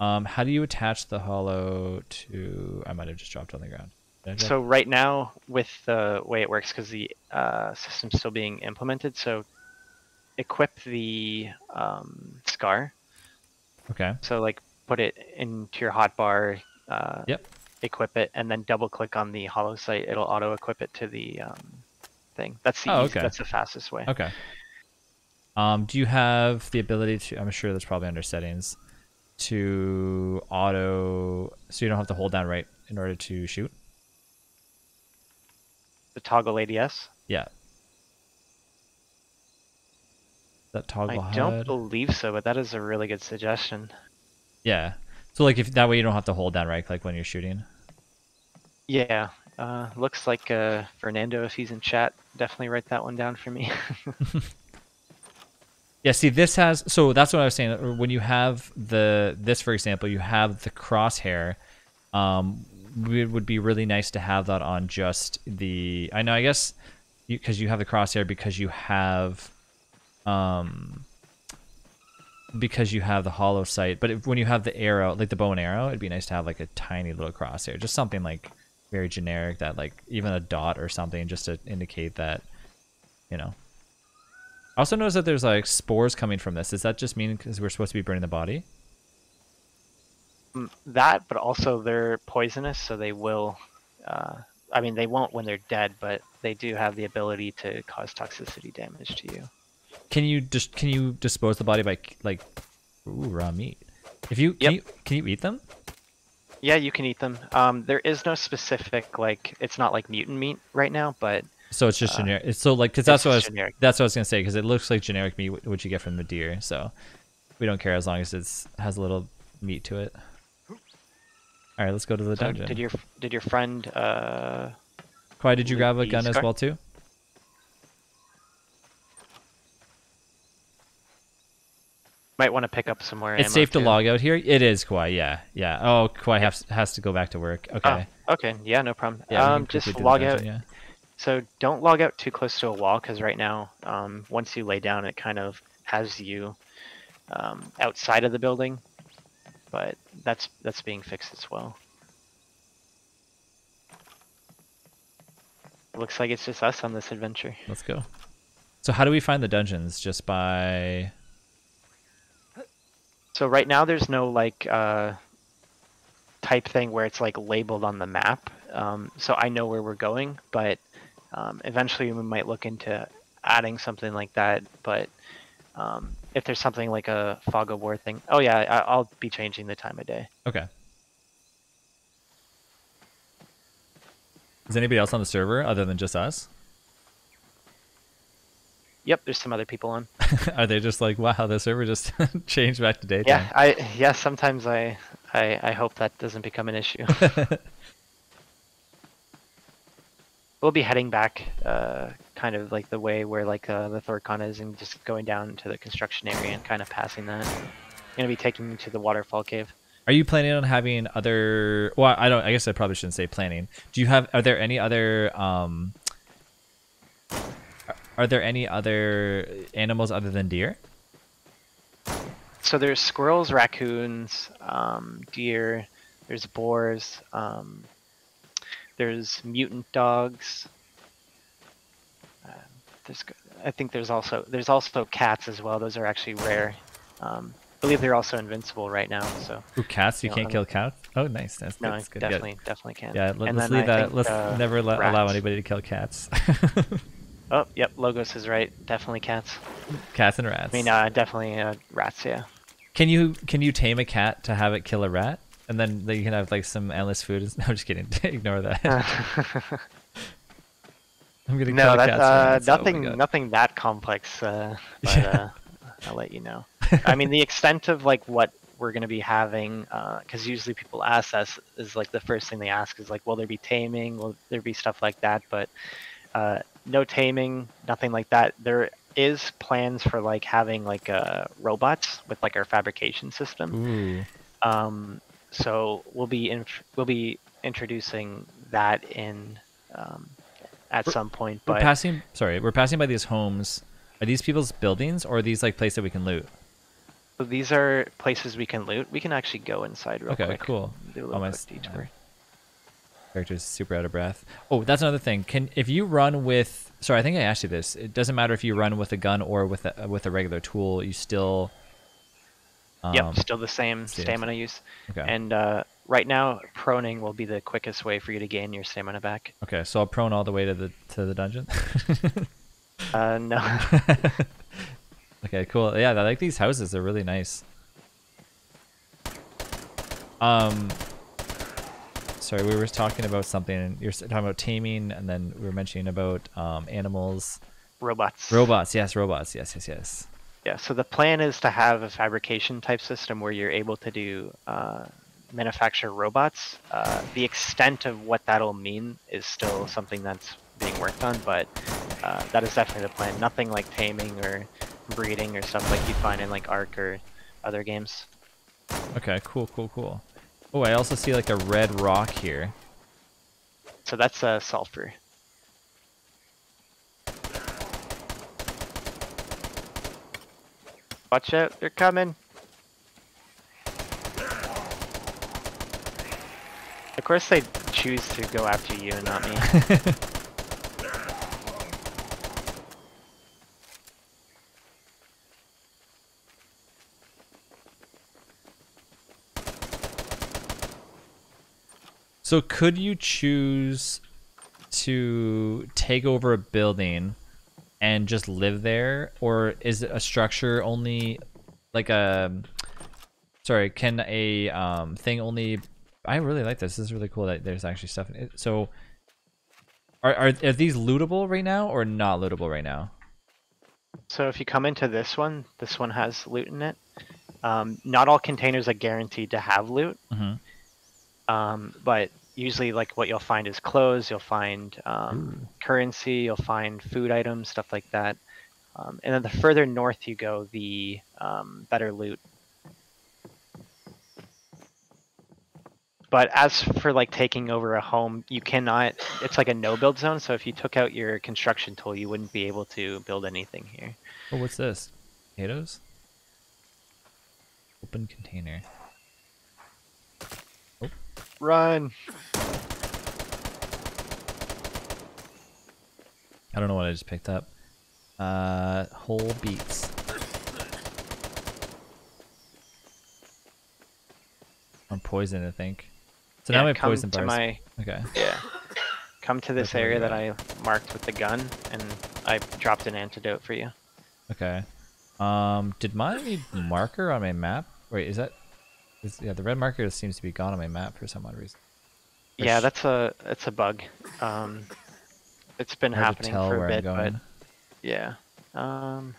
Um, how do you attach the hollow to? I might have just dropped on the ground. So right now, with the way it works, because the uh, system's still being implemented, so equip the um, scar. Okay. So like, put it into your hotbar. Uh, yep. Equip it, and then double click on the hollow site. It'll auto equip it to the um, thing. That's the oh, okay. that's the fastest way. Okay. Um, do you have the ability to? I'm sure that's probably under settings to auto, so you don't have to hold down right in order to shoot. The toggle ADS? Yeah. That toggle I don't believe so, but that is a really good suggestion. Yeah. So like if that way you don't have to hold down right click when you're shooting. Yeah. Uh, looks like uh, Fernando, if he's in chat, definitely write that one down for me. Yeah, see, this has so that's what I was saying. When you have the this, for example, you have the crosshair. Um, it would be really nice to have that on just the. I know, I guess, because you, you, have the crosshair because you have, um, because you have the hollow sight. But if, when you have the arrow, like the bow and arrow, it'd be nice to have like a tiny little crosshair, just something like very generic that like even a dot or something just to indicate that, you know, I also noticed that there's like spores coming from this. Does that just mean because we're supposed to be burning the body? Mm, that, but also they're poisonous, so they will. Uh, I mean, they won't when they're dead, but they do have the ability to cause toxicity damage to you. Can you just can you dispose the body by like, ooh, raw meat? If you, yep. can you can you eat them? Yeah, you can eat them. Um, there is no specific like it's not like mutant meat right now, but so it's just uh, generic. So like, cause that's what I was, that's what I was gonna say. Cause it looks like generic meat, which you get from the deer. So we don't care as long as it has a little meat to it. All right, let's go to the so dungeon. Did your did your friend? Uh, Why did you grab a gun scar? as well too? Might want to pick up somewhere. It's safe to log out here. It is Kwai, yeah, yeah. Oh, Kwai has has to go back to work. Okay. Oh, okay, yeah, no problem. Yeah, um, just log dungeon, out. Yeah so don't log out too close to a wall because right now, um, once you lay down, it kind of has you um, outside of the building. But that's that's being fixed as well. Looks like it's just us on this adventure. Let's go. So how do we find the dungeons? Just by... So right now there's no like uh, type thing where it's like labeled on the map. Um, so I know where we're going, but um, eventually we might look into adding something like that. But um, if there's something like a fog of war thing, oh yeah, I, I'll be changing the time of day. Okay. Is anybody else on the server other than just us? Yep, there's some other people on. Are they just like, wow, the server just changed back to daytime? Yeah, I yeah. Sometimes I, I I hope that doesn't become an issue. we'll be heading back uh, kind of like the way where like uh, the Thorcon is and just going down to the construction area and kind of passing that. I'm gonna be taking you to the waterfall cave. Are you planning on having other? Well, I don't. I guess I probably shouldn't say planning. Do you have? Are there any other? Um, are there any other animals other than deer? So there's squirrels, raccoons, um, deer. There's boars. Um, there's mutant dogs. Um, there's, I think there's also there's also cats as well. Those are actually rare. Um, I believe they're also invincible right now. So Ooh, cats, you, you can't kill cats. Oh, nice, that's, no, that's good. Definitely, yeah. definitely can. Yeah, let, us leave I that. Think, let's uh, never let, allow anybody to kill cats. oh, yep, Logos is right. Definitely cats. Cats and rats. I mean, uh, definitely uh, rats. Yeah. Can you can you tame a cat to have it kill a rat? And then you can have like some endless food. I'm just kidding. Ignore that. I'm gonna no, that's, uh, nothing. nothing that complex. Uh, but, yeah. uh, I'll let you know. I mean, the extent of like what we're gonna be having, because uh, usually people ask us is like the first thing they ask is like, will there be taming? Will there be stuff like that? But uh, no taming, nothing like that. There is plans for like having like uh, robots with like our fabrication system. Um, so we'll be in, we'll be introducing that in um, at we're, some point. But we're passing, sorry, we're passing by these homes. Are these people's buildings, or are these like places that we can loot? So these are places we can loot. We can actually go inside real okay, quick. Okay, cool. Do a detour. Character's super out of breath. Oh, that's another thing. Can if you run with? Sorry, I think I asked you this. It doesn't matter if you run with a gun or with a, with a regular tool. You still um, yep, still the same stamina use. Okay. And uh, right now, proning will be the quickest way for you to gain your stamina back. Okay, so I'll prone all the way to the to the dungeon. uh, no. okay, cool. Yeah, I like these houses. They're really nice. Um, sorry, we were talking about something. You're talking about taming, and then we were mentioning about um, animals. Robots. Robots. Yes, robots. Yes, yes, yes. Yeah, so the plan is to have a fabrication type system where you're able to do uh, manufacture robots. Uh, the extent of what that'll mean is still something that's being worked on, but uh, that is definitely the plan. Nothing like taming or breeding or stuff like you find in like Ark or other games. Okay, cool, cool, cool. Oh, I also see like a red rock here. So that's a uh, sulfur. Watch out, they're coming. Of course they choose to go after you and not me. So could you choose to take over a building and just live there, or is it a structure only, like a, um, sorry, can a um, thing only? I really like this. This is really cool that there's actually stuff. In it. So, are, are are these lootable right now or not lootable right now? So if you come into this one, this one has loot in it. Um, not all containers are guaranteed to have loot, mm -hmm. um, but usually like what you'll find is clothes you'll find um, hmm. currency you'll find food items stuff like that um, and then the further north you go the um, better loot but as for like taking over a home you cannot it's like a no build zone so if you took out your construction tool you wouldn't be able to build anything here oh what's this potatoes open container Run. I don't know what I just picked up. Uh, whole beets. I'm poisoned, I think. So yeah, now I have poison bars. My, okay. Yeah. Come to this area that I marked with the gun, and I dropped an antidote for you. Okay. Um, did my marker on my map? Wait, is that it's, yeah, the red marker seems to be gone on my map for some odd reason. yeah, that's a it's a bug. Um, it's been happening for a bit, but yeah. Um,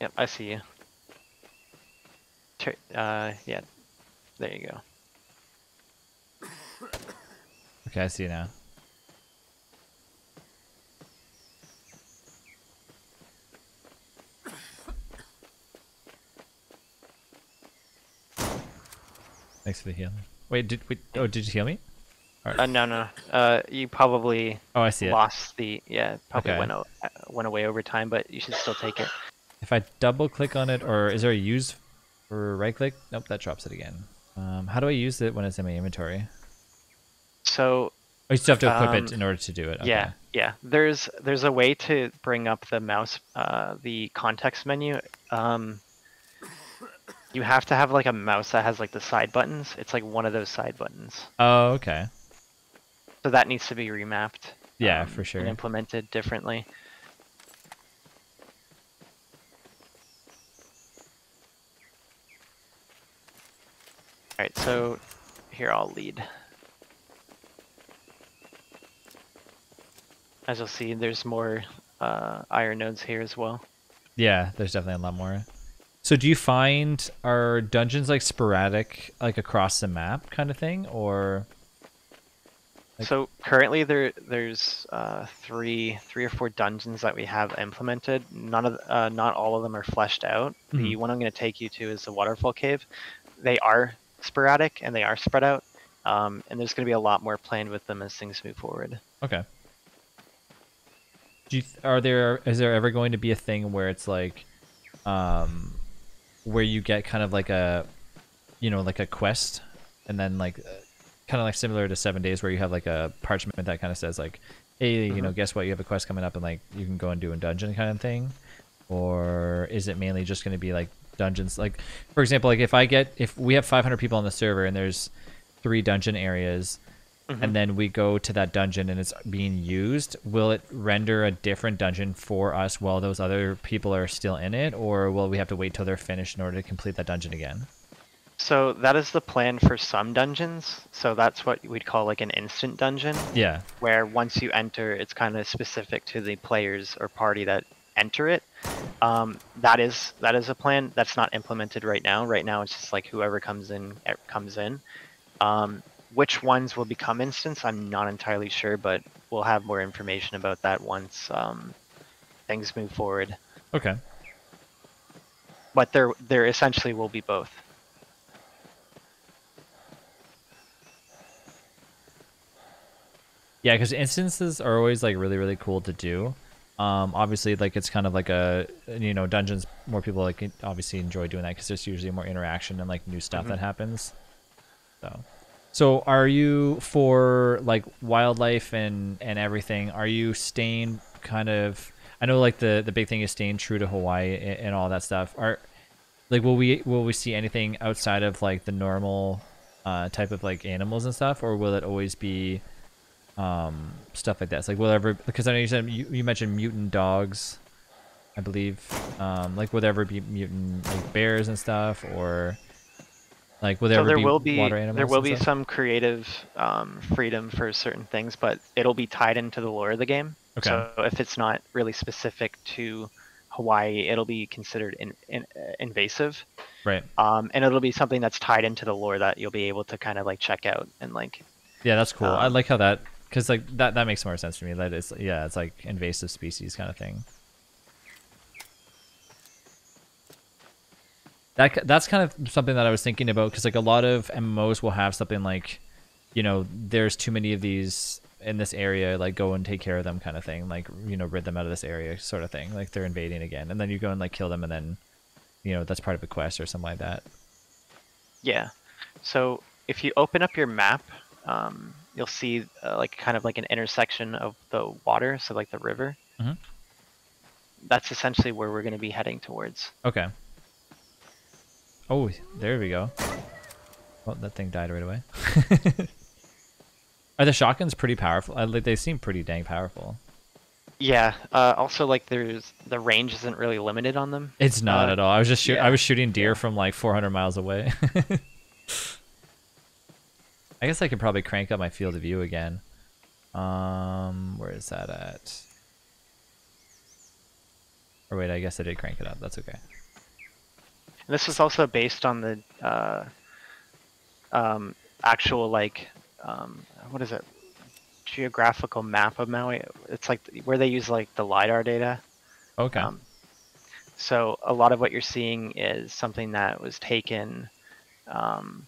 yep, I see you. uh, yeah, there you go. Okay, I see you now. Thanks for the healing. Wait, did we? Oh, did you heal me? Right. Uh, no, no. Uh, you probably. Oh, I see. Lost it. the yeah. Probably okay. went went away over time, but you should still take it. If I double click on it, or is there a use for right click? Nope, that drops it again. Um, how do I use it when it's in my inventory? So. Oh, you still have to equip um, it in order to do it. Okay. Yeah, yeah. There's there's a way to bring up the mouse, uh, the context menu. Um, you have to have like a mouse that has like the side buttons. It's like one of those side buttons. Oh, okay. So that needs to be remapped. Yeah, um, for sure. And implemented differently. Alright, so here I'll lead. As you'll see, there's more uh, iron nodes here as well. Yeah, there's definitely a lot more. So do you find are dungeons like sporadic, like across the map kind of thing, or? Like... So currently there there's uh, three three or four dungeons that we have implemented. None of uh, not all of them are fleshed out. Mm-hmm. The one I'm going to take you to is the waterfall cave. They are sporadic and they are spread out, um, and there's going to be a lot more planned with them as things move forward. Okay. Do you, are there is there ever going to be a thing where it's like um, where you get kind of like a, you know, like a quest, and then like, kind of like similar to Seven Days, where you have like a parchment that kind of says like, hey, mm-hmm. you know, mm-hmm. guess what? You have a quest coming up, and like you can go and do a dungeon kind of thing, or is it mainly just going to be like dungeons? Like, for example, like if I get if we have 500 people on the server and there's three dungeon areas mm-hmm. and then we go to that dungeon and it's being used, will it render a different dungeon for us while those other people are still in it, or will we have to wait till they're finished in order to complete that dungeon again? So that is the plan for some dungeons. So that's what we'd call like an instant dungeon. Yeah. Where once you enter, it's kind of specific to the players or party that enter it. Um, that is that is a plan that's not implemented right now. Right now, it's just like whoever comes in eh, comes in. Um, which ones will become instance, I'm not entirely sure, but we'll have more information about that once um, things move forward. Okay. But there, there essentially will be both. Yeah, because instances are always like really really cool to do. Um, obviously, like it's kind of like a you know dungeons. More people like obviously enjoy doing that because there's usually more interaction and like new stuff mm -hmm. that mm-hmm. happens. So. So are you for like wildlife and and everything? Are you staying kind of? I know like the the big thing is staying true to Hawaii and, and all that stuff. Are like will we will we see anything outside of like the normal uh, type of like animals and stuff, or will it always be um, stuff like that? It's like whatever because I know you said you, you mentioned mutant dogs. I believe, um, like, would there ever be mutant like bears and stuff, or like, will there, so there be will be there will be stuff? some creative um, freedom for certain things, but it'll be tied into the lore of the game. Okay. So if it's not really specific to Hawaii, it'll be considered in, in, uh, invasive. Right. Um, and it'll be something that's tied into the lore that you'll be able to kind of like check out and like. Yeah, that's cool. Um, I like how that because like that that makes more sense to me. That is yeah, it's like invasive species kind of thing. that that's kind of something that I was thinking about because like a lot of MMOs will have something like, you know, there's too many of these in this area, like go and take care of them kind of thing, like you know, rid them out of this area sort of thing, like they're invading again, and then you go and like kill them, and then, you know, that's part of a quest or something like that. Yeah, so if you open up your map, um, you'll see uh, like kind of like an intersection of the water, so like the river. Mm-hmm. That's essentially where we're going to be heading towards. Okay. Oh, there we go. Well, oh, that thing died right away. Are the shotguns pretty powerful? Uh, like they seem pretty dang powerful. Yeah. Uh, also, like there's the range isn't really limited on them. It's not uh, at all. I was just yeah. I was shooting deer from like 400 miles away. I guess I could probably crank up my field of view again. Um, where is that at? Or wait, I guess I did crank it up. That's okay. And this is also based on the uh, um, actual like um, what is it? Geographical map of Maui. It's like where they use like the lidar data. Okay. Um, so a lot of what you're seeing is something that was taken um,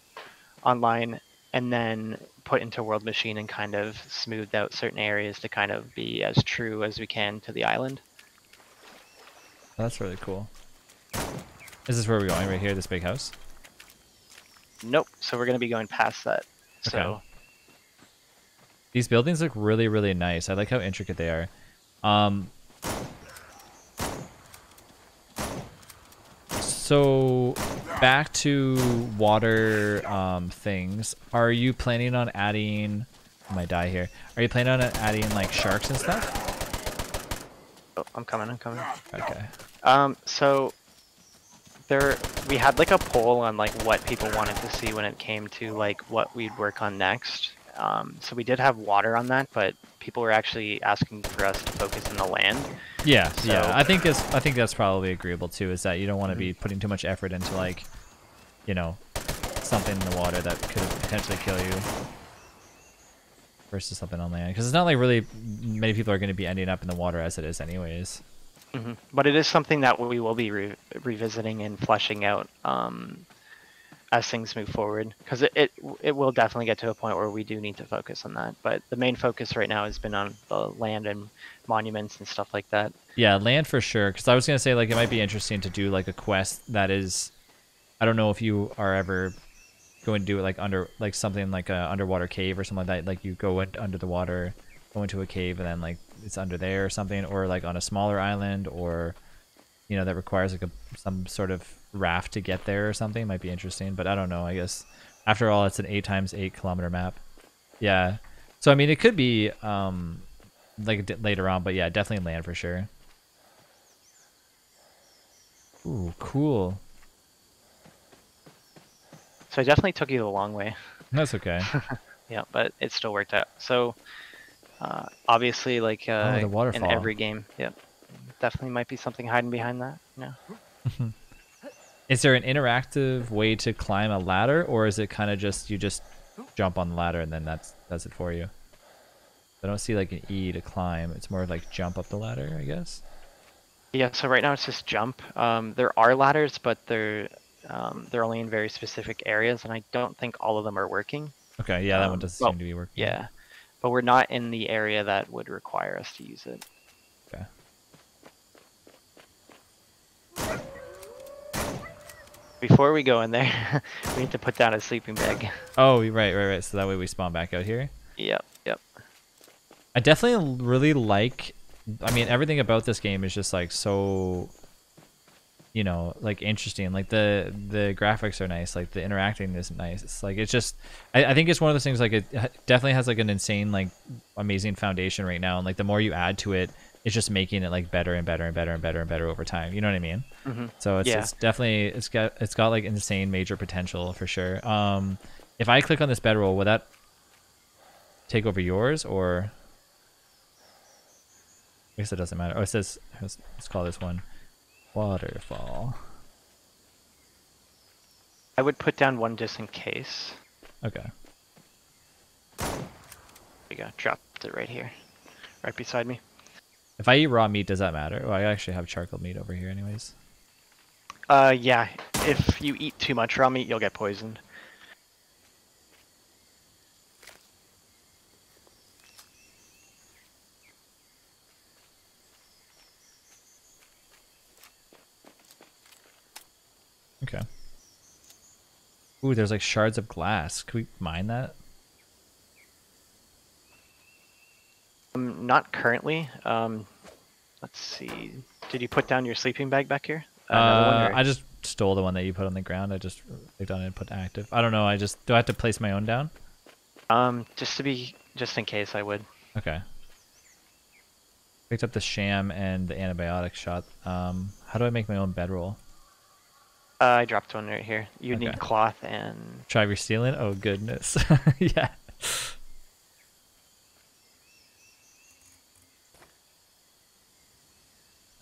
online and then put into World Machine and kind of smoothed out certain areas to kind of be as true as we can to the island. That's really cool. Is this where we're going? Right here, this big house? Nope. So we're going to be going past that. Okay. So these buildings look really, really nice. I like how intricate they are. Um, so back to water um, things. Are you planning on adding? I might die here. Are you planning on adding like sharks and stuff? Oh, I'm coming. I'm coming. Okay. Um. So there we had like a poll on like what people wanted to see when it came to like what we'd work on next. Um, so we did have water on that, but people were actually asking for us to focus on the land. Yeah, so, yeah. I think I think that's probably agreeable too. Is that you don't want to mm -hmm. be mm-hmm. putting too much effort into like, you know, something in the water that could potentially kill you versus something on land because it's not like really many people are going to be ending up in the water as it is anyways. Mm-hmm. But it is something that we will be re- revisiting and fleshing out um, as things move forward, because it, it it will definitely get to a point where we do need to focus on that. But the main focus right now has been on the land and monuments and stuff like that. Yeah, land for sure. Because I was gonna say like it might be interesting to do like a quest that is, I don't know if you are ever going to do it like under like something like a underwater cave or something like that. Like you go in, under the water, go into a cave, and then like it's under there or something, or like on a smaller island, or you know that requires like a some sort of raft to get there or something might be interesting. But I don't know. I guess after all, it's an eight times eight kilometer map. Yeah. So I mean, it could be um, like later on, but yeah, definitely land for sure. Ooh, cool. So I definitely took you the long way. That's okay. yeah, but it still worked out. So uh, obviously, like uh, oh, the waterfall. in every game. Yep. Definitely might be something hiding behind that. Yeah. is there an interactive way to climb a ladder, or is it kind of just you just jump on the ladder and then that's that's it for you? I don't see like an E to climb. It's more like jump up the ladder, I guess. Yeah. So right now it's just jump. Um, there are ladders, but they're um, they're only in very specific areas, and I don't think all of them are working. Okay. Yeah, that um, one doesn't well, seem to be working. Yeah. But we're not in the area that would require us to use it. Okay. Before we go in there, we need to put down a sleeping bag. Oh, right, right, right. So that way we spawn back out here? Yep, yep. I definitely really like... I mean, everything about this game is just, like, so you know like interesting like the the graphics are nice like the interacting is nice it's like it's just I, I, think it's one of those things like it definitely has like an insane like amazing foundation right now and like the more you add to it it's just making it like better and better and better and better and better over time you know what i mean mm-hmm. so it's, yeah. it's definitely it's got it's got like insane major potential for sure um if i click on this bedroll will that take over yours or i guess it doesn't matter oh it says let's, let's call this one waterfall. I would put down one just in case. Okay. There you go. Dropped it right here. Right beside me. If I eat raw meat, does that matter? Well, I actually have charcoal meat over here anyways. Uh, yeah. If you eat too much raw meat, you'll get poisoned. Okay. Ooh, there's like shards of glass. Can we mine that? Um, not currently. Um, let's see. Did you put down your sleeping bag back here? Uh, uh I just stole the one that you put on the ground. I just clicked on it and put active. I don't know. I just do I have to place my own down? Um, just to be just in case, I would. Okay. Picked up the sham and the antibiotic shot. Um, how do I make my own bedroll? Uh, I dropped one right here. You okay. need cloth and. Try your stealing. Oh, goodness. yeah.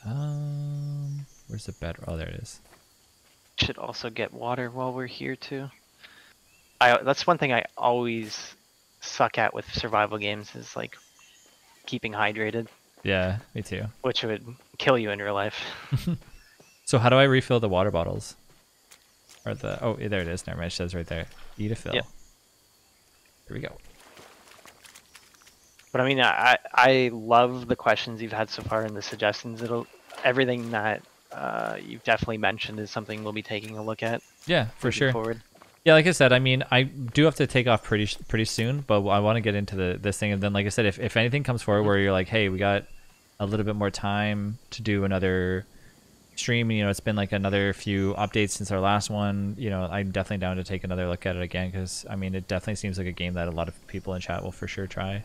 Um, where's the bed? Oh, there it is. Should also get water while we're here too. I that's one thing I always suck at with survival games is like keeping hydrated. Yeah, me too. Which would kill you in real life. so how do I refill the water bottles? Or the, oh, there it is. Never mind. It says right there. E to fill. Yeah. Here we go. But I mean, I, I love the questions you've had so far and the suggestions. It'll, everything that uh, you've definitely mentioned is something we'll be taking a look at. Yeah, for sure. Forward. Yeah, like I said, I mean, I do have to take off pretty pretty soon, but I want to get into the this thing. And then, like I said, if, if anything comes forward mm-hmm. where you're like, hey, we got a little bit more time to do another stream. You know, it's been like another few updates since our last one. You know, I'm definitely down to take another look at it again because I mean, it definitely seems like a game that a lot of people in chat will for sure try.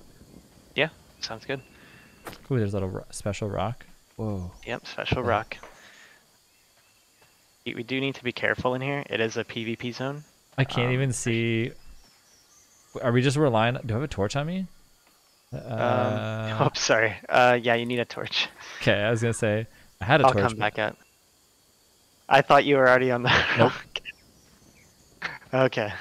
Yeah, sounds good. Ooh, there's a little ro special rock. Whoa. Yep, special yeah. rock. We do need to be careful in here. It is a PvP zone. I can't um, even see. Are we just relying? Do I have a torch on me? Um, uh, um, oh, sorry. Uh, yeah, you need a torch. Okay, I was gonna say I had a I'll torch. I'll come back out. I thought you were already on the. Nope. okay.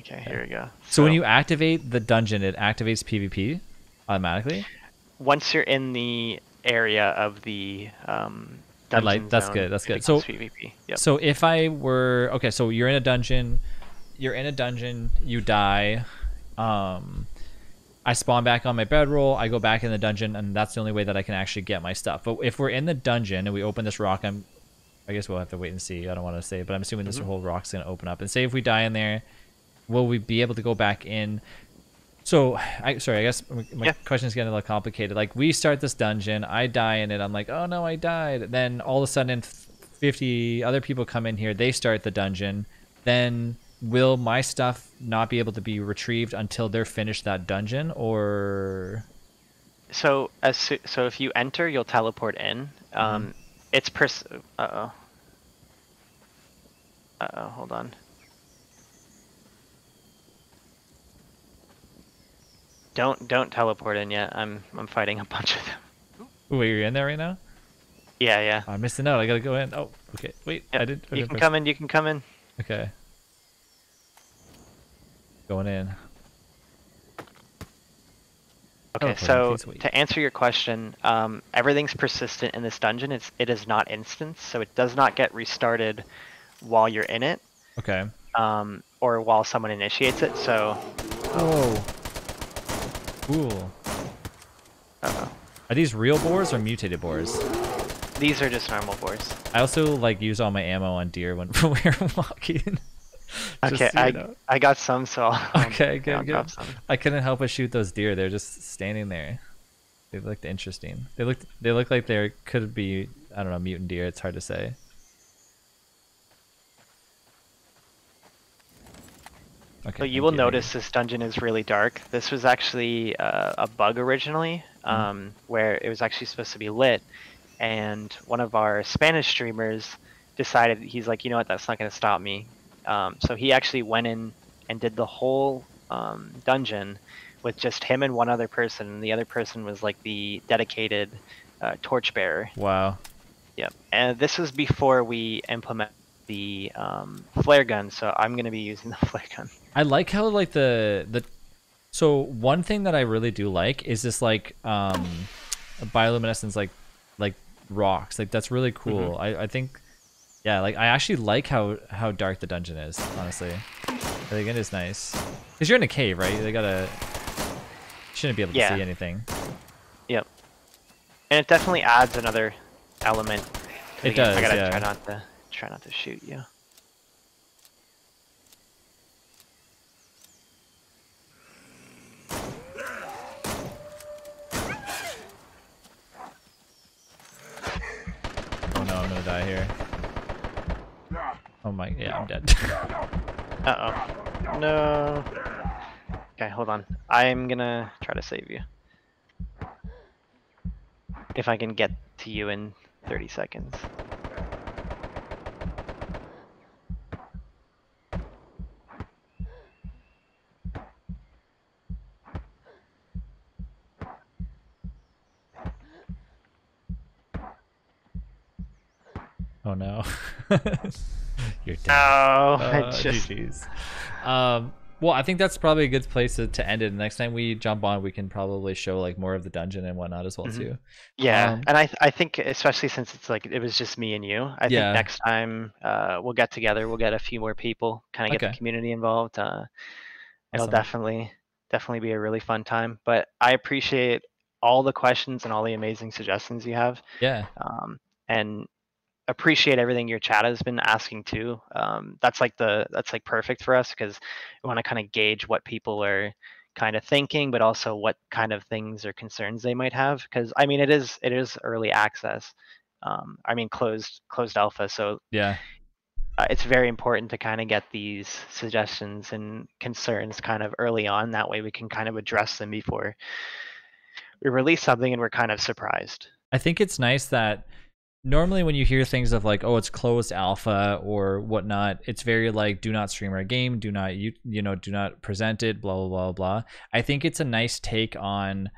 Okay. Here we go. So, so when you activate the dungeon, it activates PvP automatically. Once you're in the area of the um, dungeon like, that's zone, good. That's good. So PvP. Yep. So if I were okay, so you're in a dungeon, you're in a dungeon, you die. Um, I spawn back on my bedroll. I go back in the dungeon, and that's the only way that I can actually get my stuff. But if we're in the dungeon and we open this rock, I'm I guess we'll have to wait and see. I don't want to say, but I'm assuming this mm-hmm. whole rock's gonna open up. And say if we die in there, will we be able to go back in? So, I sorry. I guess my yeah. question is getting a little complicated. Like we start this dungeon, I die in it. I'm like, oh no, I died. Then all of a sudden, 50 other people come in here. They start the dungeon. Then will my stuff not be able to be retrieved until they're finished that dungeon, or? So as so, so if you enter, you'll teleport in. Um, mm-hmm it's pers- uh-oh. Uh-oh, hold on. Don't don't teleport in yet. I'm I'm fighting a bunch of them. wait, you're in there right now? Yeah, yeah. I am missing out. I gotta go in. Oh, okay. Wait, yep. I didn't. you can press... come in. You can come in. Okay. Going in. Okay, so to answer your question, um, everything's persistent in this dungeon. It's it is not instance, so it does not get restarted while you're in it. Okay. Um, or while someone initiates it. So. Oh. Cool. Uh -oh. Are these real boars or mutated boars? These are just normal boars. I also like use all my ammo on deer when we're walking okay, I I got some, so I'll, okay, good, I'll good. I couldn't help but shoot those deer. They're just standing there. They looked interesting. They looked they look like they could be I don't know mutant deer. It's hard to say. Okay, so you will notice this dungeon is really dark. This was actually uh, a bug originally, mm -hmm. where it was actually supposed to be lit, and one of our Spanish streamers decided he's like, you know what, that's not going to stop me. Um, so he actually went in and did the whole um, dungeon with just him and one other person, and the other person was like the dedicated uh, torchbearer. Wow. Yep. And this was before we implement the um, flare gun, so I'm gonna be using the flare gun. I like how like the the so one thing that I really do like is this like um bioluminescence like like rocks like that's really cool. Mm -hmm. I I think yeah, like I actually like how how dark the dungeon is. Honestly, I think it is nice. Cause you're in a cave, right? They gotta shouldn't be able to yeah. see anything. Yep. And it definitely adds another element. It does. I gotta yeah. try not to try not to shoot you. Oh no, I'm gonna die here. Oh my, yeah, I'm dead. Uh-oh. No. Okay, hold on. I'm gonna try to save you. If I can get to you in 30 seconds. Oh no. You're dead. Oh, uh, just... GG's. Um, well, I think that's probably a good place to, to end it. And next time we jump on, we can probably show like more of the dungeon and whatnot as well mm-hmm. too. Yeah, um, and I th- I think especially since it's like it was just me and you, I yeah. think next time uh, we'll get together, we'll get a few more people, kind of get okay. the community involved. Uh, awesome. It'll definitely definitely be a really fun time. But I appreciate all the questions and all the amazing suggestions you have. Yeah. Um, and appreciate everything your chat has been asking too. Um, that's like the that's like perfect for us because we want to kind of gauge what people are kind of thinking, but also what kind of things or concerns they might have. Because I mean, it is it is early access. Um, I mean, closed closed alpha. So yeah, uh, it's very important to kind of get these suggestions and concerns kind of early on. That way, we can kind of address them before we release something and we're kind of surprised. I think it's nice that normally when you hear things of like oh it's closed alpha or whatnot it's very like do not stream our game do not you you know do not present it blah blah blah blah i think it's a nice take on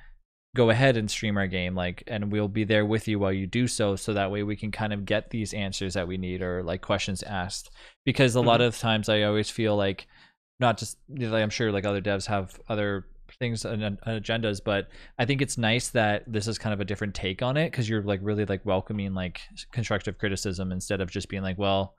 go ahead and stream our game like and we'll be there with you while you do so so that way we can kind of get these answers that we need or like questions asked because a mm-hmm. lot of times i always feel like not just like i'm sure like other devs have other things and agendas, but I think it's nice that this is kind of a different take on it because you're like really like welcoming like constructive criticism instead of just being like, well,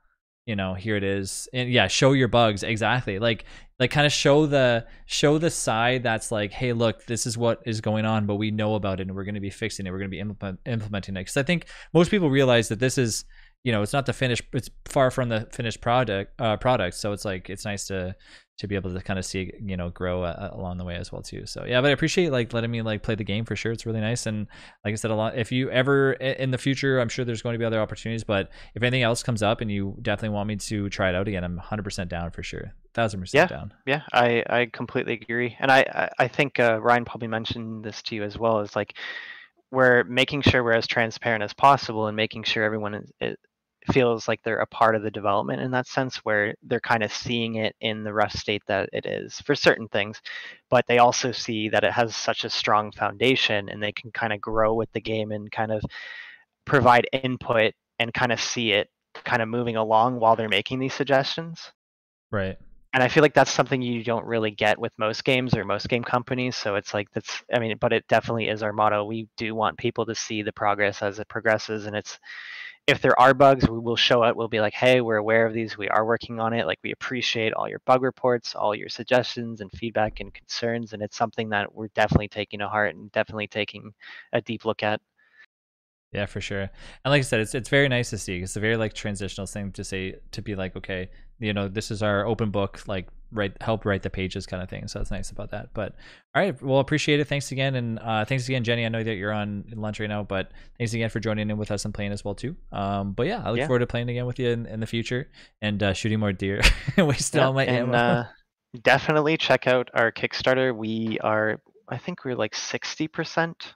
you know, here it is, and yeah, show your bugs exactly. Like, like kind of show the show the side that's like, hey, look, this is what is going on, but we know about it and we're going to be fixing it. We're going to be implement, implementing it because I think most people realize that this is you know, it's not the finished. It's far from the finished product. Uh, product. So it's like it's nice to to be able to kind of see you know grow uh, uh, along the way as well too. So yeah, but I appreciate like letting me like play the game for sure. It's really nice. And like I said, a lot. If you ever in the future, I'm sure there's going to be other opportunities. But if anything else comes up and you definitely want me to try it out again, I'm 100 percent down for sure. Thousand percent yeah, down. Yeah, I I completely agree. And I I, I think uh, Ryan probably mentioned this to you as well. Is like we're making sure we're as transparent as possible and making sure everyone is, it feels like they're a part of the development in that sense where they're kind of seeing it in the rough state that it is for certain things but they also see that it has such a strong foundation and they can kind of grow with the game and kind of provide input and kind of see it kind of moving along while they're making these suggestions right and I feel like that's something you don't really get with most games or most game companies. So it's like that's I mean, but it definitely is our motto. We do want people to see the progress as it progresses, and it's if there are bugs, we will show it. We'll be like, hey, we're aware of these. We are working on it. Like we appreciate all your bug reports, all your suggestions and feedback and concerns, and it's something that we're definitely taking to heart and definitely taking a deep look at. Yeah, for sure. And like I said, it's it's very nice to see. It's a very like transitional thing to say to be like, okay, you know this is our open book like write help write the pages kind of thing so that's nice about that but all right well appreciate it thanks again and uh thanks again jenny i know that you're on lunch right now but thanks again for joining in with us and playing as well too um but yeah i look yeah. forward to playing again with you in, in the future and uh shooting more deer wasting yep, all my and, ammo uh, definitely check out our kickstarter we are i think we're like 60 percent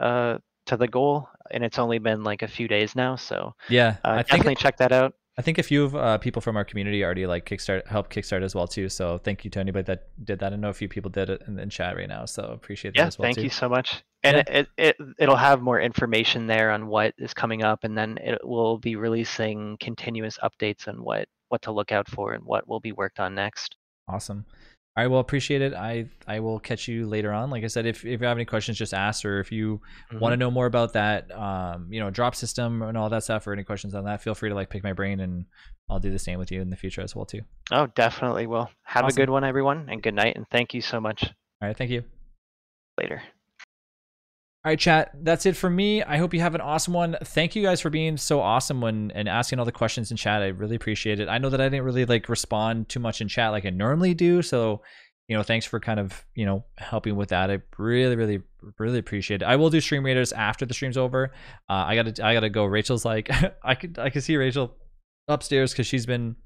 uh to the goal and it's only been like a few days now so yeah uh, definitely it, check that out I think a few of uh, people from our community already like kickstart help kickstart as well too. So thank you to anybody that did that. I know a few people did it in, in chat right now, so appreciate yeah, that as well. Thank too. you so much. And yeah. it, it it'll have more information there on what is coming up, and then it will be releasing continuous updates on what what to look out for and what will be worked on next. Awesome. All right, well, appreciate it. I I will catch you later on. Like I said, if, if you have any questions, just ask, or if you mm-hmm. want to know more about that, um, you know, drop system and all that stuff, or any questions on that, feel free to like pick my brain, and I'll do the same with you in the future as well too. Oh, definitely will. Have awesome. a good one, everyone, and good night, and thank you so much. All right, thank you. Later. All right, chat. That's it for me. I hope you have an awesome one. Thank you guys for being so awesome when and asking all the questions in chat. I really appreciate it. I know that I didn't really like respond too much in chat like I normally do, so you know, thanks for kind of you know helping with that. I really, really, really appreciate it. I will do stream readers after the stream's over. Uh, I gotta, I gotta go. Rachel's like, I could, I could see Rachel upstairs because she's been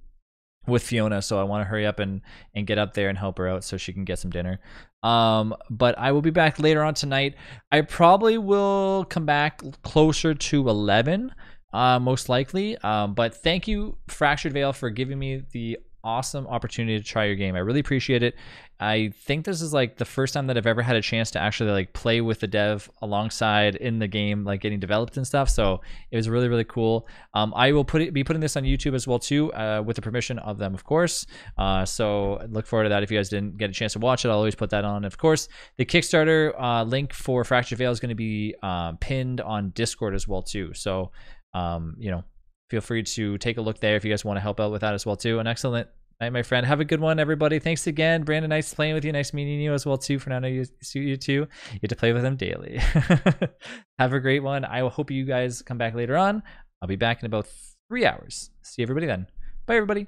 with Fiona, so I want to hurry up and and get up there and help her out so she can get some dinner. Um, but I will be back later on tonight. I probably will come back closer to eleven, uh, most likely. Um, but thank you, Fractured Veil, for giving me the awesome opportunity to try your game. I really appreciate it. I think this is like the first time that I've ever had a chance to actually like play with the dev alongside in the game, like getting developed and stuff. So it was really really cool. Um, I will put it, be putting this on YouTube as well too, uh, with the permission of them, of course. Uh, so look forward to that. If you guys didn't get a chance to watch it, I'll always put that on. of course, the Kickstarter uh, link for Fractured Veil is going to be uh, pinned on Discord as well too. So um, you know, feel free to take a look there if you guys want to help out with that as well too. An excellent Night, my friend. Have a good one, everybody. Thanks again, Brandon. Nice playing with you. Nice meeting you as well, too. For now, you, you too. You get to play with them daily. Have a great one. I hope you guys come back later on. I'll be back in about three hours. See everybody then. Bye, everybody.